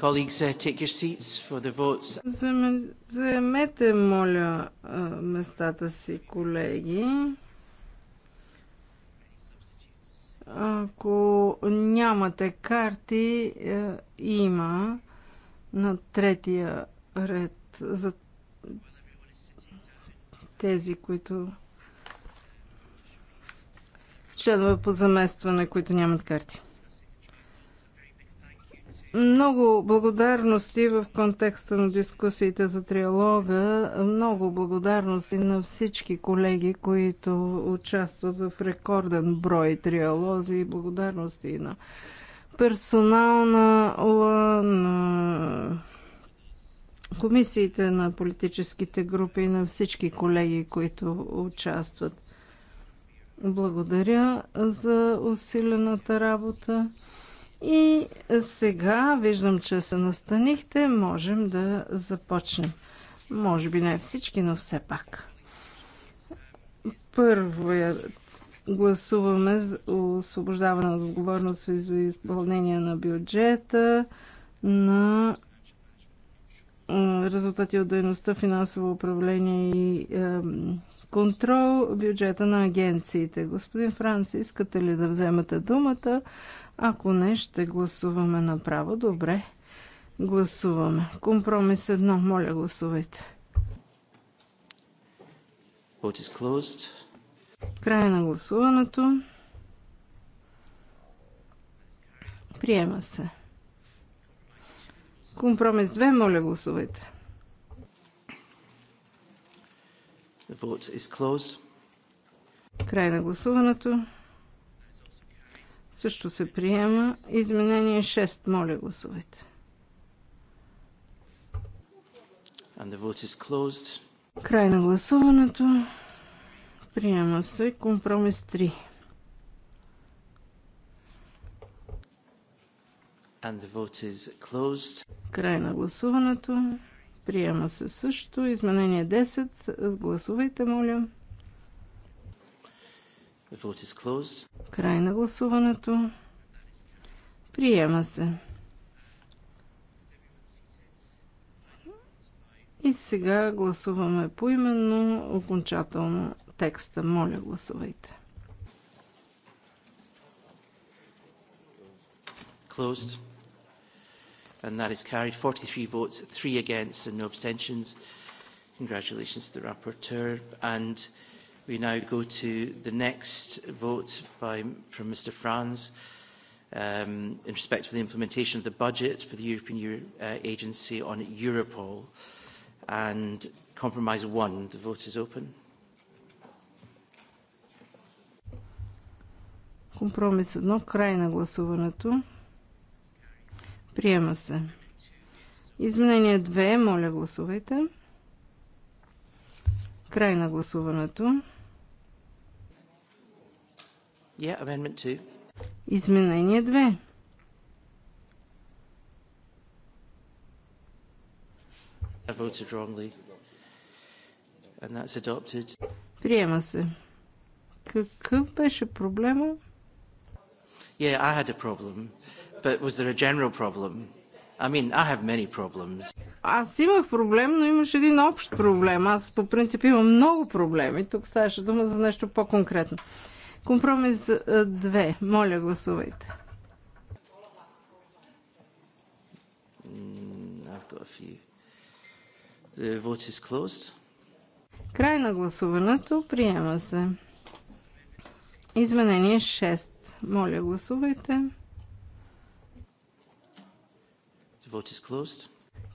Colleagues, uh, take your seats for the votes. Заемете, моля, местата си, колеги. Ако нямате карти, е, има на третия ред за тези, които членове по заместване, които нямат карти. Много благодарности в контекста на дискусиите за триалога. Много благодарности на всички колеги, които участват в рекорден брой триалози. Благодарности на персонална, на комисиите на политическите групи, и на всички колеги, които участват. Благодаря за усилената работа. И сега виждам, че се настанихте. Можем да започнем. Може би не всички, но все пак. Първо гласуваме за освобождаване от отговорност за изпълнение на бюджета на резултати от дейността, финансово управление и е, контрол, бюджета на агенциите. Господин Франц, искате ли да вземете думата? Ако не, ще гласуваме направо. Добре. Гласуваме. Компромис едно. Моля, гласувайте. Край на гласуването. Приема се. Компромис 2. Моля, гласувайте. Край на гласуването. Също се приема. Изменение 6. Моля, гласувайте. And the vote is closed. Край на гласуването. Приема се компромис 3. And the vote is closed. Край на гласуването. Приема се също. Изменение 10. Гласувайте, моля. Край на гласуването. Приема се. И сега гласуваме поименно окончателно текста. Моля, гласувайте. Closed. And that is carried. 43 votes, three against and no abstentions. Congratulations to the rapporteur. And We now go to the next vote by, from Mr Franz um, in respect of the implementation of the budget for the European Euro, uh, Agency on Europol. And compromise one, the vote is open. Компромис едно, край на гласуването. Приема се. Изменение 2, моля гласувайте. Край на гласуването. Yeah, amendment two. Изменение 2. I voted wrongly. And that's adopted. Приема се. Какъв беше проблема? Yeah, I had a problem. But was there a general problem? I mean, I have many problems. Аз имах проблем, но имаш един общ проблем. Аз по принцип имам много проблеми. Тук ставаше дума за нещо по-конкретно. Компромис 2. Моля, гласувайте. Край на гласуването. Приема се. Изменение 6. Моля, гласувайте.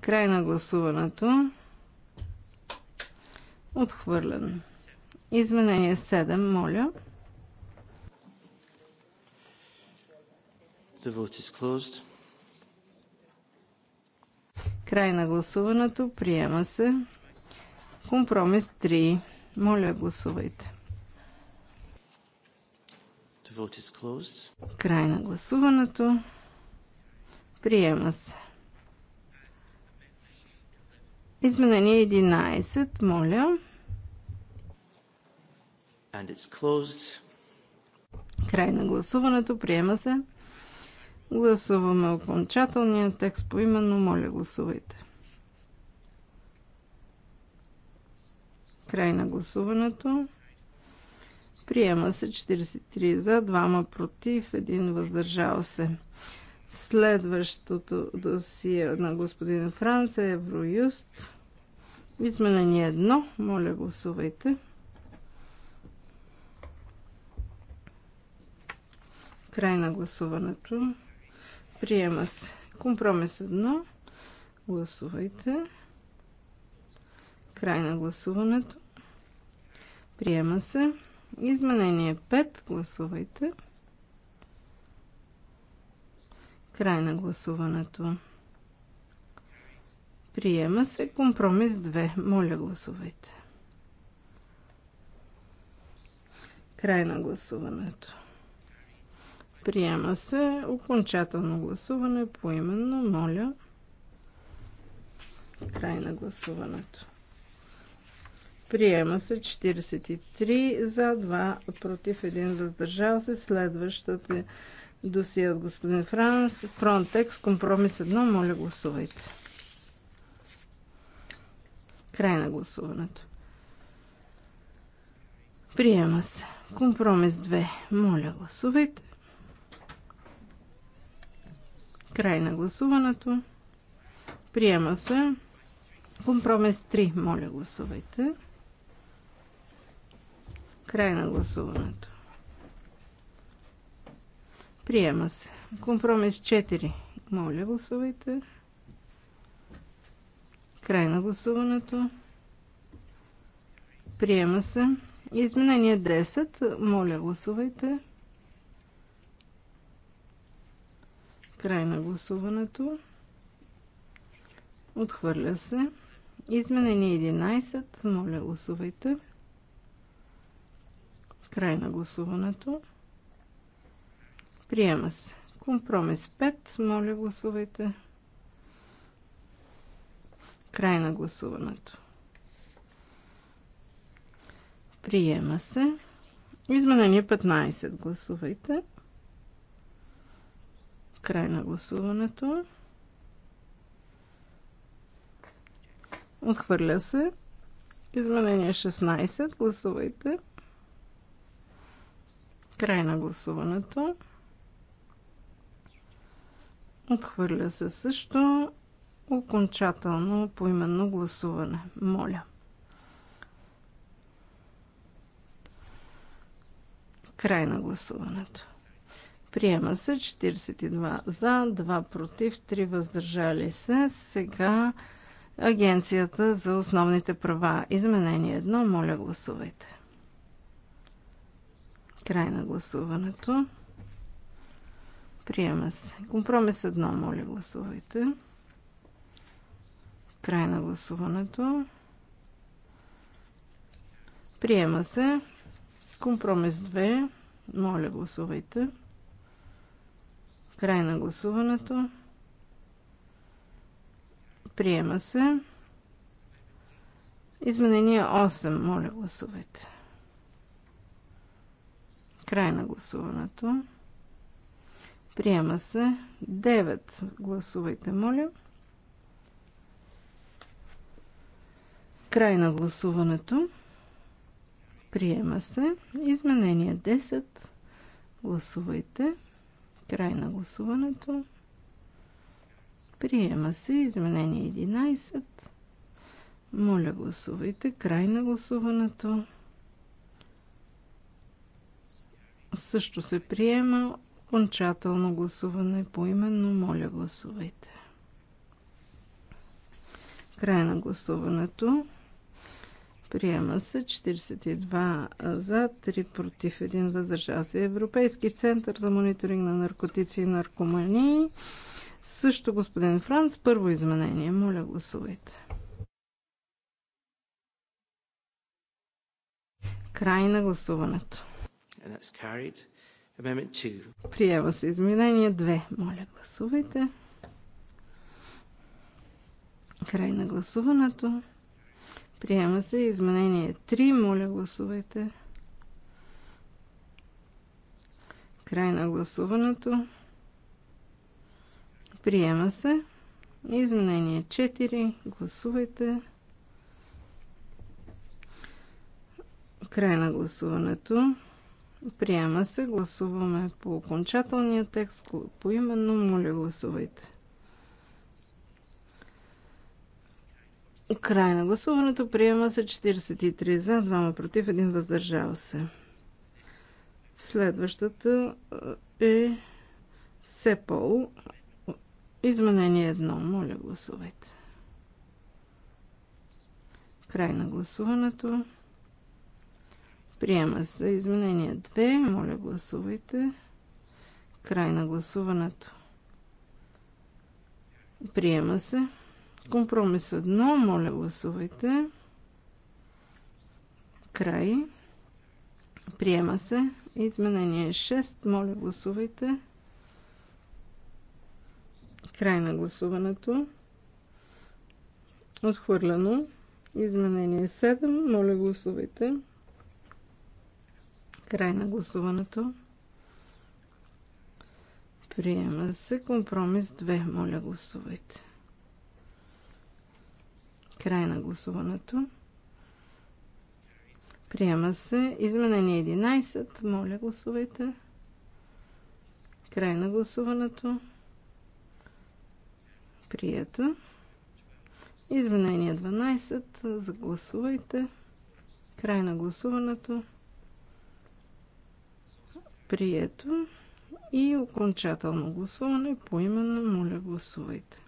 Край на гласуването. Отхвърлен. Изменение 7, моля. The vote is closed. Край на гласуването. Приема се. Компромис 3. Моля, гласувайте. The vote is closed. Край на гласуването. Приема се. Изменение 11. Моля. And it's closed. Край на гласуването. Приема се. Гласуваме окончателния текст по именно. Моля, гласувайте. Край на гласуването. Приема се 43 за, 2 против, 1 въздържал се. Следващото досие на господин Франц е Евроюст. Изменение 1. Моля, гласувайте. Край на гласуването. Приема се. Компромис 1. Гласувайте. Край на гласуването. Приема се. Изменение 5. Гласувайте. Край на гласуването. Приема се компромис 2. Моля гласувайте. Край на гласуването. Приема се окончателно гласуване по именно. Моля. Край на гласуването. Приема се 43 за 2 против 1 въздържал се. Следващата е досия от господин Франс. Фронтекс компромис 1. Моля гласувайте. Край на гласуването. Приема се. Компромис 2. Моля гласувайте. Край на гласуването. Приема се. Компромис 3. Моля, гласувайте. Край на гласуването. Приема се. Компромис 4. Моля, гласувайте. Край на гласуването. Приема се. Изменение 10. Моля, гласувайте. Край на гласуването. Отхвърля се. Изменение 11. Моля, гласувайте. Край на гласуването. Приема се. Компромис 5. Моля, гласувайте. Край на гласуването. Приема се. Изменение 15. Гласувайте. Край на гласуването. Отхвърля се. Изменение 16. Гласувайте. Край на гласуването. Отхвърля се също окончателно поименно гласуване. Моля. Край на гласуването. Приема се 42 за, 2 против, 3 въздържали се. Сега Агенцията за основните права. Изменение 1. Моля гласувайте. Край на гласуването. Приема се. Компромис 1. Моля гласувайте. Край на гласуването. Приема се. Компромис 2. Моля гласувайте. Край на гласуването. Приема се. Изменение 8. Моля, гласувайте. Край на гласуването. Приема се. 9. Гласувайте, моля. Край на гласуването. Приема се. Изменение 10. Гласувайте. Край на гласуването. Приема се изменение 11. Моля гласувайте. Край на гласуването. Също се приема окончателно гласуване по именно. Моля гласувайте. Край на гласуването. Приема се 42 за, 3 против, 1 въздържал се. Европейски център за мониторинг на наркотици и наркомании. Също господин Франц, първо изменение. Моля, гласувайте. Край на гласуването. Приема се изменение 2. Моля, гласувайте. Край на гласуването. Приема се изменение 3. Моля гласувайте. Край на гласуването. Приема се. Изменение 4. Гласувайте. Край на гласуването. Приема се. Гласуваме по окончателния текст. Поименно, моля гласувайте. Край на гласуването. Приема се 43 за, 2 против, 1 въздържал се. Следващата е, е СЕПОЛ. Изменение 1. Моля, гласувайте. Край на гласуването. Приема се изменение 2. Моля, гласувайте. Край на гласуването. Приема се. Компромис 1. Моля, гласувайте. Край. Приема се. Изменение 6. Моля, гласувайте. Край на гласуването. Отхвърлено. Изменение 7. Моля, гласувайте. Край на гласуването. Приема се. Компромис 2. Моля, гласувайте. Край на гласуването. Приема се. Изменение 11. Моля, гласувайте. Край на гласуването. Прията. Изменение 12. Загласувайте. Край на гласуването. Прието. И окончателно гласуване по именно. Моля, гласувайте.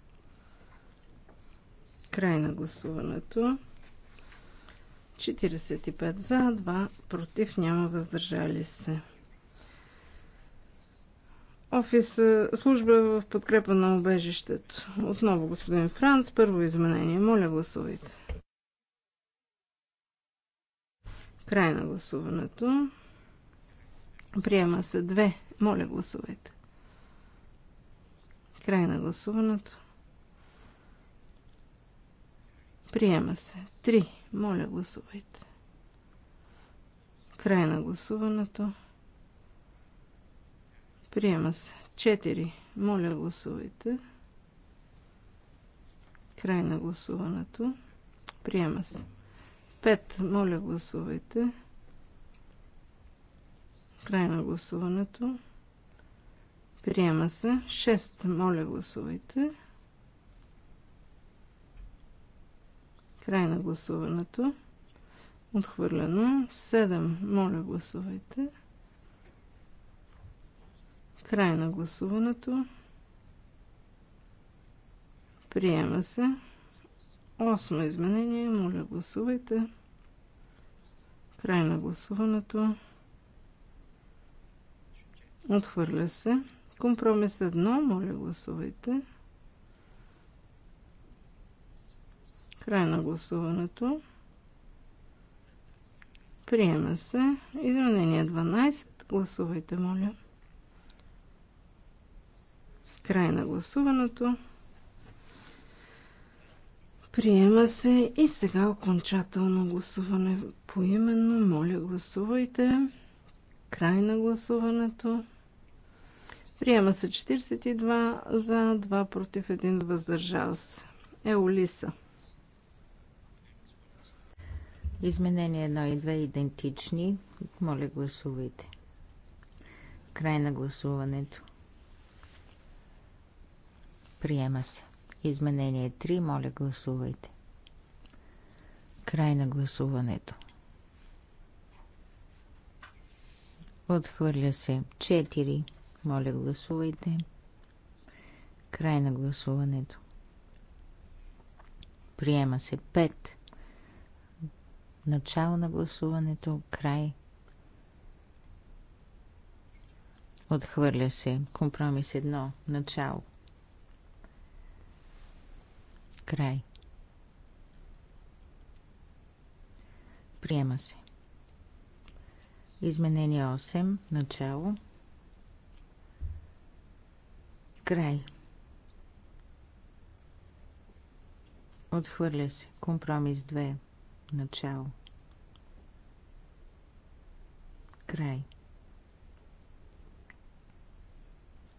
Край на гласуването. 45 за, 2 против, няма въздържали се. Офис служба в подкрепа на обежището. Отново господин Франц, първо изменение. Моля гласувайте. Край на гласуването. Приема се 2. Моля гласувайте. Край на гласуването. Приема се. 3. Моля, гласувайте. Край на гласуването. Приема се. 4. Моля, гласувайте. Край на гласуването. Приема се. 5. Моля, гласувайте. Край на гласуването. Приема се. 6. Моля, гласувайте. Край на гласуването. Отхвърлено. 7. Моля, гласувайте. Край на гласуването. Приема се. Осмо изменение. Моля, гласувайте. Край на гласуването. Отхвърля се. Компромис 1. Моля, гласувайте. Край на гласуването. Приема се. Изменение 12. Гласувайте, моля. Край на гласуването. Приема се и сега окончателно гласуване по именно. Моля, гласувайте. Край на гласуването. Приема се 42 за 2 против 1 въздържал се. Еолиса. Изменения 1 и 2 идентични. Моля, гласувайте. Край на гласуването. Приема се. Изменение 3. Моля, гласувайте. Край на гласуването. Отхвърля се. 4. Моля, гласувайте. Край на гласуването. Приема се. 5. Начало на гласуването, край. Отхвърля се. Компромис едно. Начало. Край. Приема се. Изменение 8. Начало. Край. Отхвърля се. Компромис 2. Начало. Край.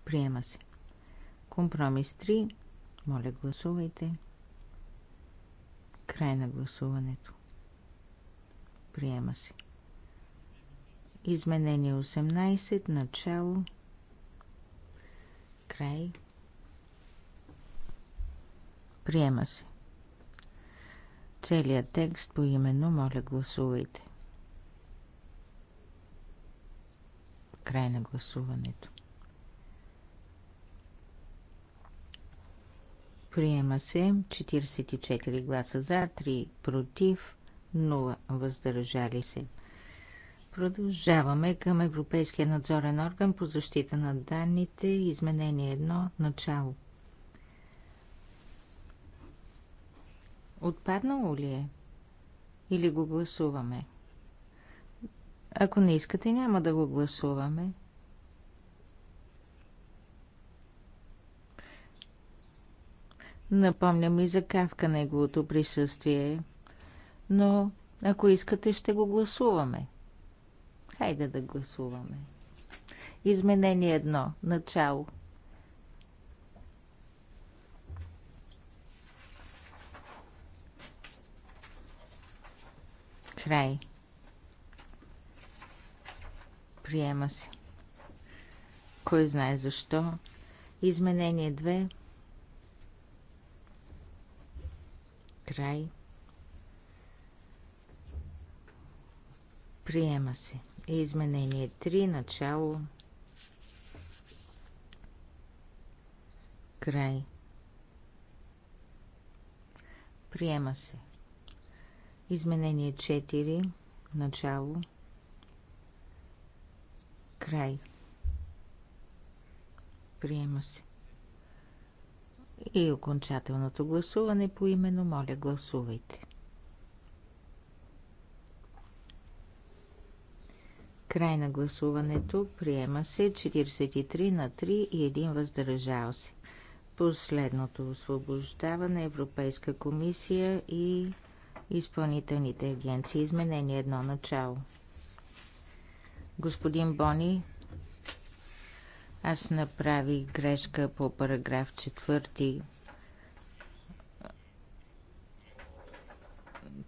Приема се. Компромис 3. Моля, гласувайте. Край на гласуването. Приема се. Изменение 18. Начало. Край. Приема се. Целият текст по именно моля гласувайте. Край на гласуването. Приема се 44 гласа за, 3 против, 0 въздържали се. Продължаваме към Европейския надзорен орган по защита на данните. Изменение 1. Начало. Отпаднало ли е? Или го гласуваме? Ако не искате, няма да го гласуваме. Напомням и за кавка неговото присъствие, но ако искате, ще го гласуваме. Хайде да гласуваме. Изменение едно. Начало. Край. Приема се. Кой знае защо? Изменение 2. Край. Приема се. изменение 3. Начало. Край. Приема се. Изменение 4. Начало. Край. Приема се. И окончателното гласуване по именно, моля, гласувайте. Край на гласуването приема се 43 на 3 и 1 въздържал се. Последното освобождаване Европейска комисия и изпълнителните агенции. Изменение едно начало. Господин Бони, аз направих грешка по параграф 4,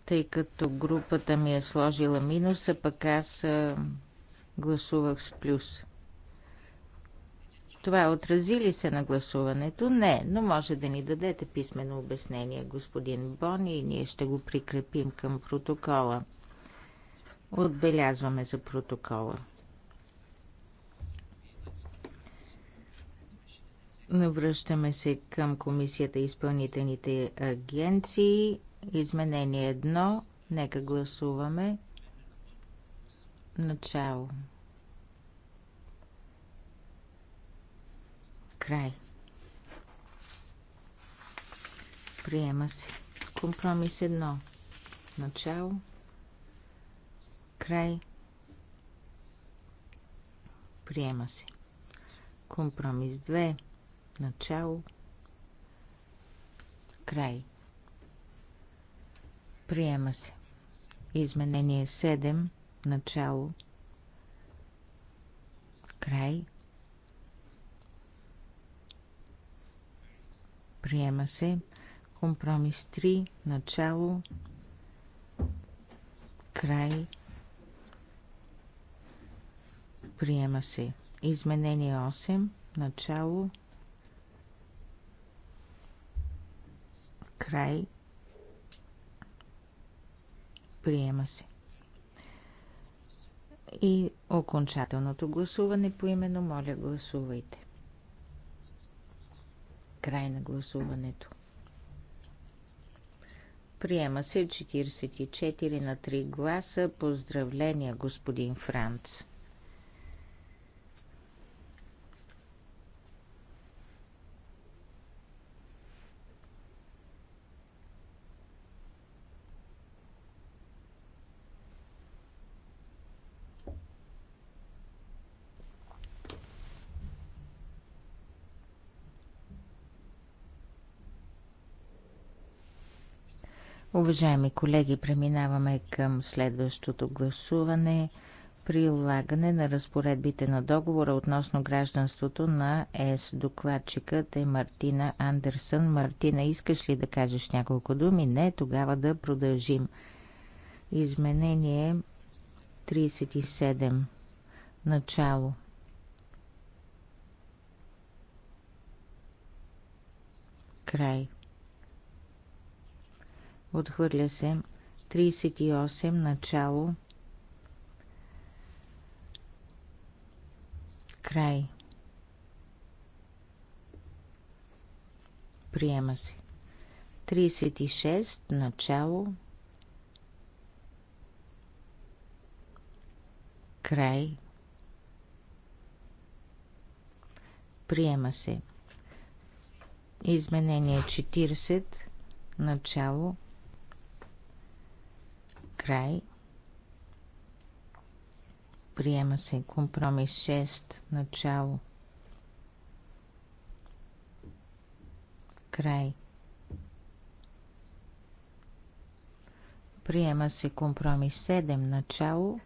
тъй като групата ми е сложила минуса, пък аз гласувах с плюс. Това отрази ли се на гласуването? Не, но може да ни дадете писмено обяснение, господин Бони, и ние ще го прикрепим към протокола. Отбелязваме за протокола. Връщаме се към комисията изпълнителните агенции. Изменение 1. Нека гласуваме. Начало. Край. Приема се. Компромис едно. Начало. Край. Приема се. Компромис 2. Начало. Край. Приема се. Изменение 7. Начало. Край. Приема се. Компромис 3. Начало. Край. Приема се. Изменение 8. Начало. Край. Приема се. И окончателното гласуване по именно моля гласувайте. Край на гласуването. Приема се 44 на 3 гласа. Поздравления, господин Франц. Уважаеми колеги, преминаваме към следващото гласуване прилагане на разпоредбите на договора относно гражданството на ЕС. Докладчикът е Мартина Андерсън. Мартина, искаш ли да кажеш няколко думи? Не, тогава да продължим. Изменение 37. Начало. Край. Отхвърля се. 38 начало. Край. Приема се. 36 начало. Край. Приема се. Изменение 40 начало край. Приема се компромис 6 начало. Край. Приема се компромис 7 начало.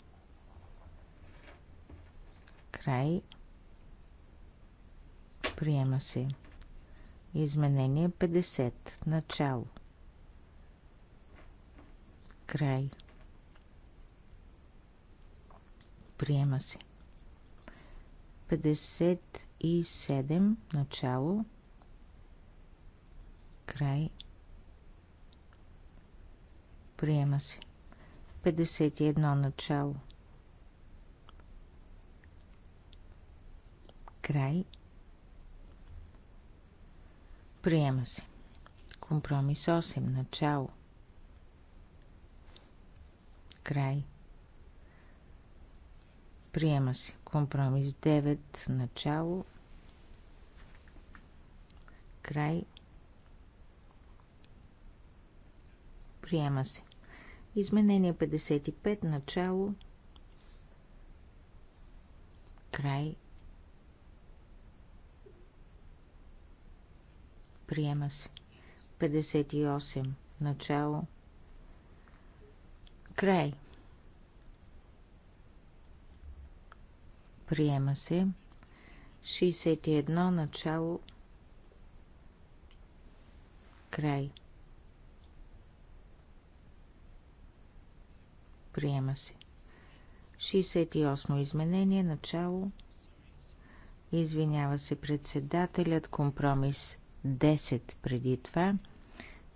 Край. Приема се. Изменение 50 начало. Край. Приема се. 57 начало. Край. Приема се. 51 начало. Край. Приема се. Компромис 8 начало. Край. Приема се. Компромис 9. Начало. Край. Приема се. Изменение 55. Начало. Край. Приема се. 58. Начало. Край. Приема се. 61 начало. Край. Приема се. 68 изменение начало. Извинява се председателят. Компромис 10 преди това.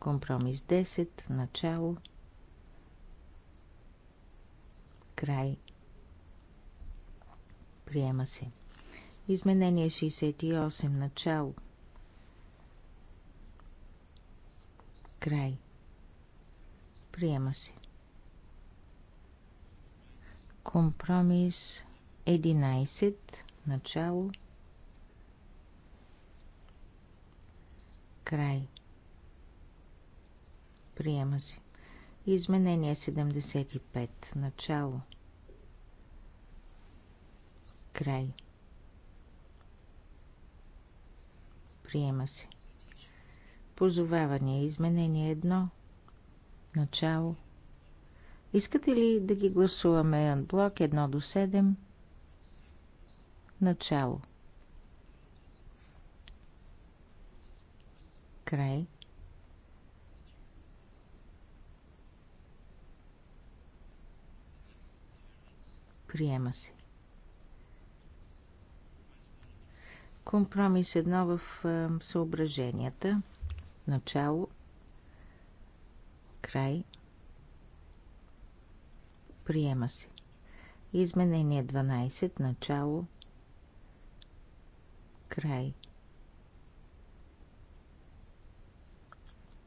Компромис 10 начало. Край. Приема се. Изменение 68. Начало. Край. Приема се. Компромис 11. Начало. Край. Приема се. Изменение 75. Начало. Край. Приема се. Позоваване. Изменение едно. Начало. Искате ли да ги гласуваме анблок 1 до 7? Начало. Край. Приема се. Компромис едно в съображенията. Начало. Край. Приема се. Изменение 12. Начало. Край.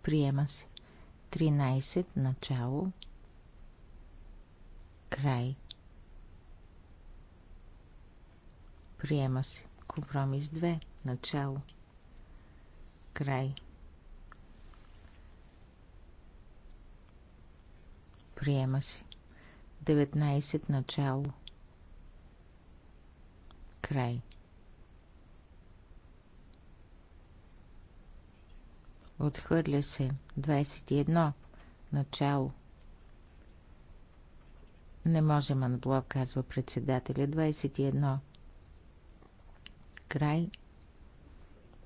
Приема се. 13. Начало. Край. Приема се. Компромис 2. Начало. Край. Приема се. 19. Начало. Край. Отхвърля се. 21. Начало. Не може Манбло, казва председателя. 21 край.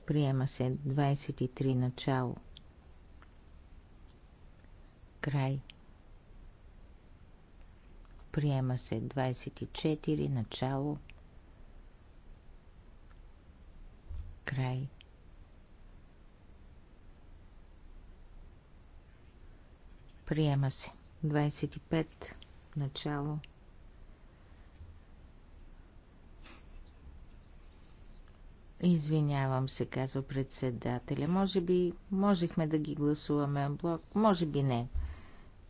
Приема се 23 начало. Край. Приема се 24 начало. Край. Приема се 25 начало. Извинявам се, казва председателя. Може би можехме да ги гласуваме блок, може би не.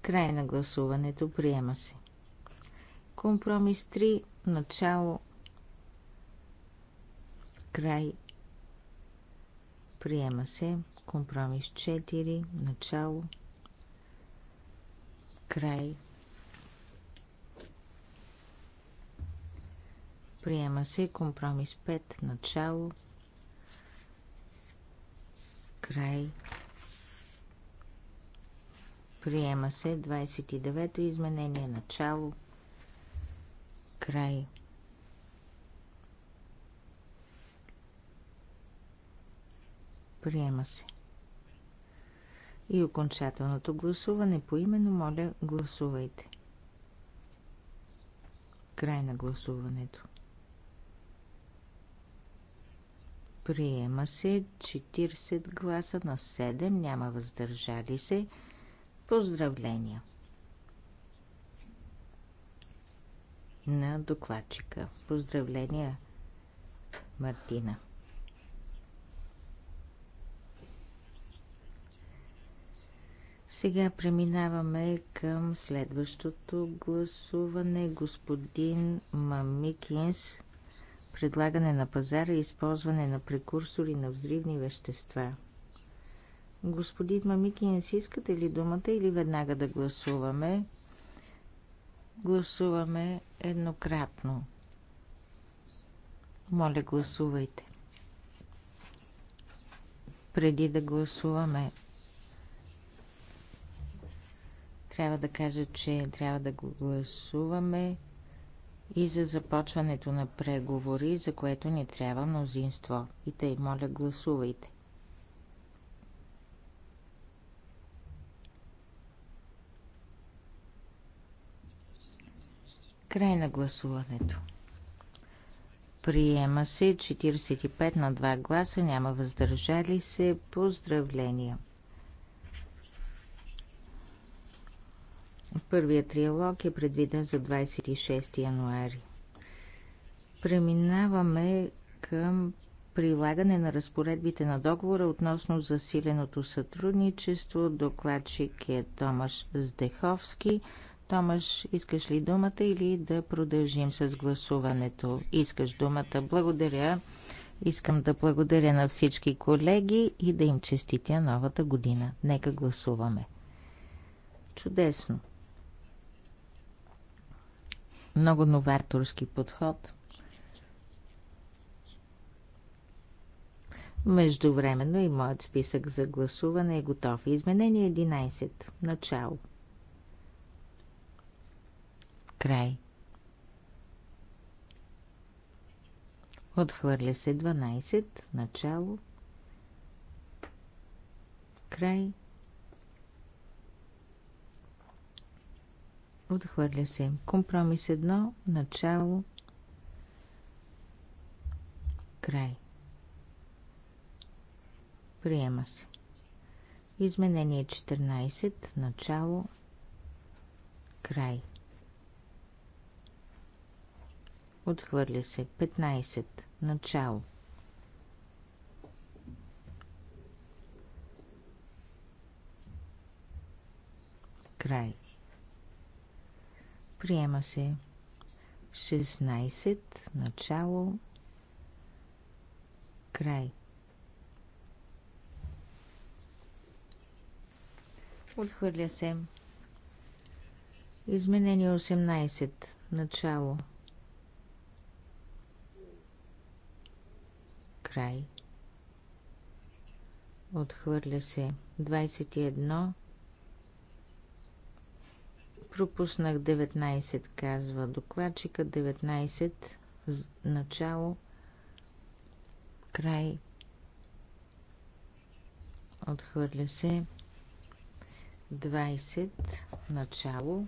Край на гласуването приема се. Компромис 3, начало, край, приема се. Компромис 4, начало, край, Приема се компромис 5, начало, край. Приема се 29-то изменение, начало, край. Приема се. И окончателното гласуване по именно, моля, гласувайте. Край на гласуването. Приема се 40 гласа на 7, няма въздържали се. Поздравления на докладчика. Поздравления, Мартина. Сега преминаваме към следващото гласуване. Господин Мамикинс предлагане на пазара и използване на прекурсори на взривни вещества. Господин си искате ли думата или веднага да гласуваме? Гласуваме еднократно. Моля, гласувайте. Преди да гласуваме, трябва да кажа, че трябва да гласуваме и за започването на преговори, за което ни трябва мнозинство. И тъй, моля, гласувайте. Край на гласуването. Приема се 45 на 2 гласа, няма въздържали се. Поздравления! Първият триалог е предвиден за 26 януари. Преминаваме към прилагане на разпоредбите на договора относно засиленото сътрудничество. Докладчик е Томаш Здеховски. Томаш, искаш ли думата или да продължим с гласуването? Искаш думата. Благодаря. Искам да благодаря на всички колеги и да им честитя новата година. Нека гласуваме. Чудесно! много новаторски подход. Междувременно и моят списък за гласуване е готов. Изменение 11. Начало. Край. Отхвърля се 12. Начало. Край. Отхвърля се. Компромис Едно. Начало. Край. Приема се. Изменение 14. Начало. Край. Отхвърля се. 15. Начало. Край. Приема се. 16. Начало. Край. Отхвърля се. Изменение 18. Начало. Край. Отхвърля се. 21. Пропуснах 19, казва докладчика. 19 начало, край, отхвърля се. 20 начало,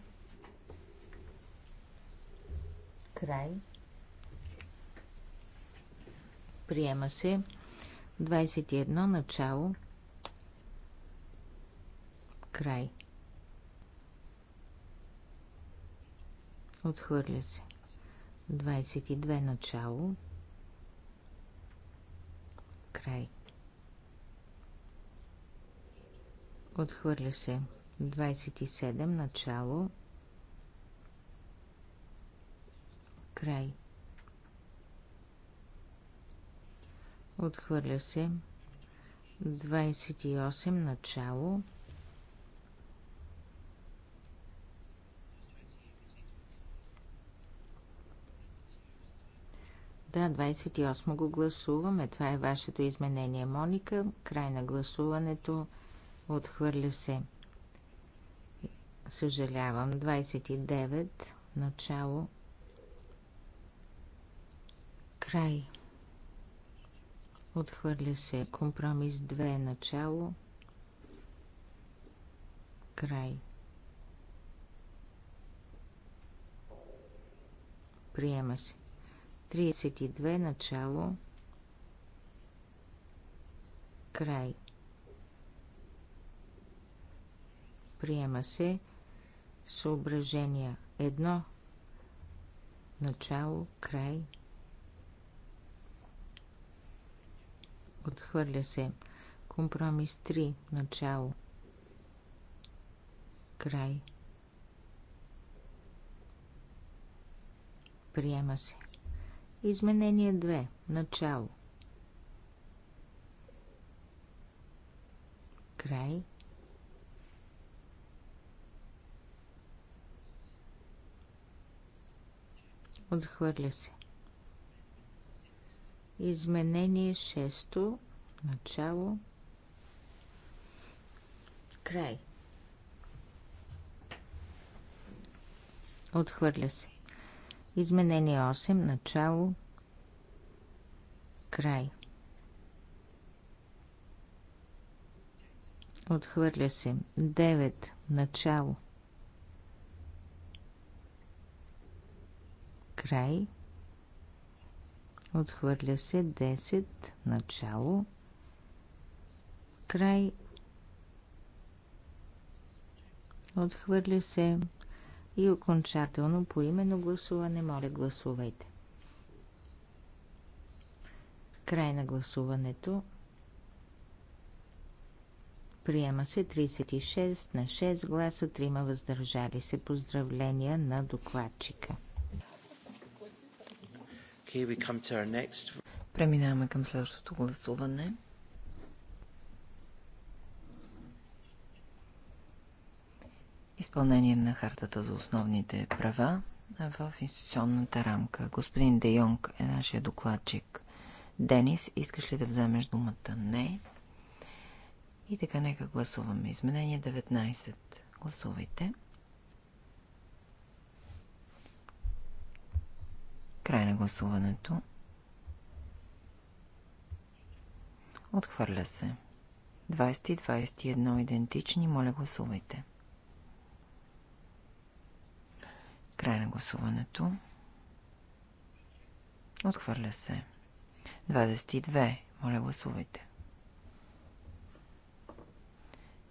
край, приема се. 21 начало, край. Отхвърля се. 22 начало. Край. Отхвърля се. 27 начало. Край. Отхвърля се. 28 начало. Да, 28 го гласуваме. Това е вашето изменение, Моника. Край на гласуването. Отхвърля се. Съжалявам. 29. Начало. Край. Отхвърля се. Компромис 2. Начало. Край. Приема се. 32 начало край приема се съображения 1 начало край отхвърля се компромис 3 начало край приема се Изменение 2. Начало. Край. Отхвърля се. Изменение 6. Начало. Край. Отхвърля се. Изменение 8. Начало. Край. Отхвърля се. 9. Начало. Край. Отхвърля се. 10. Начало. Край. Отхвърля се и окончателно по именно гласуване. Моля, гласувайте. Край на гласуването. Приема се 36 на 6 гласа, 3 въздържали се. Поздравления на докладчика. Преминаваме към следващото гласуване. изпълнение на Хартата за основните права в институционната рамка. Господин Де Йонг е нашия докладчик. Денис, искаш ли да вземеш думата? Не. И така, нека гласуваме. Изменение 19. Гласувайте. Край на гласуването. Отхвърля се. 20 и 21 идентични. Моля, гласувайте. 20 Край на гласуването. Отхвърля се. 22. Моля, гласувайте.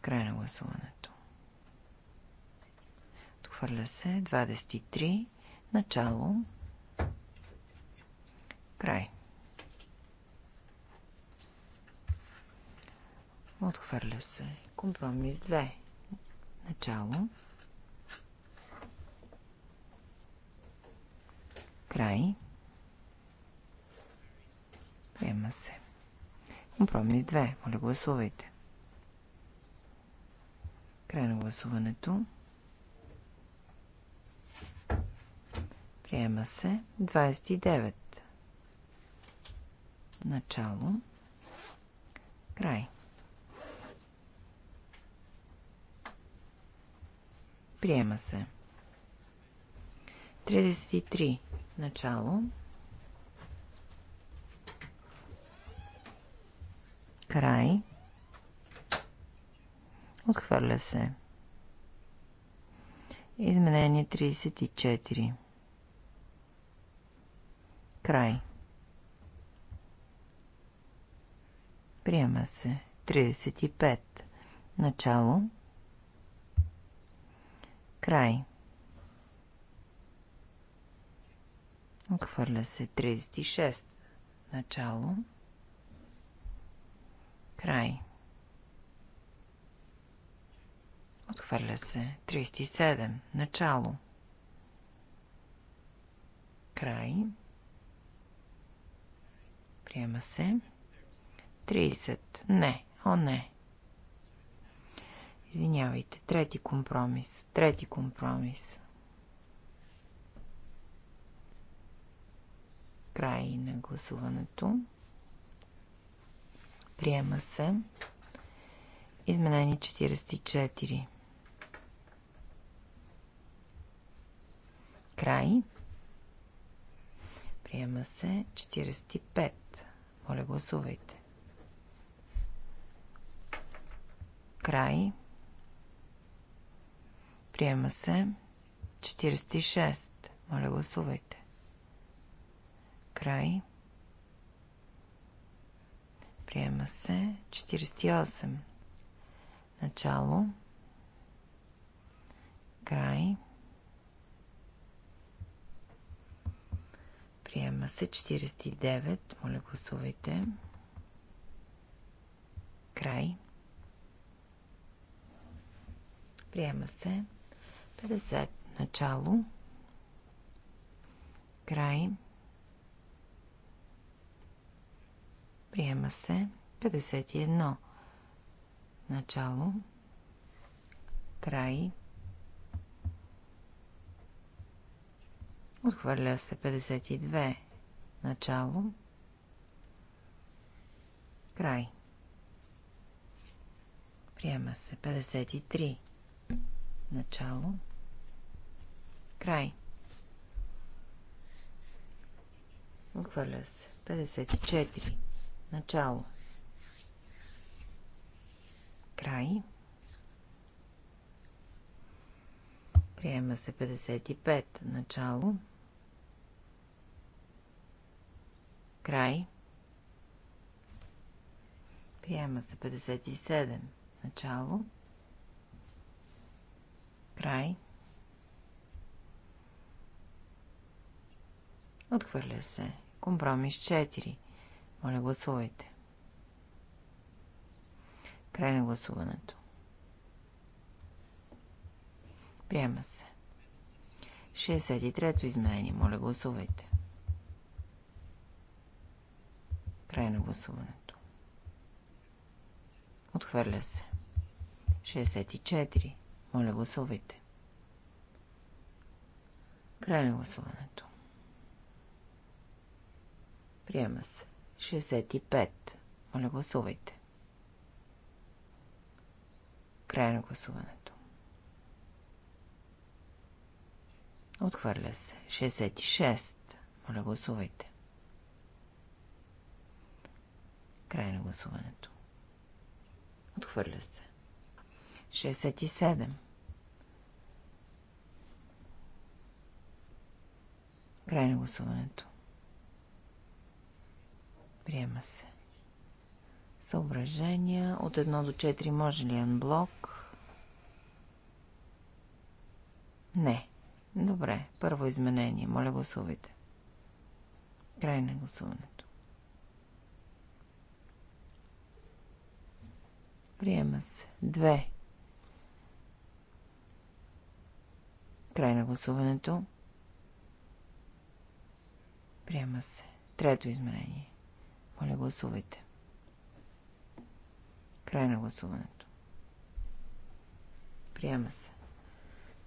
Край на гласуването. Отхвърля се. 23. Начало. Край. Отхвърля се. Компромис 2. Начало. Край. Приема се. Компромис 2. Моля, гласувайте. Край на гласуването. Приема се 29. Начало. Край. Приема се. 33. Начало. Край. Отхвърля се. Изменение 34. Край. Приема се. 35. Начало. Край. Отхвърля се 36. Начало. Край. Отхвърля се 37. Начало. Край. Приема се. 30. Не. О, не. Извинявайте. Трети компромис. Трети компромис. Край на гласуването. Приема се. Изменение 44. Край. Приема се 45. Моля, гласувайте. Край. Приема се 46. Моля, гласувайте. Край. Приема се 48. Начало. Край. Приема се 49. Моля, гласувайте. Край. Приема се 50. Начало. Край. Приема се 51. Начало. Край. Отхвърля се 52. Начало. Край. Приема се 53. Начало. Край. Отхвърля се 54. Начало. Край. Приема се 55. Начало. Край. Приема се 57. Начало. Край. Отхвърля се. Компромис 4. Моля, гласувайте. Край на гласуването. Приема се. 63-то изменение. Моля, гласувайте. Край на гласуването. Отхвърля се. 64. Моля, гласувайте. Край на гласуването. Приема се. 65. Моля, гласувайте. Край на гласуването. Отхвърля се. 66. Моля, гласувайте. Край на гласуването. Отхвърля се. 67. Край на гласуването. Приема се. Съображения от 1 до 4 може ли анблок? Не. Добре. Първо изменение. Моля гласувайте. Край на гласуването. Приема се. Две. Край на гласуването. Приема се. Трето изменение. Моля, гласувайте. Край на гласуването. Приема се.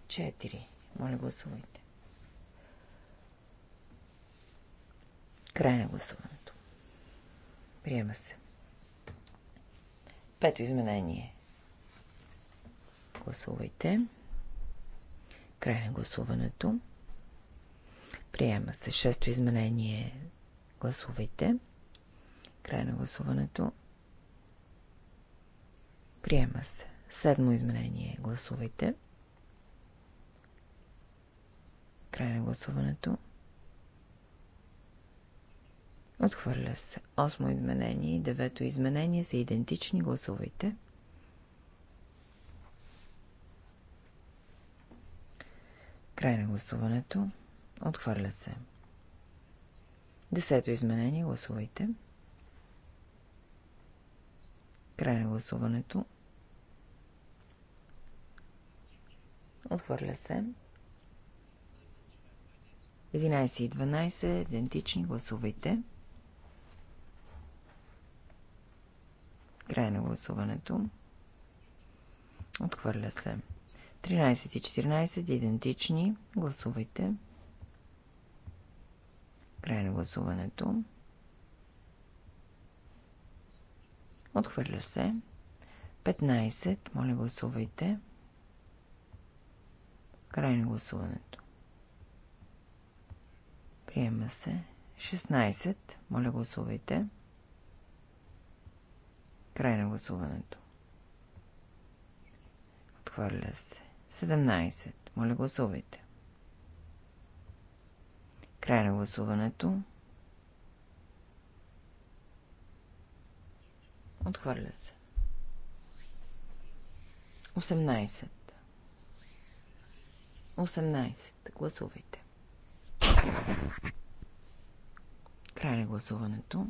Четири. Моля, гласувайте. Край на гласуването. Приема се. Пето изменение. Гласувайте. Край на гласуването. Приема се. Шесто изменение. Гласувайте. Край на гласуването. Приема се. Седмо изменение. Гласувайте. Край на гласуването. Отхвърля се. Осмо изменение и девето изменение са идентични. Гласувайте. Край на гласуването. Отхвърля се. Десето изменение. Гласувайте. Край на гласуването. Отхвърля се. 11 и 12 идентични. Гласувайте. Край на гласуването. Отхвърля се. 13 и 14 идентични. Гласувайте. Край на гласуването. Отхвърля се. 15. Моля, гласувайте. Край на гласуването. Приема се. 16. Моля, гласувайте. Край на гласуването. Отхвърля се. 17. Моля, гласувайте. Край на гласуването. Отхвърля се. 18. 18. Гласувайте. Край на гласуването.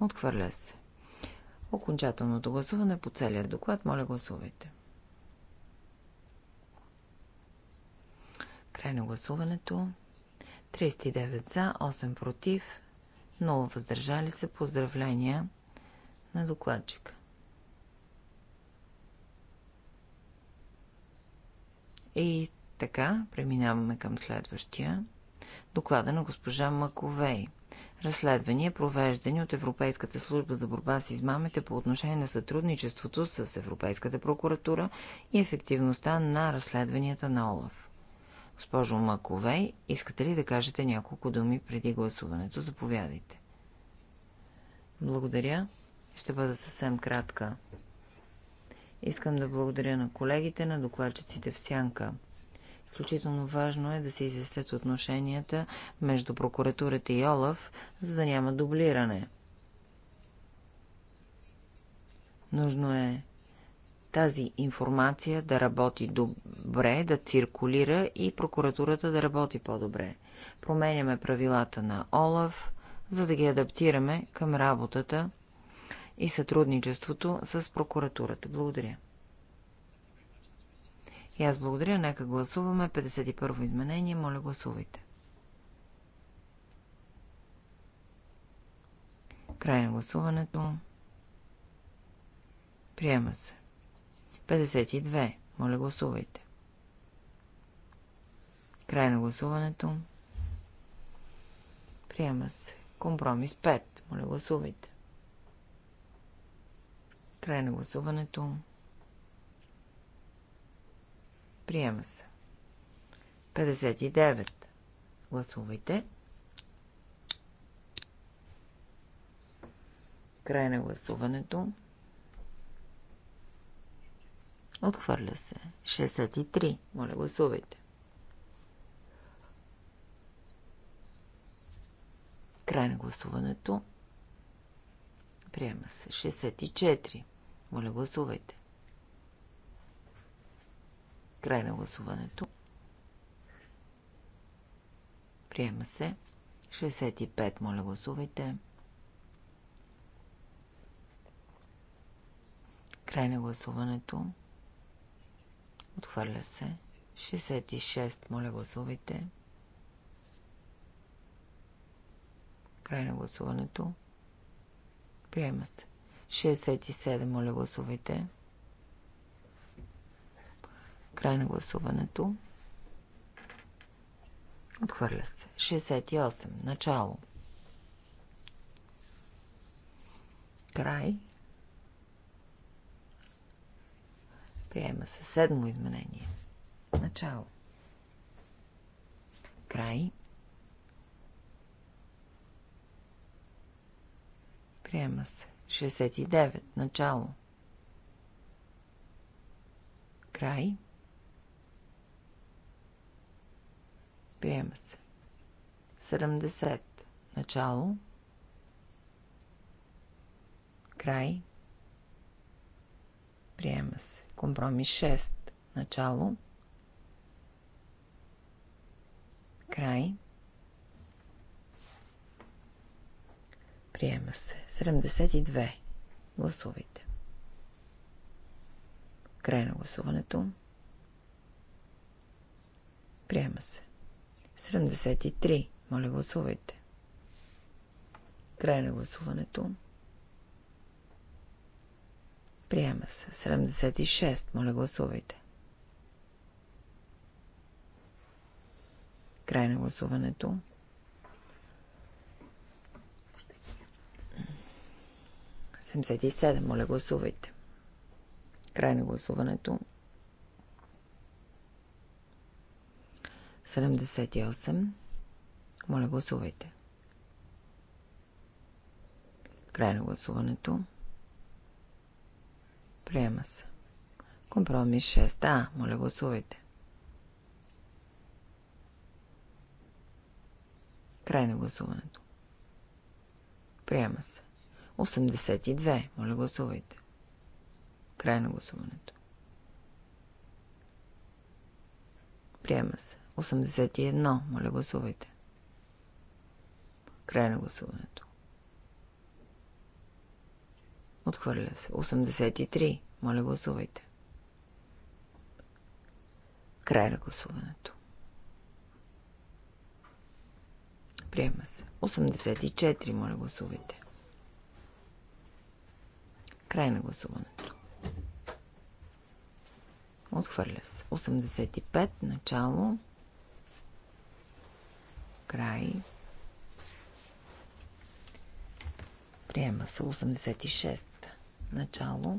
Отхвърля се. Окончателното гласуване по целият доклад. Моля, гласувайте. Край на гласуването. 39 за, 8 против, 0 въздържали се. Поздравления на докладчика. И така, преминаваме към следващия. Доклада на госпожа Маковей. Разследвания, провеждани от Европейската служба за борба с измамите по отношение на сътрудничеството с Европейската прокуратура и ефективността на разследванията на ОЛАФ. Госпожо Маковей, искате ли да кажете няколко думи преди гласуването? Заповядайте. Благодаря. Ще бъда съвсем кратка. Искам да благодаря на колегите, на докладчиците в Сянка. Изключително важно е да се изяснят отношенията между прокуратурата и Олаф, за да няма дублиране. Нужно е тази информация да работи добре, да циркулира и прокуратурата да работи по-добре. Променяме правилата на ОЛАФ, за да ги адаптираме към работата и сътрудничеството с прокуратурата. Благодаря. И аз благодаря. Нека гласуваме. 51 во изменение. Моля, гласувайте. Край на гласуването. Приема се. 52. Моля, гласувайте. Край на гласуването. Приема се. Компромис 5. Моля, гласувайте. Край на гласуването. Приема се. 59. Гласувайте. Край на гласуването. Отхвърля се. 63. Моля, гласувайте. Край на гласуването. Приема се. 64. Моля, гласувайте. Край на гласуването. Приема се. 65. Моля, гласувайте. Край на гласуването. Отхвърля се. 66. Моля, гласувайте. Край на гласуването. Приема се. 67. Моля, гласувайте. Край на гласуването. Отхвърля се. 68. Начало. Край. Приема се седмо изменение. Начало. Край. Приема се 69. Начало. Край. Приема се. 70. Начало. Край. Приема се. Компромис 6. Начало. Край. Приема се. 72. Гласувайте. Край на гласуването. Приема се. 73. Моля, гласувайте. Край на гласуването. Приема се. 76. Моля, гласувайте. Край на гласуването. Семдесет и седем. Моля, гласувайте. Край на гласуването. 78. Моля, гласувайте. Край на гласуването. Приема се. Компромис 6. Да, моля гласувайте. Край на гласуването. Приема се. 82. Моля гласувайте. Край на гласуването. Приема се. 81. Моля гласувайте. Край на гласуването. Отхвърля се. 83. Моля, гласувайте. Край на гласуването. Приема се. 84. Моля, гласувайте. Край на гласуването. Отхвърля се. 85. Начало. Край. Приема се. 86. Начало.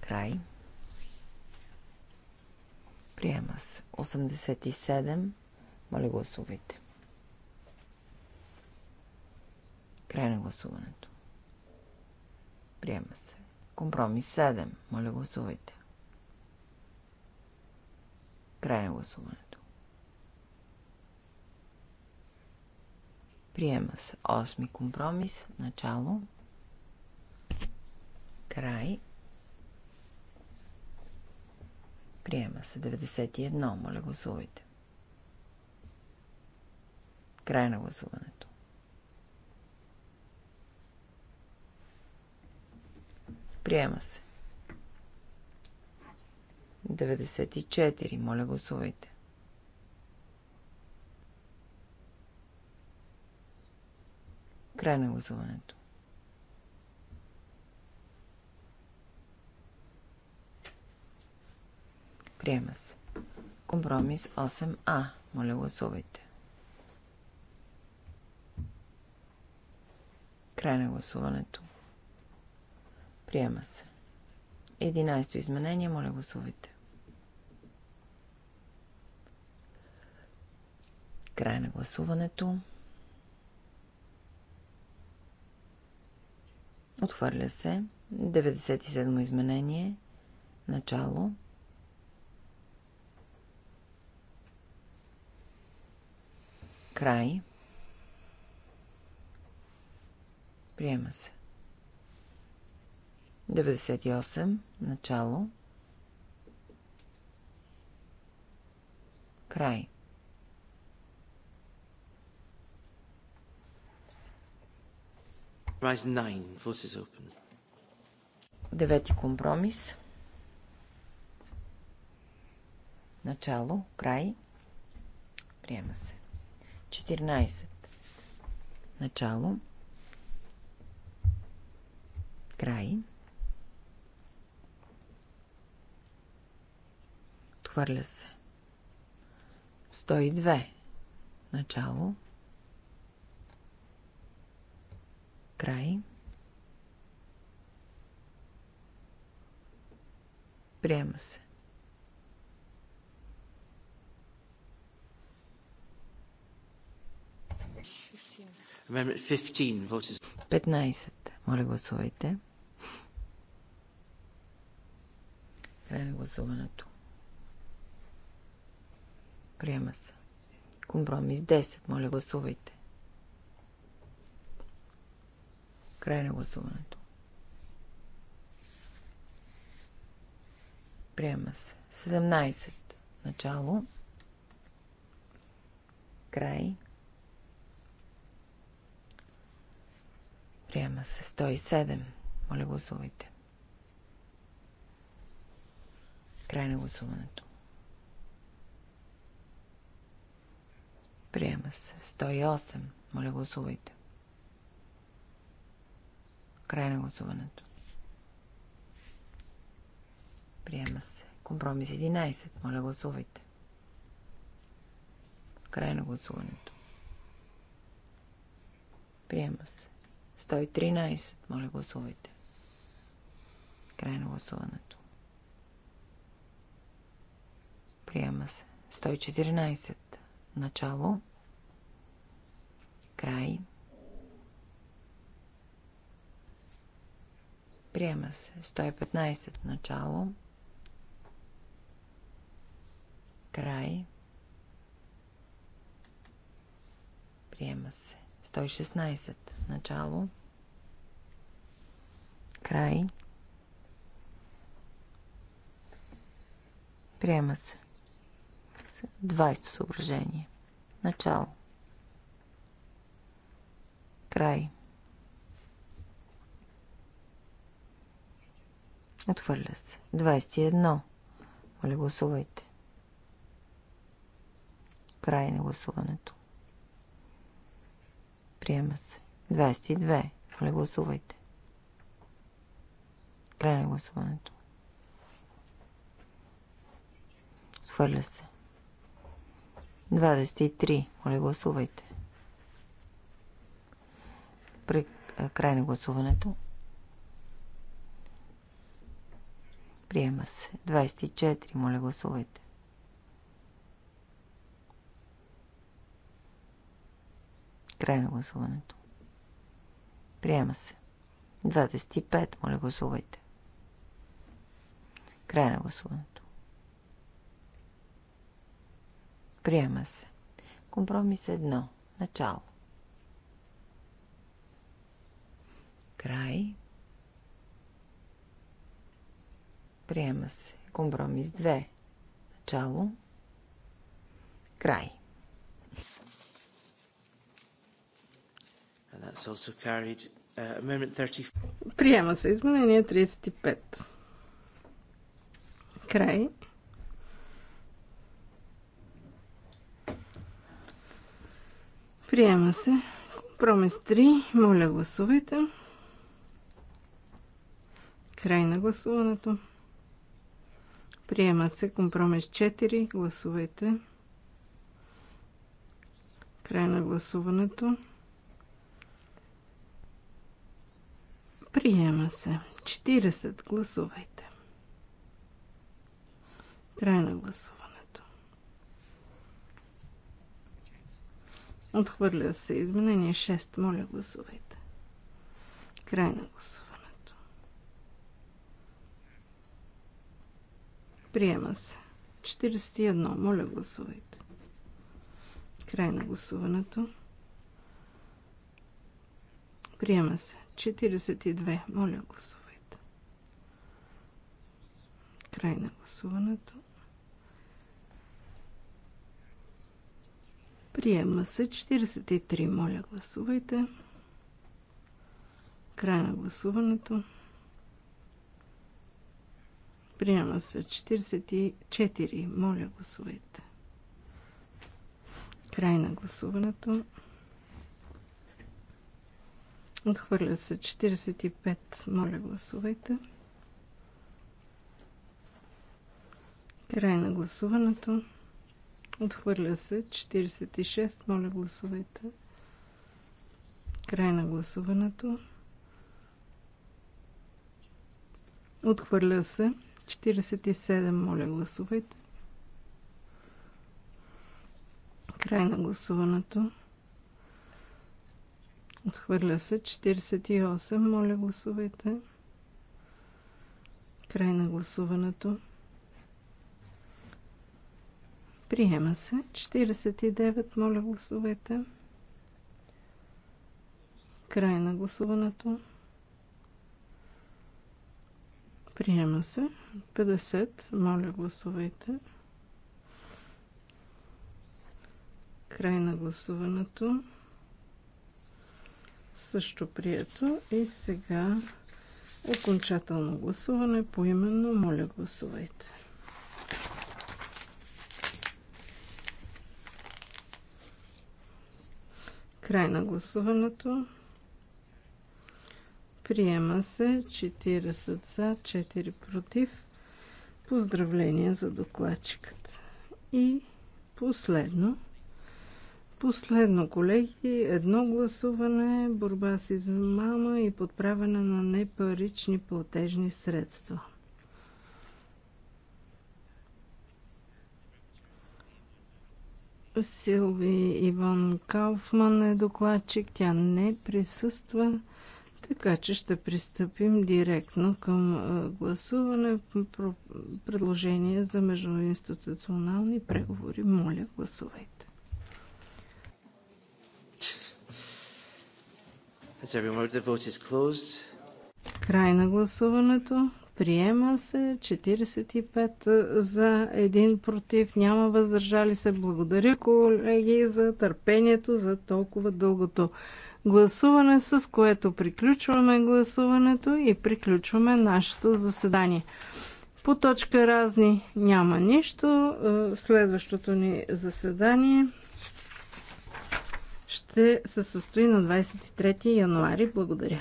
Край. Приема се. 87. Моля гласувайте. Край на гласуването. Приема се. Компромис 7. Моля гласувайте. Край на гласуването. Приема се. Осми компромис. Начало. Край. Приема се. 91. Моля гласувайте. Край на гласуването. Приема се. 94. Моля гласувайте. Край на гласуването. Приема се. Компромис 8А. Моля, гласувайте. Край на гласуването. Приема се. 11-то изменение. Моля, гласувайте. Край на гласуването. Отхвърля се. 97 изменение. Начало. Край. Приема се. 98. Начало. Край. Девети компромис. Начало, край. Приема се. 14. Начало. Край. Отхвърля се. 102. Начало. Край. Приема се. Петнайсет. Моля гласувайте. Край на гласуването. Приема се. Компромис 10. Моля гласувайте. Край на гласуването. Приема се. 17. Начало. Край. Приема се. 107. Моля, гласувайте. Край на гласуването. Приема се. 108. Моля, гласувайте. Край на гласуването. Приема се. Компромис 11. Моля, гласувайте. Край на гласуването. Приема се. 113. Моля, гласувайте. Край на гласуването. Приема се. 114. Начало. Край. Приема се. 115 начало. Край. Приема се. 116 начало. Край. Приема се. 20 съображение. Начало. Край. Отхвърля се. 21. Моля, гласувайте. Край на гласуването. Приема се. 22. Моля, гласувайте. Край на гласуването. Отхвърля се. 23. Моля, гласувайте. При край на гласуването. Приема се. 24. Моля гласувайте. Край на гласуването. Приема се. 25. Моля гласувайте. Край на гласуването. Приема се. Компромис едно. Начало. Край. Приема се. Компромис 2. Начало. Край. Uh, Приема се. Изменение 35. Край. Приема се. Компромис 3. Моля гласувайте. Край на гласуването. Приема се компромис 4. Гласувайте. Край на гласуването. Приема се. 40. Гласувайте. Край на гласуването. Отхвърля се. Изменение 6. Моля, гласувайте. Край на гласуването. Приема се. 41. Моля гласувайте. Край на гласуването. Приема се. 42. Моля гласувайте. Край на гласуването. Приема се. 43. Моля гласувайте. Край на гласуването. Приема се 44. Моля, гласувайте. Край на гласуването. Отхвърля се 45. Моля, гласувайте. Край на гласуването. Отхвърля се 46. Моля, гласувайте. Край на гласуването. Отхвърля се 47, моля гласувайте. Край на гласуването. Отхвърля се 48, моля гласувайте. Край на гласуването. Приема се 49, моля гласувайте. Край на гласуването. Приема се 50. Моля, гласувайте. Край на гласуването. Също прието. И сега окончателно гласуване по именно. Моля, гласувайте. Край на гласуването. Приема се 40 за, 4 против. Поздравления за докладчиката. И последно. Последно, колеги, едно гласуване, борба с измама и подправяне на непарични платежни средства. Силви Иван Кауфман е докладчик. Тя не присъства. Така че ще пристъпим директно към гласуване. Предложение за междуинституционални преговори. Моля, гласувайте. Край на гласуването. Приема се 45 за 1 против. Няма въздържали се. Благодаря, колеги, за търпението за толкова дългото гласуване, с което приключваме гласуването и приключваме нашето заседание. По точка разни няма нищо. Е, следващото ни заседание ще се състои на 23 януари. Благодаря.